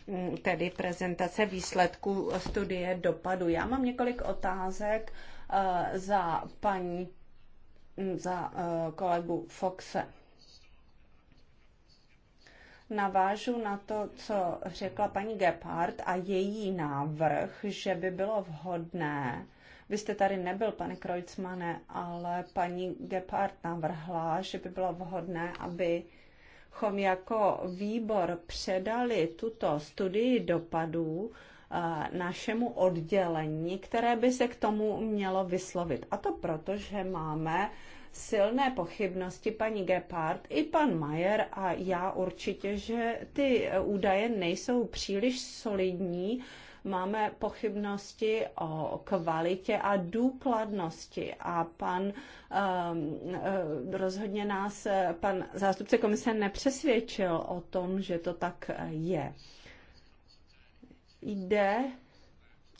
D: mm, tedy prezentace výsledků studie dopadu. Já mám několik otázek za paní Mm, za eh, kolegu Foxe. Navážu na to, co řekla paní Gephardt a její návrh, že by bylo vhodné, vy jste tady nebyl, pane Krojcmane, ale paní Gephardt navrhla, že by bylo vhodné, aby abychom jako výbor předali tuto studii dopadů Eh, našemu oddělení, které by se k tomu mělo vyslovit. A to proto, že máme silné pochybnosti paní Gepard i pan Majer a já určitě, že ty údaje nejsou příliš solidní. Máme pochybnosti o kvalitě a důkladnosti a pan um, rozhodně nás, eh, pan zástupce komise nepřesvědčil o tom, že to tak je jde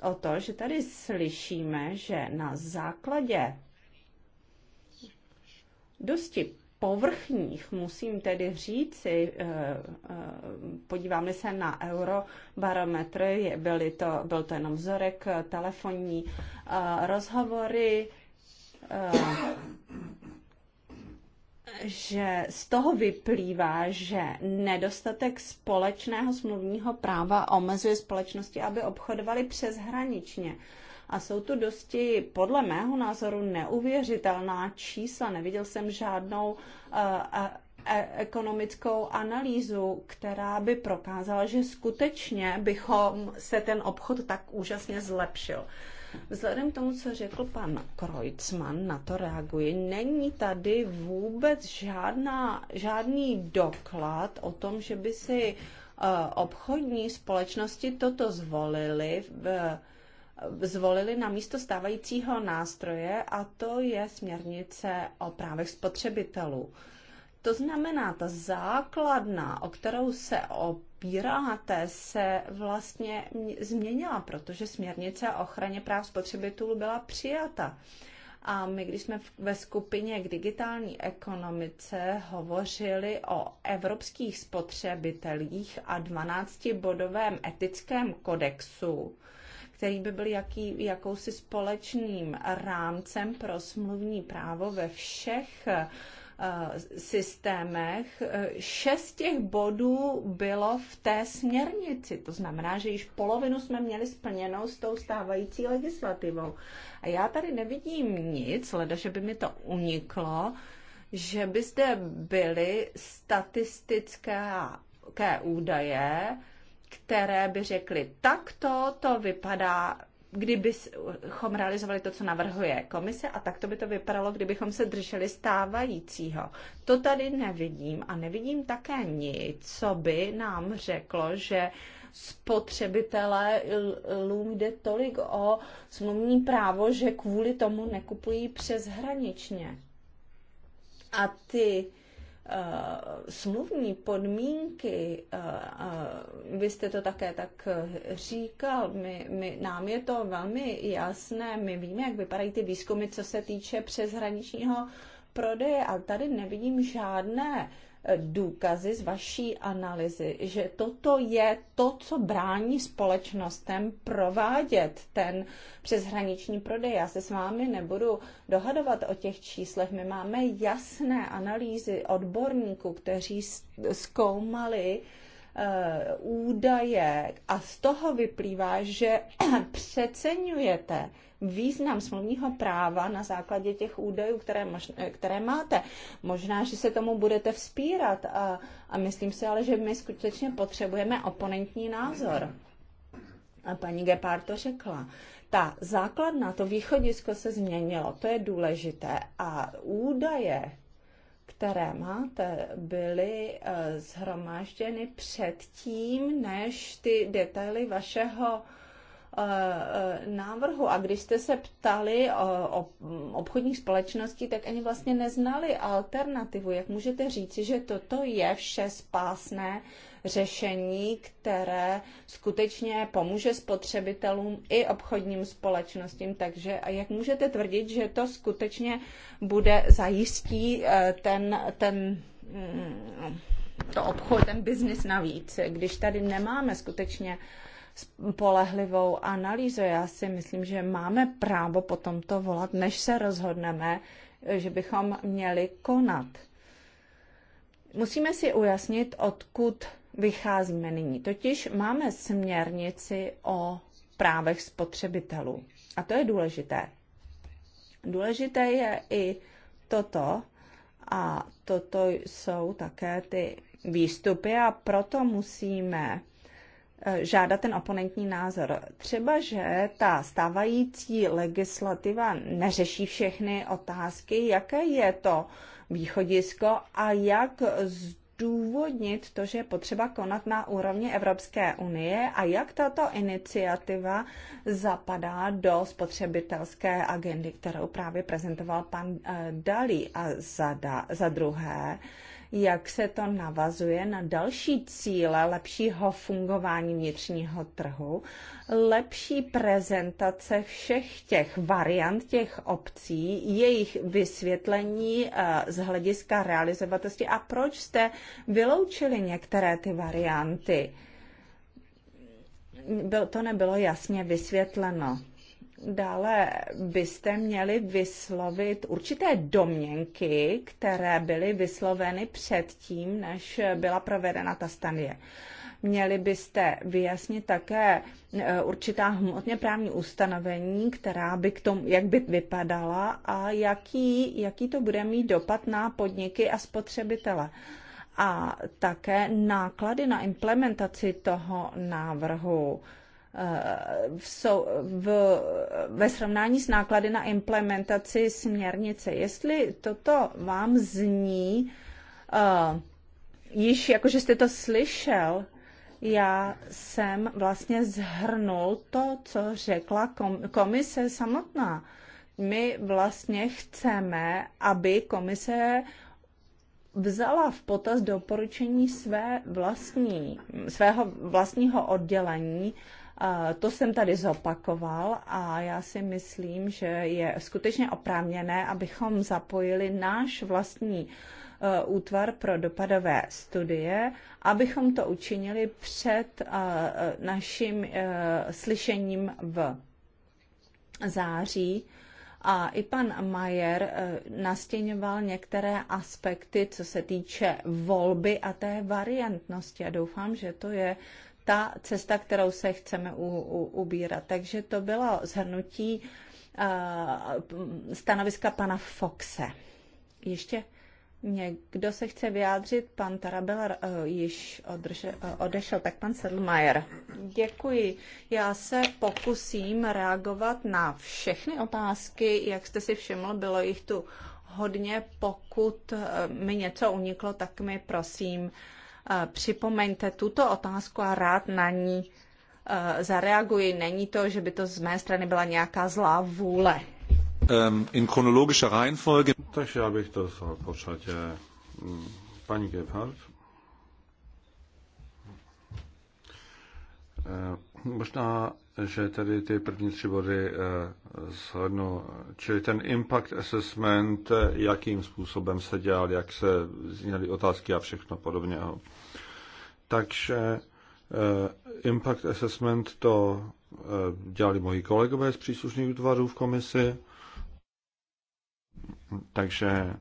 D: o to, že tady slyšíme, že na základě dosti povrchních, musím tedy říci, eh, eh, podíváme se na eurobarometr, byly to, byl to jenom vzorek, eh, telefonní rozhovory, že z toho vyplývá, že nedostatek společného smluvního práva omezuje společnosti, aby obchodovali přeshraničně. A jsou tu dosti, podle mého názoru, neuvěřitelná čísla. Neviděl jsem žádnou uh, uh, ekonomickou analýzu, která by prokázala, že skutečně bychom se ten obchod tak úžasně zlepšil. Vzhledem k tomu, co řekl pan Kreutzmann, na to reaguji, není tady vůbec žádná, žádný doklad o tom, že by si eh, obchodní společnosti toto zvolili eh, zvolili na místo stávajícího nástroje a to je směrnice o právech spotřebitelů. To znamená, ta základna, o kterou se opíráte, se vlastně změnila, protože směrnice o ochraně práv spotřebitelů byla přijata. A my, když jsme ve skupině k digitální ekonomice hovořili o evropských spotřebitelích a 12-bodovém etickém kodexu, který by byl jaký, jakousi společným rámcem pro smluvní právo ve všech uh, Eh, systémech. Šest těch bodů bylo v té směrnici, to znamená, že již polovinu jsme měli splněnou s tou stávající legislativou. A já tady nevidím nic, leda, že by mi to uniklo, že by zde byly statistické údaje, které by řekly, takto to vypadá kdybychom realizovali to, co navrhuje komise a tak to by to vypadalo, kdybychom se drželi stávajícího. To tady nevidím a nevidím také nic, co by nám řeklo, že spotřebitelé lům jde tolik o smluvní právo, že kvůli tomu nekupují přeshraničně. A ty Eh, smluvní podmínky, eh, vy jste to také tak říkal, my, my, nám je to velmi jasné, my víme, jak vypadají ty výzkumy, co se týče přeshraničního prodeje, ale tady nevidím žádné důkazy z vaší analýzy, že toto je to, co brání společnostem provádět ten přeshraniční prodej. Já se s vámi nebudu dohadovat o těch číslech. My máme jasné analýzy odborníků, kteří zkoumali eh, údaje a z toho vyplývá, že přeceňujete význam smluvního práva na základě těch údajů, které, možná, eh, které máte. Možná, že se tomu budete vzpírat a, a myslím si ale, že my skutečně potřebujeme oponentní názor. A paní Gepard to řekla. Ta základna, to východisko se změnilo, to je důležité. A údaje, které máte, byly eh, zhromážděny předtím, než ty detaily vašeho Eh, návrhu. A když jste se ptali o obchodních společností, tak ani vlastně neznali alternativu. Jak můžete říci, že toto je vše spásné řešení, které skutečně pomůže spotřebitelům i obchodním společnostím. Takže jak můžete tvrdit, že to skutečně bude zajistí eh, ten, ten mm, to obchod, ten biznis navíc, když tady nemáme skutečně spolehlivou analýzu. Já si myslím, že máme právo potom to volat, než se rozhodneme, že bychom měli konat. Musíme si ujasnit, odkud vycházíme nyní. Totiž máme směrnici o právech spotřebitelů. A to je důležité. Důležité je i toto, a toto jsou také ty výstupy a proto musíme Eh, žádat ten oponentní názor. Třeba, že ta stávající legislativa neřeší všechny otázky, jaké je to východisko a jak zdůvodnit to, že je potřeba konat na úrovni Evropské unie a jak tato iniciativa zapadá do spotřebitelské agendy, kterou právě prezentoval pan eh, Dalí. A za, za druhé, jak se to navazuje na další cíle lepšího fungování vnitřního trhu, lepší prezentace všech těch variant těch obcí, jejich vysvětlení eh, z hlediska realizovatosti a proč jste vyloučili některé ty varianty. Byl, to nebylo jasně vysvětleno. Dále byste měli vyslovit určité domněnky, které byly vysloveny předtím, než byla provedena ta stanie. Měli byste vyjasnit také eh, určitá hmotně právní ustanovení, která by k tomu, jak by vypadala a jaký, jaký to bude mít dopad na podniky a spotřebitele a také náklady na implementaci toho návrhu. Eh, v, sou, v, ve srovnání s náklady na implementaci směrnice. Jestli toto vám zní, uh, již jakože jste to slyšel, já jsem vlastně zhrnul to, co řekla komise samotná. My vlastně chceme, aby komise vzala v potaz doporučení své vlastní, svého vlastního oddělení to jsem tady zopakoval a já si myslím, že je skutečně oprávněné, abychom zapojili náš vlastní e, útvar pro dopadové studie, abychom to učinili před e, e, naším slyšením v září. A i pan Majer nastěňoval některé aspekty, co se týče volby a té variantnosti. A doufám, že to je ta cesta, kterou se chceme u, u, ubírat. Takže to bylo zhrnutí uh, eh, stanoviska pana Foxe. Ještě někdo se chce vyjádřit? Pan Tarabela uh, již održe, uh, odešel, tak pan Sedlmajer. Děkuji. Já se pokusím reagovat na všechny otázky. Jak jste si všiml, bylo jich tu hodně. Pokud mi něco uniklo, tak mi prosím uh, Eh, připomeňte tuto otázku a rád na ní eh, zareaguji. Není to, že by to z mé strany byla nějaká zlá vůle.
A: in chronologischer Reihenfolge. Takže já bych to počátě. Hm, paní Gebhardt. Eh, Možná, že tedy ty první tři body shodnu, eh, čili ten impact assessment, jakým způsobem se dělal, jak se zněly otázky a všechno podobného. Takže eh, impact assessment to eh, dělali moji kolegové z příslušných útvarů v komisi, takže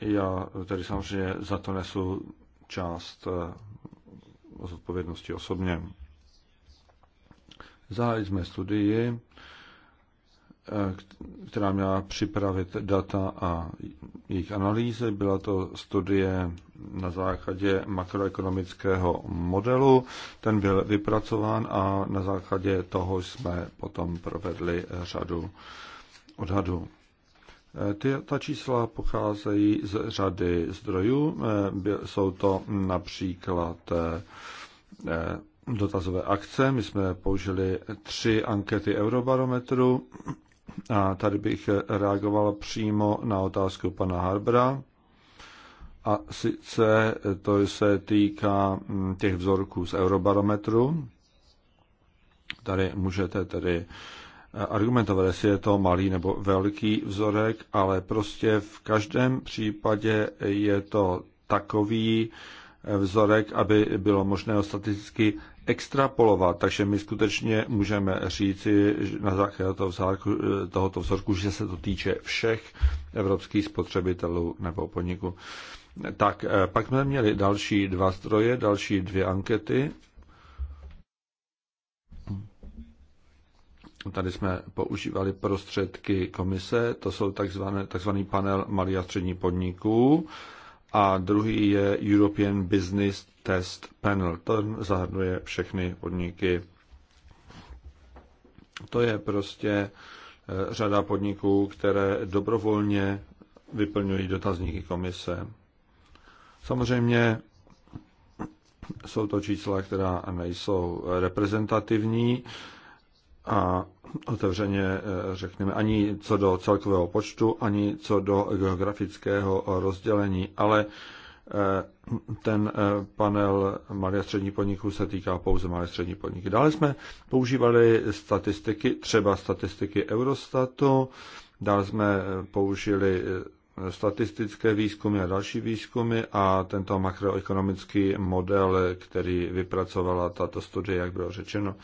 A: já tady samozřejmě za to nesu část zodpovědnosti osobně. Zahájili jsme studii, eh, která měla připravit data a jejich analýzy. Byla to studie na základě makroekonomického modelu. Ten byl vypracován a na základě toho jsme potom provedli řadu odhadů. Eh, ty, ta čísla pocházejí z řady zdrojů. Eh, jsou to například dotazové akce. My jsme použili tři ankety Eurobarometru a tady bych reagoval přímo na otázku pana Harbra. A sice to se týká mm, těch vzorků z Eurobarometru. Tady můžete tedy eh, argumentovat, jestli je to malý nebo velký vzorek, ale prostě v každém případě je to takový eh, vzorek, aby bylo možné ho statisticky extrapolovat, takže my skutečně můžeme říci na základě toho vzorku, tohoto vzorku, že se to týče všech evropských spotřebitelů nebo podniků. Tak, eh, pak jsme měli další dva stroje, další dvě ankety. Tady jsme používali prostředky komise, to jsou takzvané, takzvaný panel malých a střední podniků a druhý je European Business Test Panel. Ten zahrnuje všechny podniky. To je prostě eh, řada podniků, které dobrovolně vyplňují dotazníky komise. Samozřejmě jsou to čísla, která nejsou reprezentativní a otevřeně eh, řekneme, ani co do celkového počtu, ani co do geografického rozdělení, ale eh, ten eh, panel malé a střední podniků se týká pouze malé a střední podniky. Dále jsme používali statistiky, třeba statistiky Eurostatu, dále jsme použili statistické výzkumy a další výzkumy a tento makroekonomický model, který vypracovala tato studie, jak bylo řečeno.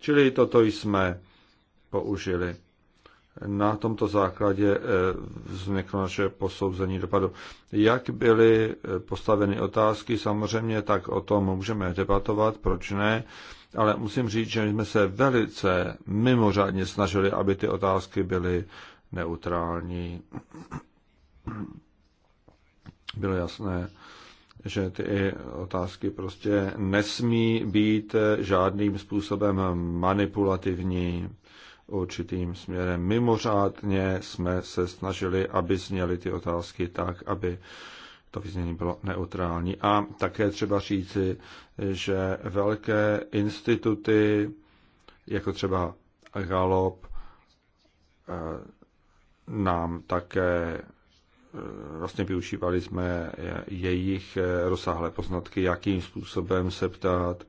A: Čili toto jsme použili. Na tomto základě eh, vzniklo naše posouzení dopadu. Jak byly eh, postaveny otázky, samozřejmě tak o tom můžeme debatovat, proč ne, ale musím říct, že jsme se velice mimořádně snažili, aby ty otázky byly neutrální. Bylo jasné, že ty otázky prostě nesmí být eh, žádným způsobem manipulativní určitým směrem. Mimořádně jsme se snažili, aby zněly ty otázky tak, aby to vyznění bylo neutrální. A také třeba říci, že velké instituty, jako třeba Galop, eh, nám také eh, vlastně využívali jsme jejich eh, rozsáhlé poznatky, jakým způsobem se ptát,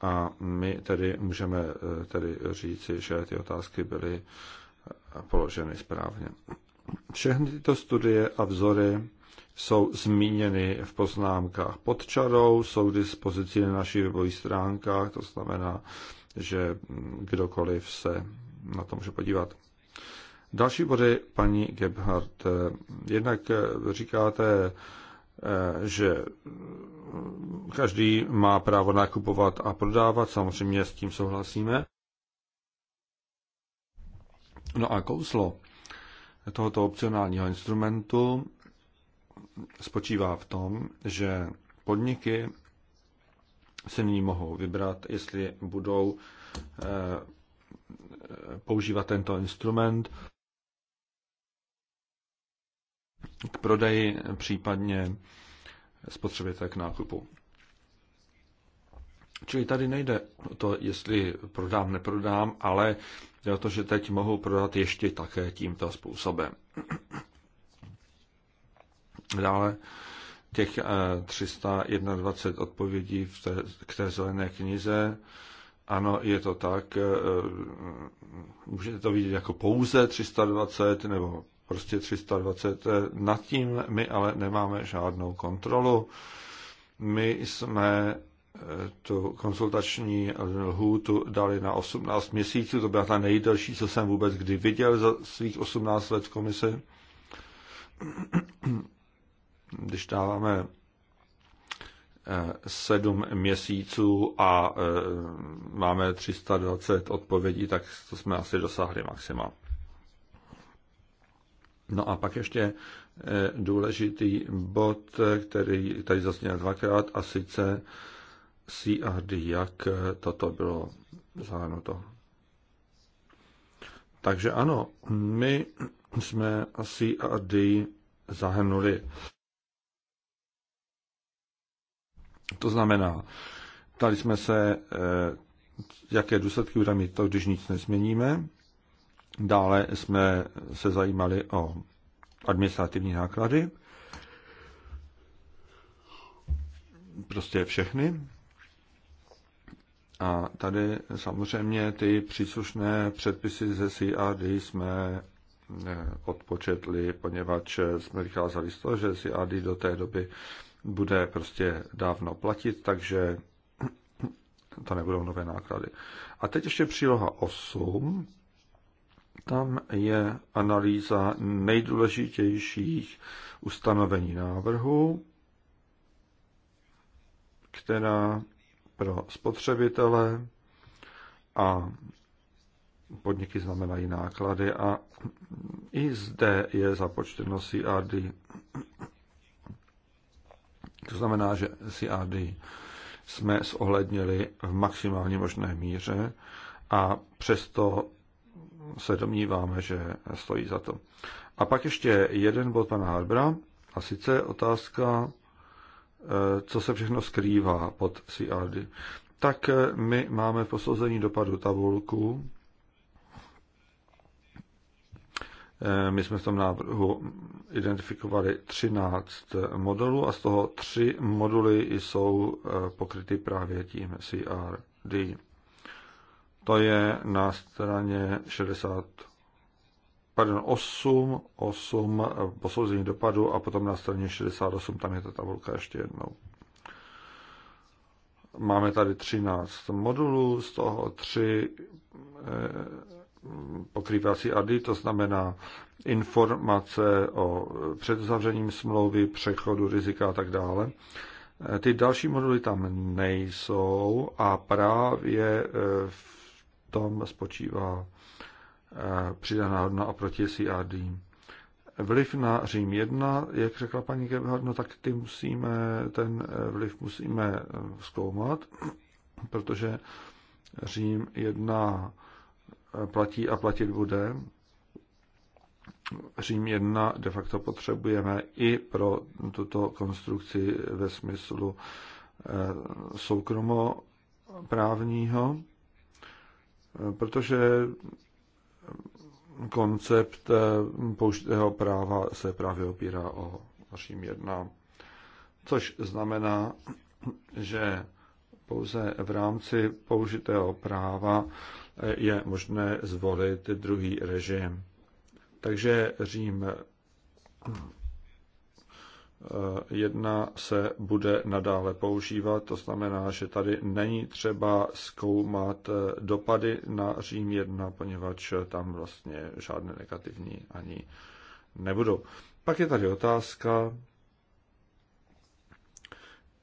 A: a my tedy můžeme eh, tedy říci, že ty otázky byly eh, položeny správně. Všechny tyto studie a vzory jsou zmíněny v poznámkách pod čarou, jsou k dispozici na našich webových stránkách, to znamená, že mm, kdokoliv se na to může podívat. Další body, paní Gebhardt. Eh, jednak říkáte, že každý má právo nakupovat a prodávat, samozřejmě s tím souhlasíme. No a kouslo tohoto opcionálního instrumentu spočívá v tom, že podniky se nyní mohou vybrat, jestli budou eh, používat tento instrument k prodeji, případně spotřebitel k nákupu. Čili tady nejde o to, jestli prodám, neprodám, ale jde o to, že teď mohu prodat ještě také tímto způsobem. Dále těch 321 eh, odpovědí v té, k té zelené knize. Ano, je to tak. Eh, můžete to vidět jako pouze 320 nebo prostě 320. Eh, nad tím my ale nemáme žádnou kontrolu. My jsme eh, tu konsultační lhůtu dali na 18 měsíců, to byla ta nejdelší, co jsem vůbec kdy viděl za svých 18 let v komisi. Když dáváme 7 eh, měsíců a máme 320 odpovědí, tak to jsme asi dosáhli maxima. No a pak ještě eh, důležitý bod, který tady zazněl dvakrát, a sice CRD, jak toto bylo zahrnuto. Takže ano, my jsme CRD zahrnuli. To znamená, tady jsme se, eh, jaké důsledky budeme mít to, když nic nezměníme, Dále jsme se zajímali o administrativní náklady, prostě všechny. A tady samozřejmě ty příslušné předpisy ze CRD jsme eh, odpočetli, poněvadž jsme vycházeli z toho, že CRD do té doby bude prostě dávno platit, takže to nebudou nové náklady. A teď ještě příloha 8, tam je analýza nejdůležitějších ustanovení návrhu, která pro spotřebitele a podniky znamenají náklady a i zde je započteno CRD. To znamená, že CRD jsme zohlednili v maximálně možné míře a přesto se domníváme, že stojí za to. A pak ještě jeden bod pana Harbra, a sice otázka, e, co se všechno skrývá pod CRD. Tak e, my máme v posouzení dopadu tabulku. E, my jsme v tom návrhu identifikovali 13 modulů a z toho tři moduly jsou pokryty právě tím CRD. To je na straně 60, pardon, 8, 8 posouzení dopadu a potom na straně 68, tam je ta tabulka ještě jednou. Máme tady 13 modulů, z toho 3 eh, pokrývací ady, to znamená informace o předzavřením smlouvy, přechodu rizika a tak dále. Eh, ty další moduly tam nejsou a právě v eh, tom spočívá eh, přidaná hodnota oproti CRD. Vliv na Řím 1, jak řekla paní Gebhardt, no tak ty musíme, ten eh, vliv musíme eh, zkoumat, protože Řím 1 platí a platit bude. Řím 1 de facto potřebujeme i pro tuto konstrukci ve smyslu soukromoprávního. právního protože koncept použitého práva se právě opírá o Řím jednám. Což znamená, že pouze v rámci použitého práva je možné zvolit druhý režim. Takže Řím jedna se bude nadále používat, to znamená, že tady není třeba zkoumat eh, dopady na Řím 1, poněvadž eh, tam vlastně žádné negativní ani nebudou. Pak je tady otázka,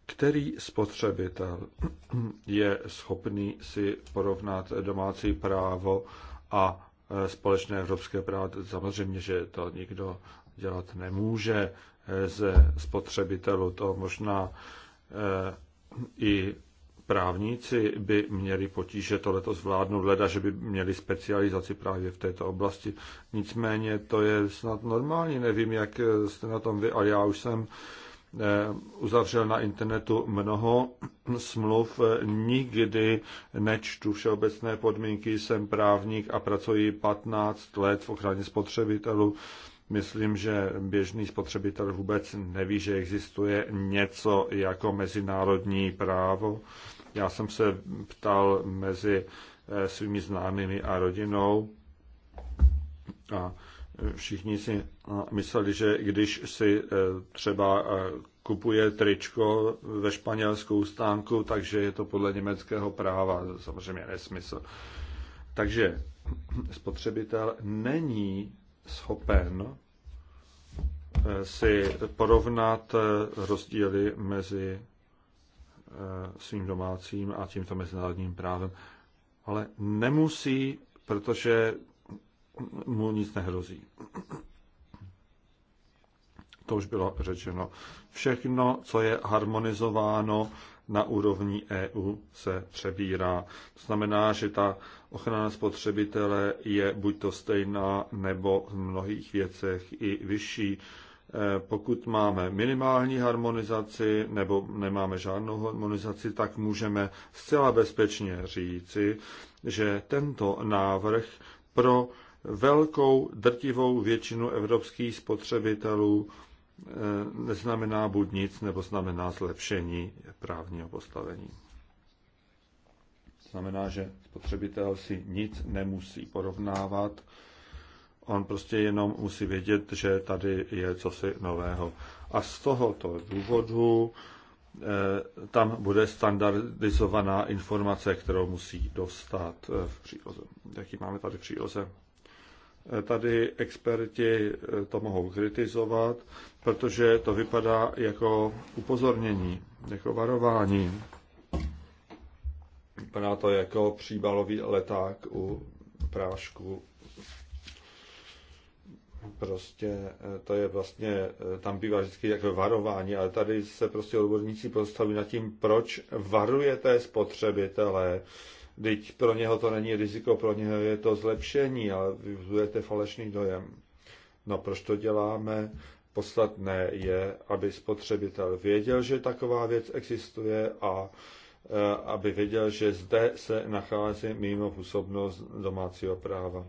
A: který spotřebitel je schopný si porovnat domácí právo a eh, společné evropské právo. Samozřejmě, že to nikdo dělat nemůže ze spotřebitelů. To možná eh, i právníci by měli potíže tohleto zvládnout, leda, že by měli specializaci právě v této oblasti. Nicméně to je snad normální, nevím, jak jste na tom vy, ale já už jsem eh, uzavřel na internetu mnoho smluv, nikdy nečtu všeobecné podmínky, jsem právník a pracuji 15 let v ochraně spotřebitelů Myslím, že běžný spotřebitel vůbec neví, že existuje něco jako mezinárodní právo. Já jsem se ptal mezi eh, svými známými a rodinou a všichni si eh, mysleli, že když si eh, třeba kupuje tričko ve španělskou stánku, takže je to podle německého práva. Samozřejmě nesmysl. Takže spotřebitel není schopen eh, si porovnat eh, rozdíly mezi eh, svým domácím a tímto mezinárodním právem. Ale nemusí, protože mu nic nehrozí. To už bylo řečeno. Všechno, co je harmonizováno na úrovni EU, se přebírá. To znamená, že ta ochrana spotřebitele je buď to stejná, nebo v mnohých věcech i vyšší. Eh, pokud máme minimální harmonizaci nebo nemáme žádnou harmonizaci, tak můžeme zcela bezpečně říci, že tento návrh pro velkou drtivou většinu evropských spotřebitelů eh, neznamená buď nic, nebo znamená zlepšení právního postavení znamená, že spotřebitel si nic nemusí porovnávat, on prostě jenom musí vědět, že tady je cosi nového. A z tohoto důvodu eh, tam bude standardizovaná informace, kterou musí dostat eh, v příloze. Jaký máme tady příloze? Eh, tady experti to mohou kritizovat, protože to vypadá jako upozornění, jako varování. Vypadá to jako příbalový leták u prášku. Prostě eh, to je vlastně, eh, tam bývá vždycky jako varování, ale tady se prostě odborníci postaví nad tím, proč varujete spotřebitele. Teď pro něho to není riziko, pro něho je to zlepšení, ale vyvzujete falešný dojem. No proč to děláme? Podstatné je, aby spotřebitel věděl, že taková věc existuje a Eh, aby věděl, že zde se nachází mimo působnost domácího práva.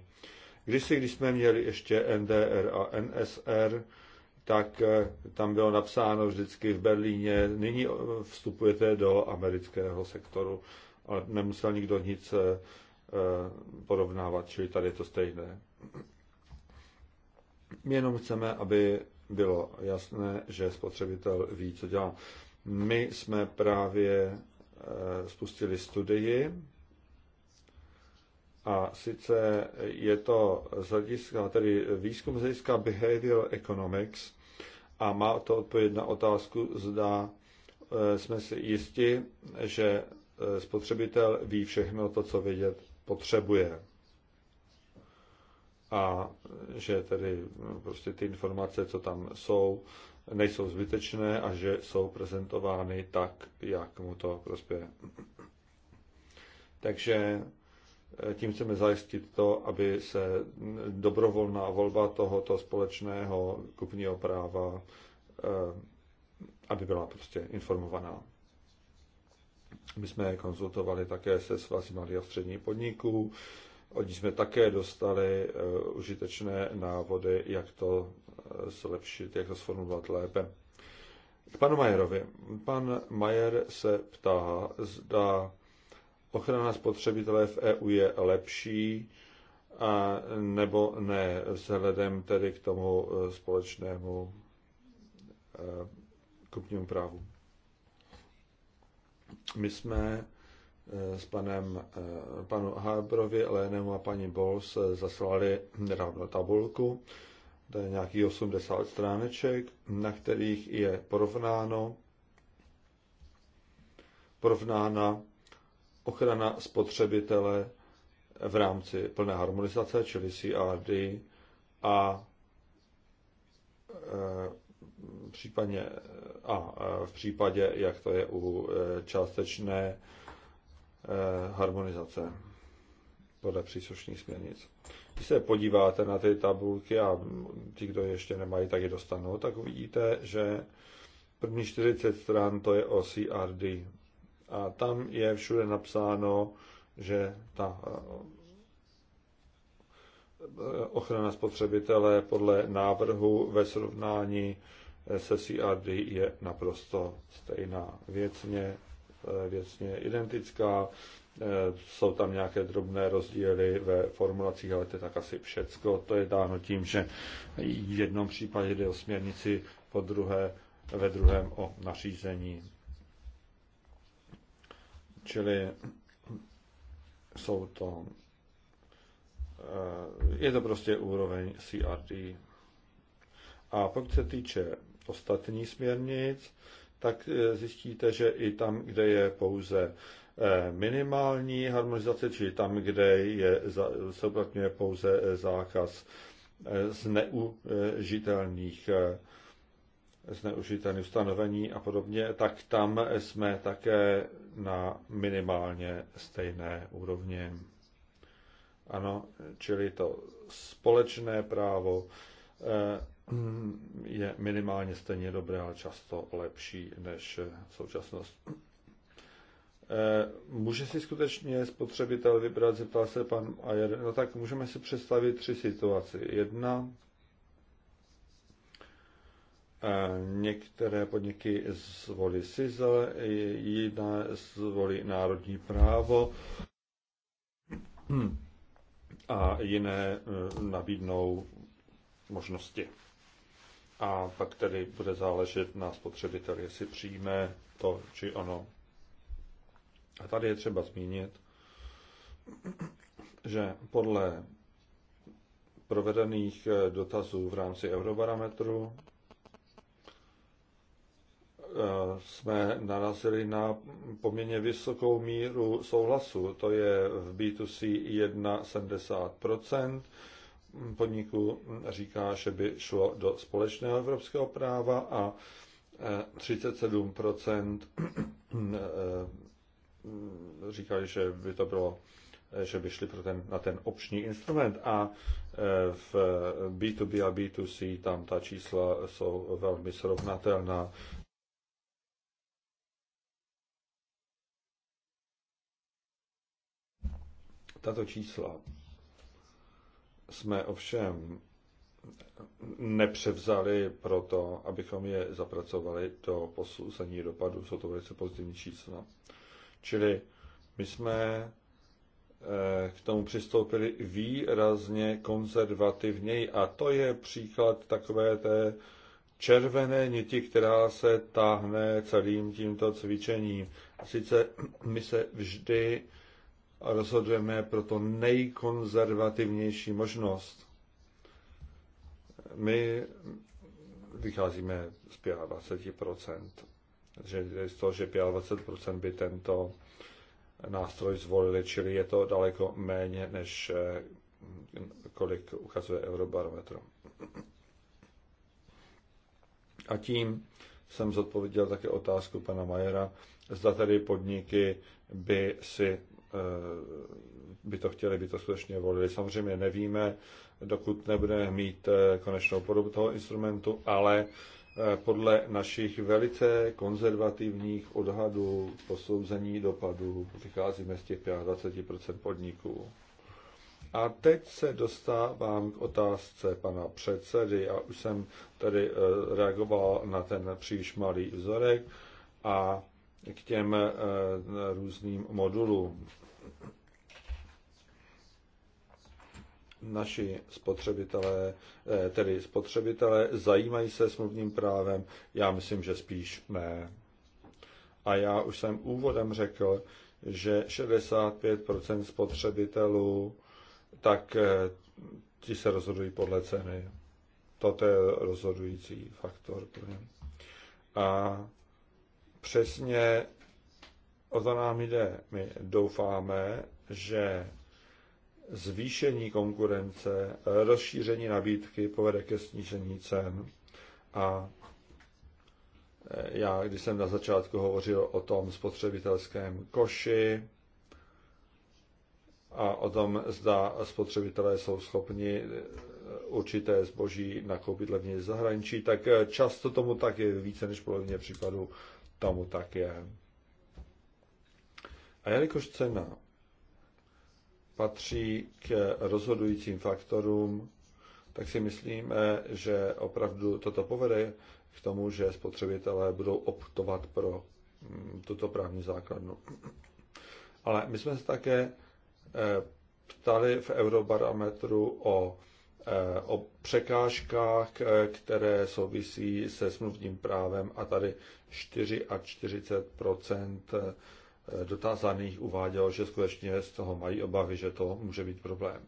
A: když jsme měli ještě NDR a NSR, tak eh, tam bylo napsáno vždycky v Berlíně, nyní vstupujete do amerického sektoru, ale nemusel nikdo nic eh, porovnávat, čili tady je to stejné. My jenom chceme, aby bylo jasné, že spotřebitel ví, co dělá. My jsme právě Eh, spustili studii a sice je to z hlediska, tedy výzkum z hlediska behavioral economics a má to odpověď na otázku, zda eh, jsme si jisti, že eh, spotřebitel ví všechno to, co vědět potřebuje. A že tedy prostě ty informace, co tam jsou, nejsou zbytečné a že jsou prezentovány tak, jak mu to prospěje. Takže eh, tím chceme zajistit to, aby se dobrovolná volba tohoto společného kupního práva eh, aby byla prostě informovaná. My jsme konzultovali také se svazy malých a středních podniků, od ní jsme také dostali eh, užitečné návody, jak to eh, zlepšit, jak to sformulovat lépe. K panu Majerovi. Pan Majer se ptá, zda ochrana spotřebitele v EU je lepší a, nebo ne, vzhledem tedy k tomu eh, společnému kupnímu právu. My jsme s panem eh, panu Harbrovi, Lénemu a paní Bols eh, zaslali nedávno tabulku, to je nějakých 80 stráneček, na kterých je porovnáno porovnána ochrana spotřebitele v rámci plné harmonizace, čili CRD, a eh, případně a v případě, jak to je u částečné Eh, harmonizace podle příslušných směrnic. Když se podíváte na ty tabulky a ti, kdo ještě nemají, tak je dostanou, tak uvidíte, že první 40 stran to je o CRD. A tam je všude napsáno, že ta eh, ochrana spotřebitele podle návrhu ve srovnání se CRD je naprosto stejná věcně Eh, věcně identická. Eh, jsou tam nějaké drobné rozdíly ve formulacích, ale to je tak asi všecko. To je dáno tím, že v jednom případě jde o směrnici, po druhé, ve druhém o nařízení. Čili jsou to, eh, je to prostě úroveň CRD. A pokud se týče ostatních směrnic, tak eh, zjistíte, že i tam, kde je pouze eh, minimální harmonizace, čili tam, kde je, se uplatňuje pouze eh, zákaz zneužitelných zneužitelných ustanovení a podobně, tak tam jsme také na minimálně stejné úrovni. Ano, čili to společné právo Mm, je minimálně stejně dobré, ale často lepší než eh, současnost. Eh, může si skutečně spotřebitel vybrat, zeptal se pan Ayer, no tak můžeme si představit tři situaci. Jedna, eh, některé podniky zvolí SIZEL, jiné zvolí národní právo a jiné nabídnou možnosti. A pak tedy bude záležet na spotřebiteli, jestli přijme to či ono. A tady je třeba zmínit, že podle provedených eh, dotazů v rámci Eurobarometru eh, jsme narazili na poměrně vysokou míru souhlasu. To je v B2C 1,70%, podniků říká, že by šlo do společného evropského práva a 37 eh, eh, říkali, že by to bylo eh, že by šli pro ten, na ten opční instrument a v B2B a B2C tam ta čísla jsou velmi srovnatelná. Tato čísla jsme ovšem nepřevzali proto, abychom je zapracovali do posouzení dopadu. Jsou to velice pozitivní čísla. Čili my jsme eh, k tomu přistoupili výrazně konzervativněji a to je příklad takové té červené niti, která se táhne celým tímto cvičením. Sice my se vždy rozhodujeme pro to nejkonzervativnější možnost. My vycházíme z 25%, že z toho, že 25% by tento nástroj zvolili, čili je to daleko méně, než eh, kolik ukazuje Eurobarometr. A tím jsem zodpověděl také otázku pana Majera, zda tedy podniky by si by to chtěli, by to skutečně volili. Samozřejmě nevíme, dokud nebudeme mít eh, konečnou podobu toho instrumentu, ale eh, podle našich velice konzervativních odhadů posouzení dopadů vycházíme z těch 25% podniků. A teď se dostávám k otázce pana předsedy. A už jsem tady eh, reagoval na ten příliš malý vzorek a k těm eh, různým modulům. Naši spotřebitelé, eh, tedy spotřebitelé, zajímají se smluvním právem? Já myslím, že spíš ne. A já už jsem úvodem řekl, že 65% spotřebitelů, tak eh, ti se rozhodují podle ceny. Toto je rozhodující faktor. A přesně o to nám jde. My doufáme, že zvýšení konkurence, rozšíření nabídky povede ke snížení cen a eh, já, když jsem na začátku hovořil o tom spotřebitelském koši a o tom, zda spotřebitelé jsou schopni eh, určité zboží nakoupit levně z zahraničí, tak eh, často tomu tak je více než polovině případů tomu tak je. A jelikož cena patří k rozhodujícím faktorům, tak si myslíme, že opravdu toto povede k tomu, že spotřebitelé budou optovat pro mm, tuto právní základnu. Ale my jsme se také eh, ptali v Eurobarometru o, eh, o překážkách, eh, které souvisí se smluvním právem a tady 44 eh, dotázaných uvádělo, že skutečně z toho mají obavy, že to může být problém.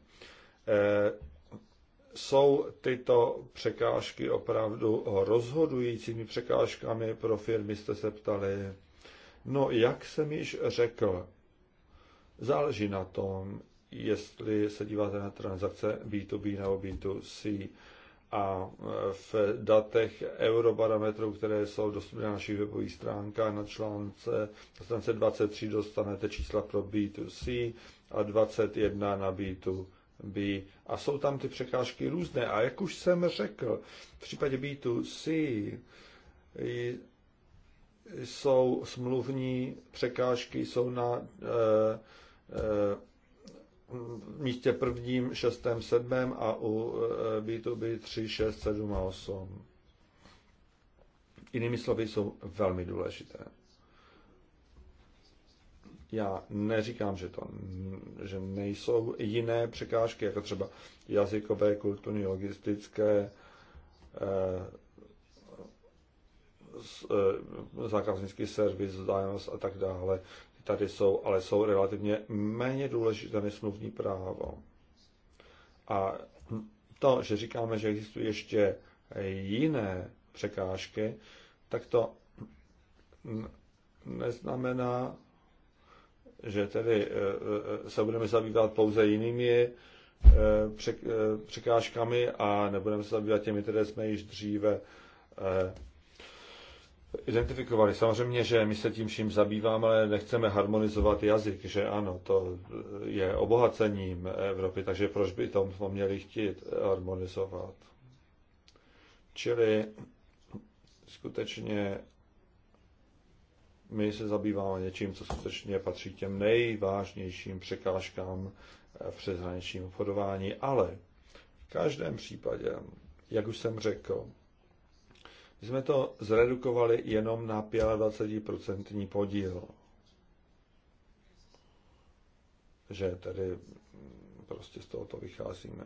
A: Eh, jsou tyto překážky opravdu rozhodujícími překážkami pro firmy, jste se ptali? No, jak jsem již řekl, záleží na tom, jestli se díváte na transakce B2B nebo B2C a e, v datech eurobarometru, které jsou dostupné na našich webových stránkách, na článce, na stránce 23 dostanete čísla pro B2C a 21 na B2B. A jsou tam ty překážky různé. A jak už jsem řekl, v případě B2C jsou smluvní překážky, jsou na eh, eh, místě prvním, šestém, sedmém a u B2B 3, 6, 7 a 8. Jinými slovy jsou velmi důležité. Já neříkám, že, to, že nejsou jiné překážky, jako třeba jazykové, kulturní, logistické, eh, eh, zákaznický servis, vzdálenost a tak dále tady jsou, ale jsou relativně méně důležité než smluvní právo. A to, že říkáme, že existují ještě jiné překážky, tak to neznamená, že tedy eh, eh, se budeme zabývat pouze jinými eh, překážkami a nebudeme se zabývat těmi, které jsme již dříve identifikovali. Samozřejmě, že my se tím vším zabýváme, ale nechceme harmonizovat jazyk, že ano, to je obohacením Evropy, takže proč by to měli chtít harmonizovat? Čili skutečně my se zabýváme něčím, co skutečně patří těm nejvážnějším překážkám v přeshraničním obchodování, ale v každém případě, jak už jsem řekl, jsme to zredukovali jenom na 25% podíl. Že tedy prostě z to vycházíme.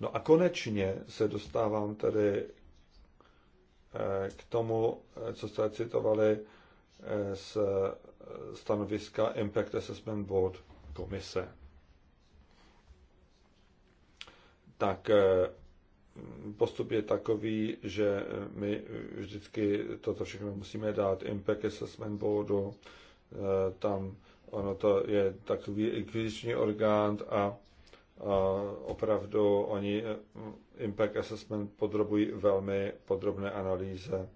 A: No a konečně se dostávám tedy eh, k tomu, eh, co jste citovali eh, z stanoviska Impact Assessment Board komise. Tak postup je takový, že my vždycky toto všechno musíme dát Impact Assessment Boardu, eh, tam ono to je takový inkviziční orgán a, a opravdu oni eh, Impact Assessment podrobují velmi podrobné analýze.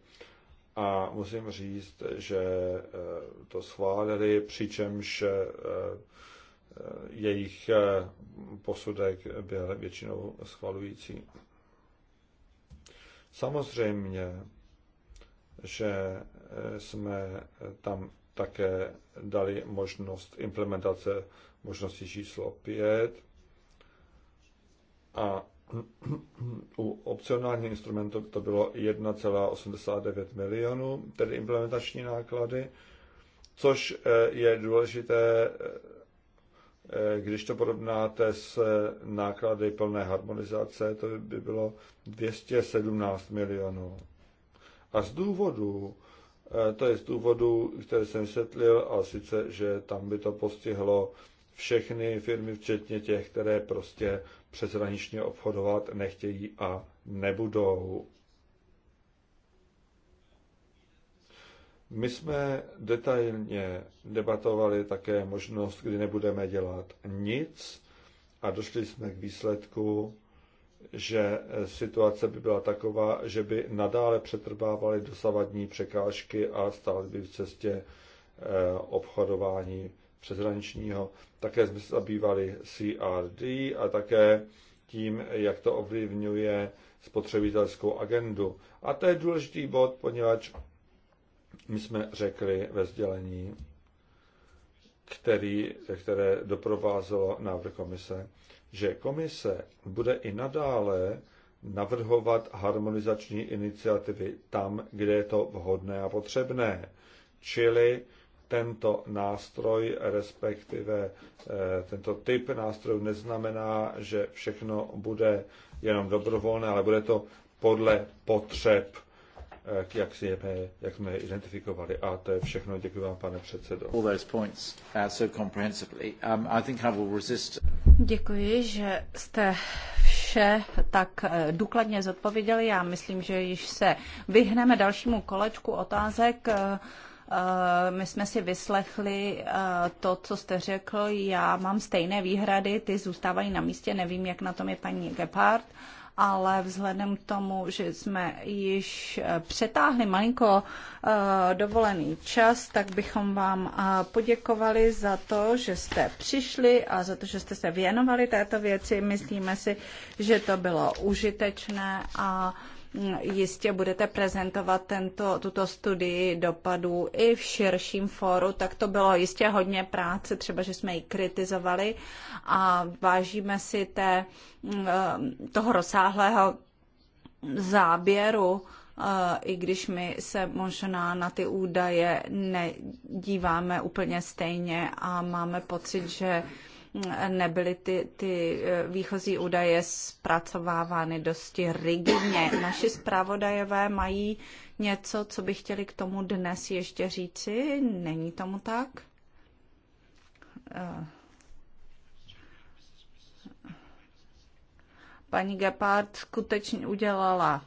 A: A musím říct, že eh, to schválili, přičemž jejich posudek byl většinou schvalující. Samozřejmě, že eh, jsme eh, tam také dali možnost implementace možnosti číslo 5 a u opcionálních instrumentů to bylo 1,89 milionů, tedy implementační náklady, což eh, je důležité Eh, když to porovnáte s eh, náklady plné harmonizace, to by bylo 217 milionů. A z důvodu, eh, to je z důvodu, který jsem vysvětlil, a sice, že tam by to postihlo všechny firmy, včetně těch, které prostě přeshraničně obchodovat nechtějí a nebudou. My jsme detailně debatovali také možnost, kdy nebudeme dělat nic a došli jsme k výsledku, že situace by byla taková, že by nadále přetrvávaly dosavadní překážky a stály by v cestě eh, obchodování přeshraničního. Také jsme se zabývali CRD a také tím, jak to ovlivňuje spotřebitelskou agendu. A to je důležitý bod, poněvadž my jsme řekli ve sdělení, který, které doprovázelo návrh komise, že komise bude i nadále navrhovat harmonizační iniciativy tam, kde je to vhodné a potřebné. Čili tento nástroj, respektive eh, tento typ nástrojů neznamená, že všechno bude jenom dobrovolné, ale bude to podle potřeb jak, si jsme, jak jsme identifikovali. A to je všechno. Děkuji vám, pane předsedo.
D: Děkuji, že jste vše tak uh, důkladně zodpověděli. Já myslím, že již se vyhneme dalšímu kolečku otázek. Uh, uh, my jsme si vyslechli to, co jste řekl. Já mám stejné výhrady, ty zůstávají na místě. Nevím, jak na tom je paní Gephardt ale vzhledem k tomu, že jsme již eh, přetáhli malinko eh, dovolený čas, tak bychom vám eh, poděkovali za to, že jste přišli a za to, že jste se věnovali této věci. Myslíme si, že to bylo užitečné a jistě budete prezentovat tento, tuto studii dopadů i v širším fóru, tak to bylo jistě hodně práce, třeba, že jsme ji kritizovali a vážíme si té, eh, toho rozsáhlého záběru, eh, i když my se možná na ty údaje nedíváme úplně stejně a máme pocit, že nebyly ty, ty eh, výchozí údaje zpracovávány dosti rigidně. Naši zpravodajové mají něco, co by chtěli k tomu dnes ještě říci? Není tomu tak? Eh, paní Gepard skutečně udělala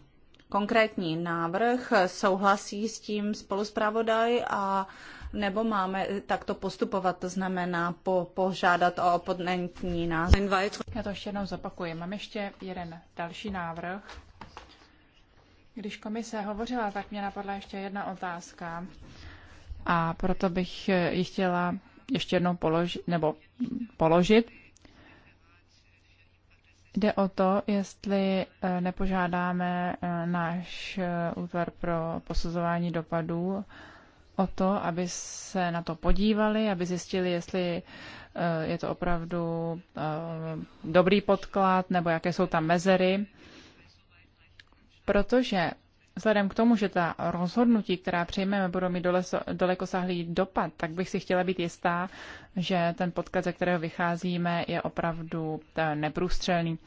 D: konkrétní návrh, souhlasí s tím spoluzpravodaj a nebo máme takto postupovat, to znamená po, požádat o podnetní
C: názor? Já to ještě jednou zopakuji. Mám ještě jeden další návrh. Když komise hovořila, tak mě napadla ještě jedna otázka. A proto bych ji chtěla ještě jednou položit, nebo položit. Jde o to, jestli eh, nepožádáme eh, náš eh, útvar pro posuzování dopadů o to, aby se na to podívali, aby zjistili, jestli eh, je to opravdu eh, dobrý podklad nebo jaké jsou tam mezery. Protože vzhledem k tomu, že ta rozhodnutí, která přijmeme, budou mít dalekosáhlý dopad, tak bych si chtěla být jistá, že ten podklad, ze kterého vycházíme, je opravdu eh, neprůstřelný.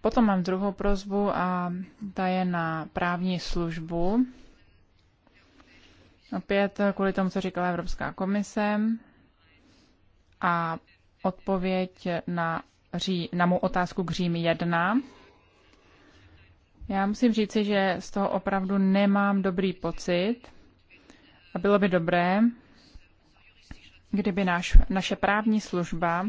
C: Potom mám druhou prozbu a ta je na právní službu Opět kvůli tomu, co říkala Evropská komise a odpověď na, ří, na mou otázku k Řím 1. Já musím říci, že z toho opravdu nemám dobrý pocit a bylo by dobré, kdyby naš naše právní služba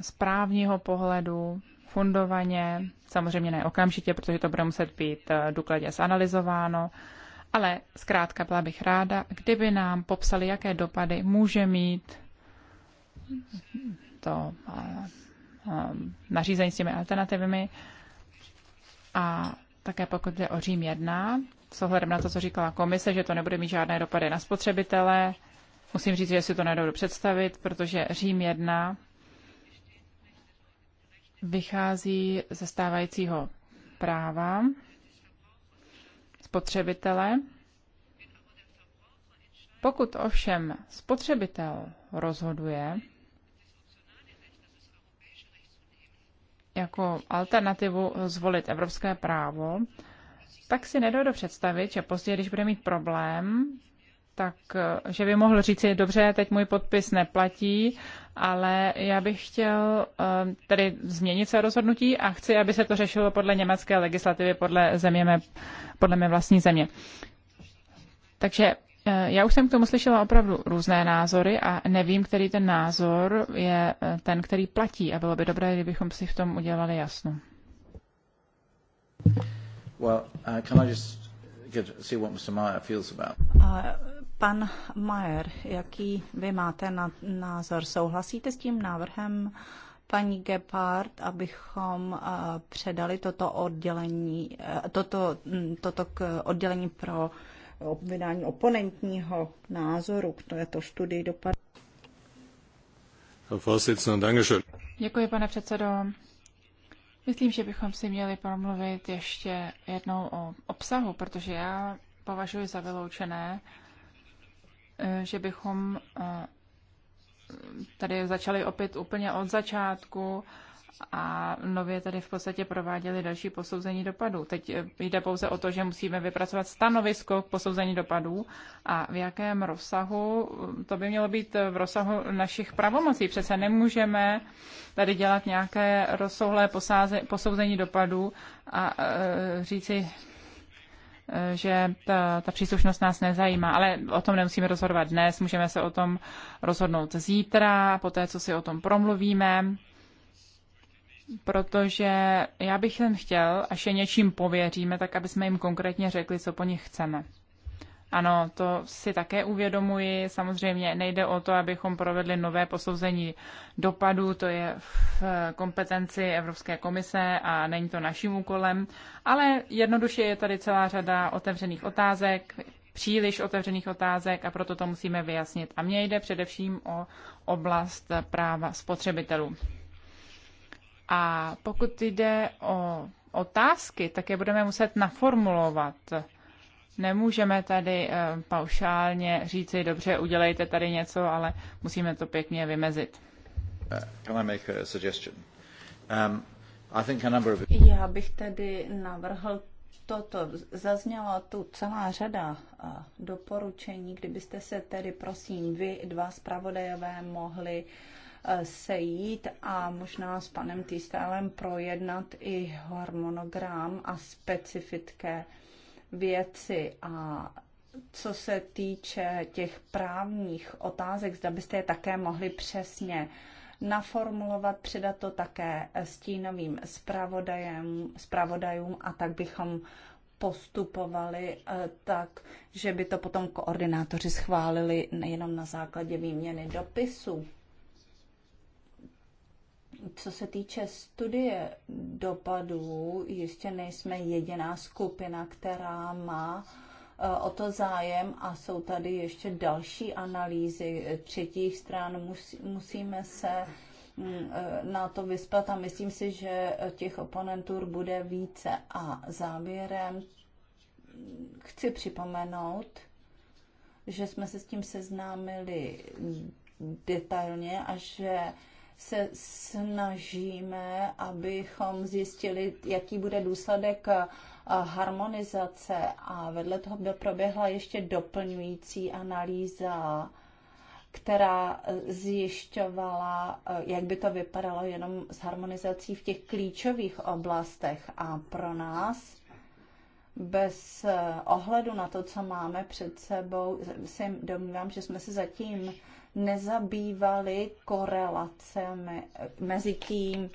C: z právního pohledu fundovaně, samozřejmě ne okamžitě, protože to bude muset být eh, důkladně zanalizováno, ale zkrátka byla bych ráda, kdyby nám popsali, jaké dopady může mít to eh, eh, nařízení s těmi alternativami a také pokud jde o Řím 1, s ohledem na to, co říkala komise, že to nebude mít žádné dopady na spotřebitele, musím říct, že si to nedovedu představit, protože Řím 1 vychází ze stávajícího práva spotřebitele. Pokud ovšem spotřebitel rozhoduje jako alternativu zvolit evropské právo, tak si nedovedu představit, že později, když bude mít problém, tak eh, že by mohl říct, že dobře, teď můj podpis neplatí, ale já bych chtěl eh, tedy změnit své rozhodnutí a chci, aby se to řešilo podle německé legislativy, podle, země mé, podle mé vlastní země. Takže eh, já už jsem k tomu slyšela opravdu různé názory a nevím, který ten názor je ten, který platí a bylo by dobré, kdybychom si v tom udělali jasno. Well, uh, can I just get, see what Mr. Meyer feels about?
D: Uh, Pan Majer, jaký vy máte na, názor? Souhlasíte s tím návrhem paní Gepard, abychom eh, předali toto oddělení, eh, toto, mm, toto k oddělení pro vydání
C: oponentního názoru k to studii dopadu? Děkuji, pane předsedo. Myslím, že bychom si měli promluvit ještě jednou o obsahu, protože já považuji za vyloučené, Eh, že bychom eh, tady začali opět úplně od začátku a nově tady v podstatě prováděli další posouzení dopadů. Teď eh, jde pouze o to, že musíme vypracovat stanovisko k posouzení dopadů a v jakém rozsahu, to by mělo být v rozsahu našich pravomocí. Přece nemůžeme tady dělat nějaké rozsouhlé posouzení dopadů a říci, že ta, ta příslušnost nás nezajímá, ale o tom nemusíme rozhodovat dnes, můžeme se o tom rozhodnout zítra, poté, co si o tom promluvíme, protože já bych jen chtěl, až je něčím pověříme, tak aby jsme jim konkrétně řekli, co po nich chceme. Ano, to si také uvědomuji. Samozřejmě nejde o to, abychom provedli nové posouzení dopadů, to je v kompetenci Evropské komise a není to naším úkolem, ale jednoduše je tady celá řada otevřených otázek, příliš otevřených otázek a proto to musíme vyjasnit. A mně jde především o oblast práva spotřebitelů. A pokud jde o otázky, tak je budeme muset naformulovat Nemůžeme tady eh, paušálně říci, dobře, udělejte tady něco, ale musíme to pěkně vymezit. Uh, um, Já bych
D: tedy navrhl toto. Zazněla tu celá řada eh, doporučení, kdybyste se tedy, prosím, vy dva zpravodajové mohli eh, sejít a možná s panem Týstelem projednat i harmonogram a specifické uh, věci a co se týče těch právních otázek, zda byste je také mohli přesně naformulovat, předat to také stínovým zpravodajům a tak bychom postupovali eh, tak, že by to potom koordinátoři schválili nejenom na základě výměny dopisů. Co se týče studie dopadů, jistě nejsme jediná skupina, která má eh, o to zájem a jsou tady ještě další analýzy třetích stran. Musíme se mm, eh, na to vyspat a myslím si, že těch oponentur bude více. A závěrem chci připomenout, že jsme se s tím seznámili detailně a že se snažíme, abychom zjistili, jaký bude důsledek harmonizace a vedle toho by proběhla ještě doplňující analýza, která e, zjišťovala, e, jak by to vypadalo jenom s harmonizací v těch klíčových oblastech a pro nás bez e, ohledu na to, co máme před sebou, si domnívám, že jsme se zatím nezabývali korelacemi mezi tím,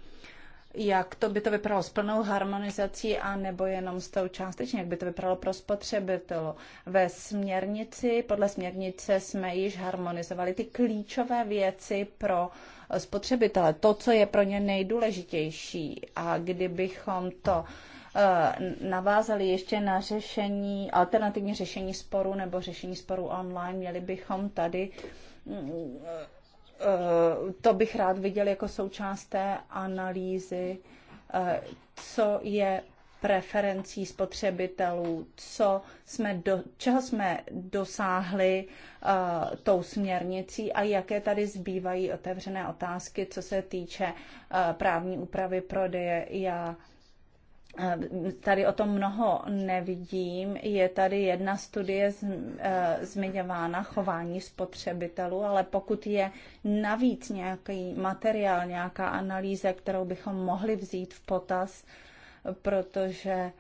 D: jak to by to vypadalo s plnou harmonizací a nebo jenom s tou částečně, jak by to vypadalo pro spotřebitelo. Ve směrnici, podle směrnice jsme již harmonizovali ty klíčové věci pro spotřebitele, to, co je pro ně nejdůležitější. A kdybychom to eh, navázali ještě na řešení, alternativní řešení sporu nebo řešení sporu online, měli bychom tady uh, to bych rád viděl jako součást té analýzy, eh, co je preferencí spotřebitelů, co jsme do, čeho jsme dosáhli uh, tou směrnicí a jaké tady zbývají otevřené otázky, co se týče uh, právní úpravy prodeje. Já Eh, tady o tom mnoho nevidím. Je tady jedna studie z, e, zmiňována chování spotřebitelů, ale pokud je navíc nějaký materiál, nějaká analýza, kterou bychom mohli vzít v potaz, protože e,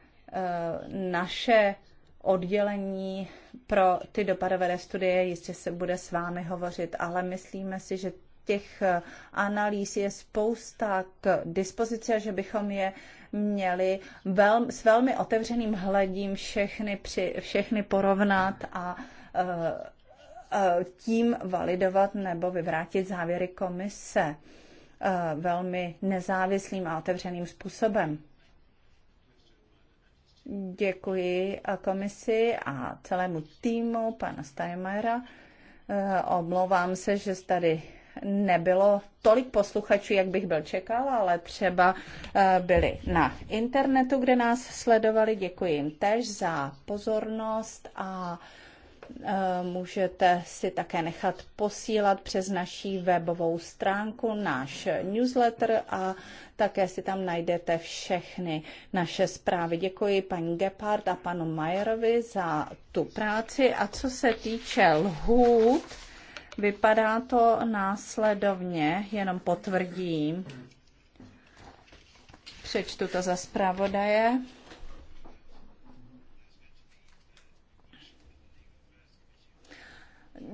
D: naše oddělení pro ty dopadové studie jistě se bude s vámi hovořit, ale myslíme si, že těch analýz je spousta k dispozici a že bychom je měli vel, s velmi otevřeným hledím všechny, při, všechny porovnat a e, e, tím validovat nebo vyvrátit závěry komise e, velmi nezávislým a otevřeným způsobem. Děkuji komisi a celému týmu pana Steinmeiera. Omlouvám se, že tady nebylo tolik posluchačů, jak bych byl čekal, ale třeba eh, byli na internetu, kde nás sledovali. Děkuji jim tež za pozornost a eh, můžete si také nechat posílat přes naší webovou stránku náš newsletter a také si tam najdete všechny naše zprávy. Děkuji paní Gepard a panu Majerovi za tu práci. A co se týče lhůt, Vypadá to následovně, jenom potvrdím. Přečtu to za zpravodaje.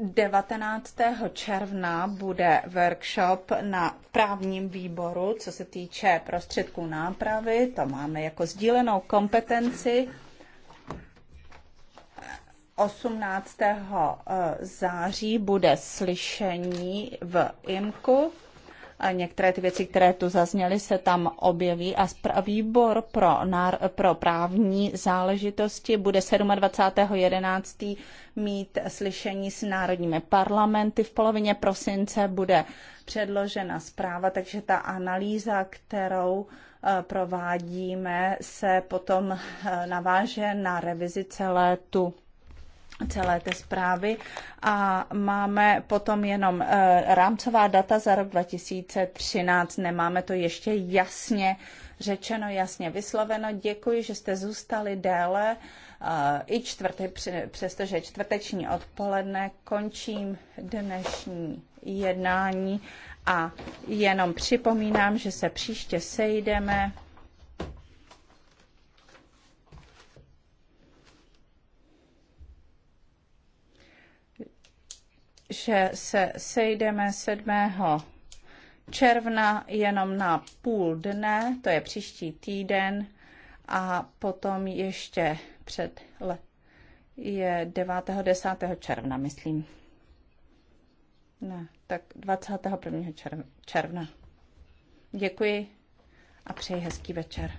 D: Devatenáctého června bude workshop na právním výboru, co se týče prostředků nápravy. To máme jako sdílenou kompetenci. 18. září bude slyšení v IMKU. A některé ty věci, které tu zazněly, se tam objeví a výbor pro, pro právní záležitosti bude 27.11. mít slyšení s národními parlamenty. V polovině prosince bude předložena zpráva, takže ta analýza, kterou eh, provádíme, se potom eh, naváže na revizi celé tu celé té zprávy a máme potom jenom eh, rámcová data za rok 2013, nemáme to ještě jasně řečeno, jasně vysloveno. Děkuji, že jste zůstali déle eh, i čtvrtý, přestože čtvrteční odpoledne končím dnešní jednání a jenom připomínám, že se příště sejdeme že se sejdeme 7. června jenom na půl dne, to je příští týden, a potom ještě před le, je 9. 10. června, myslím. Ne, tak 21. června. Děkuji a přeji hezký večer.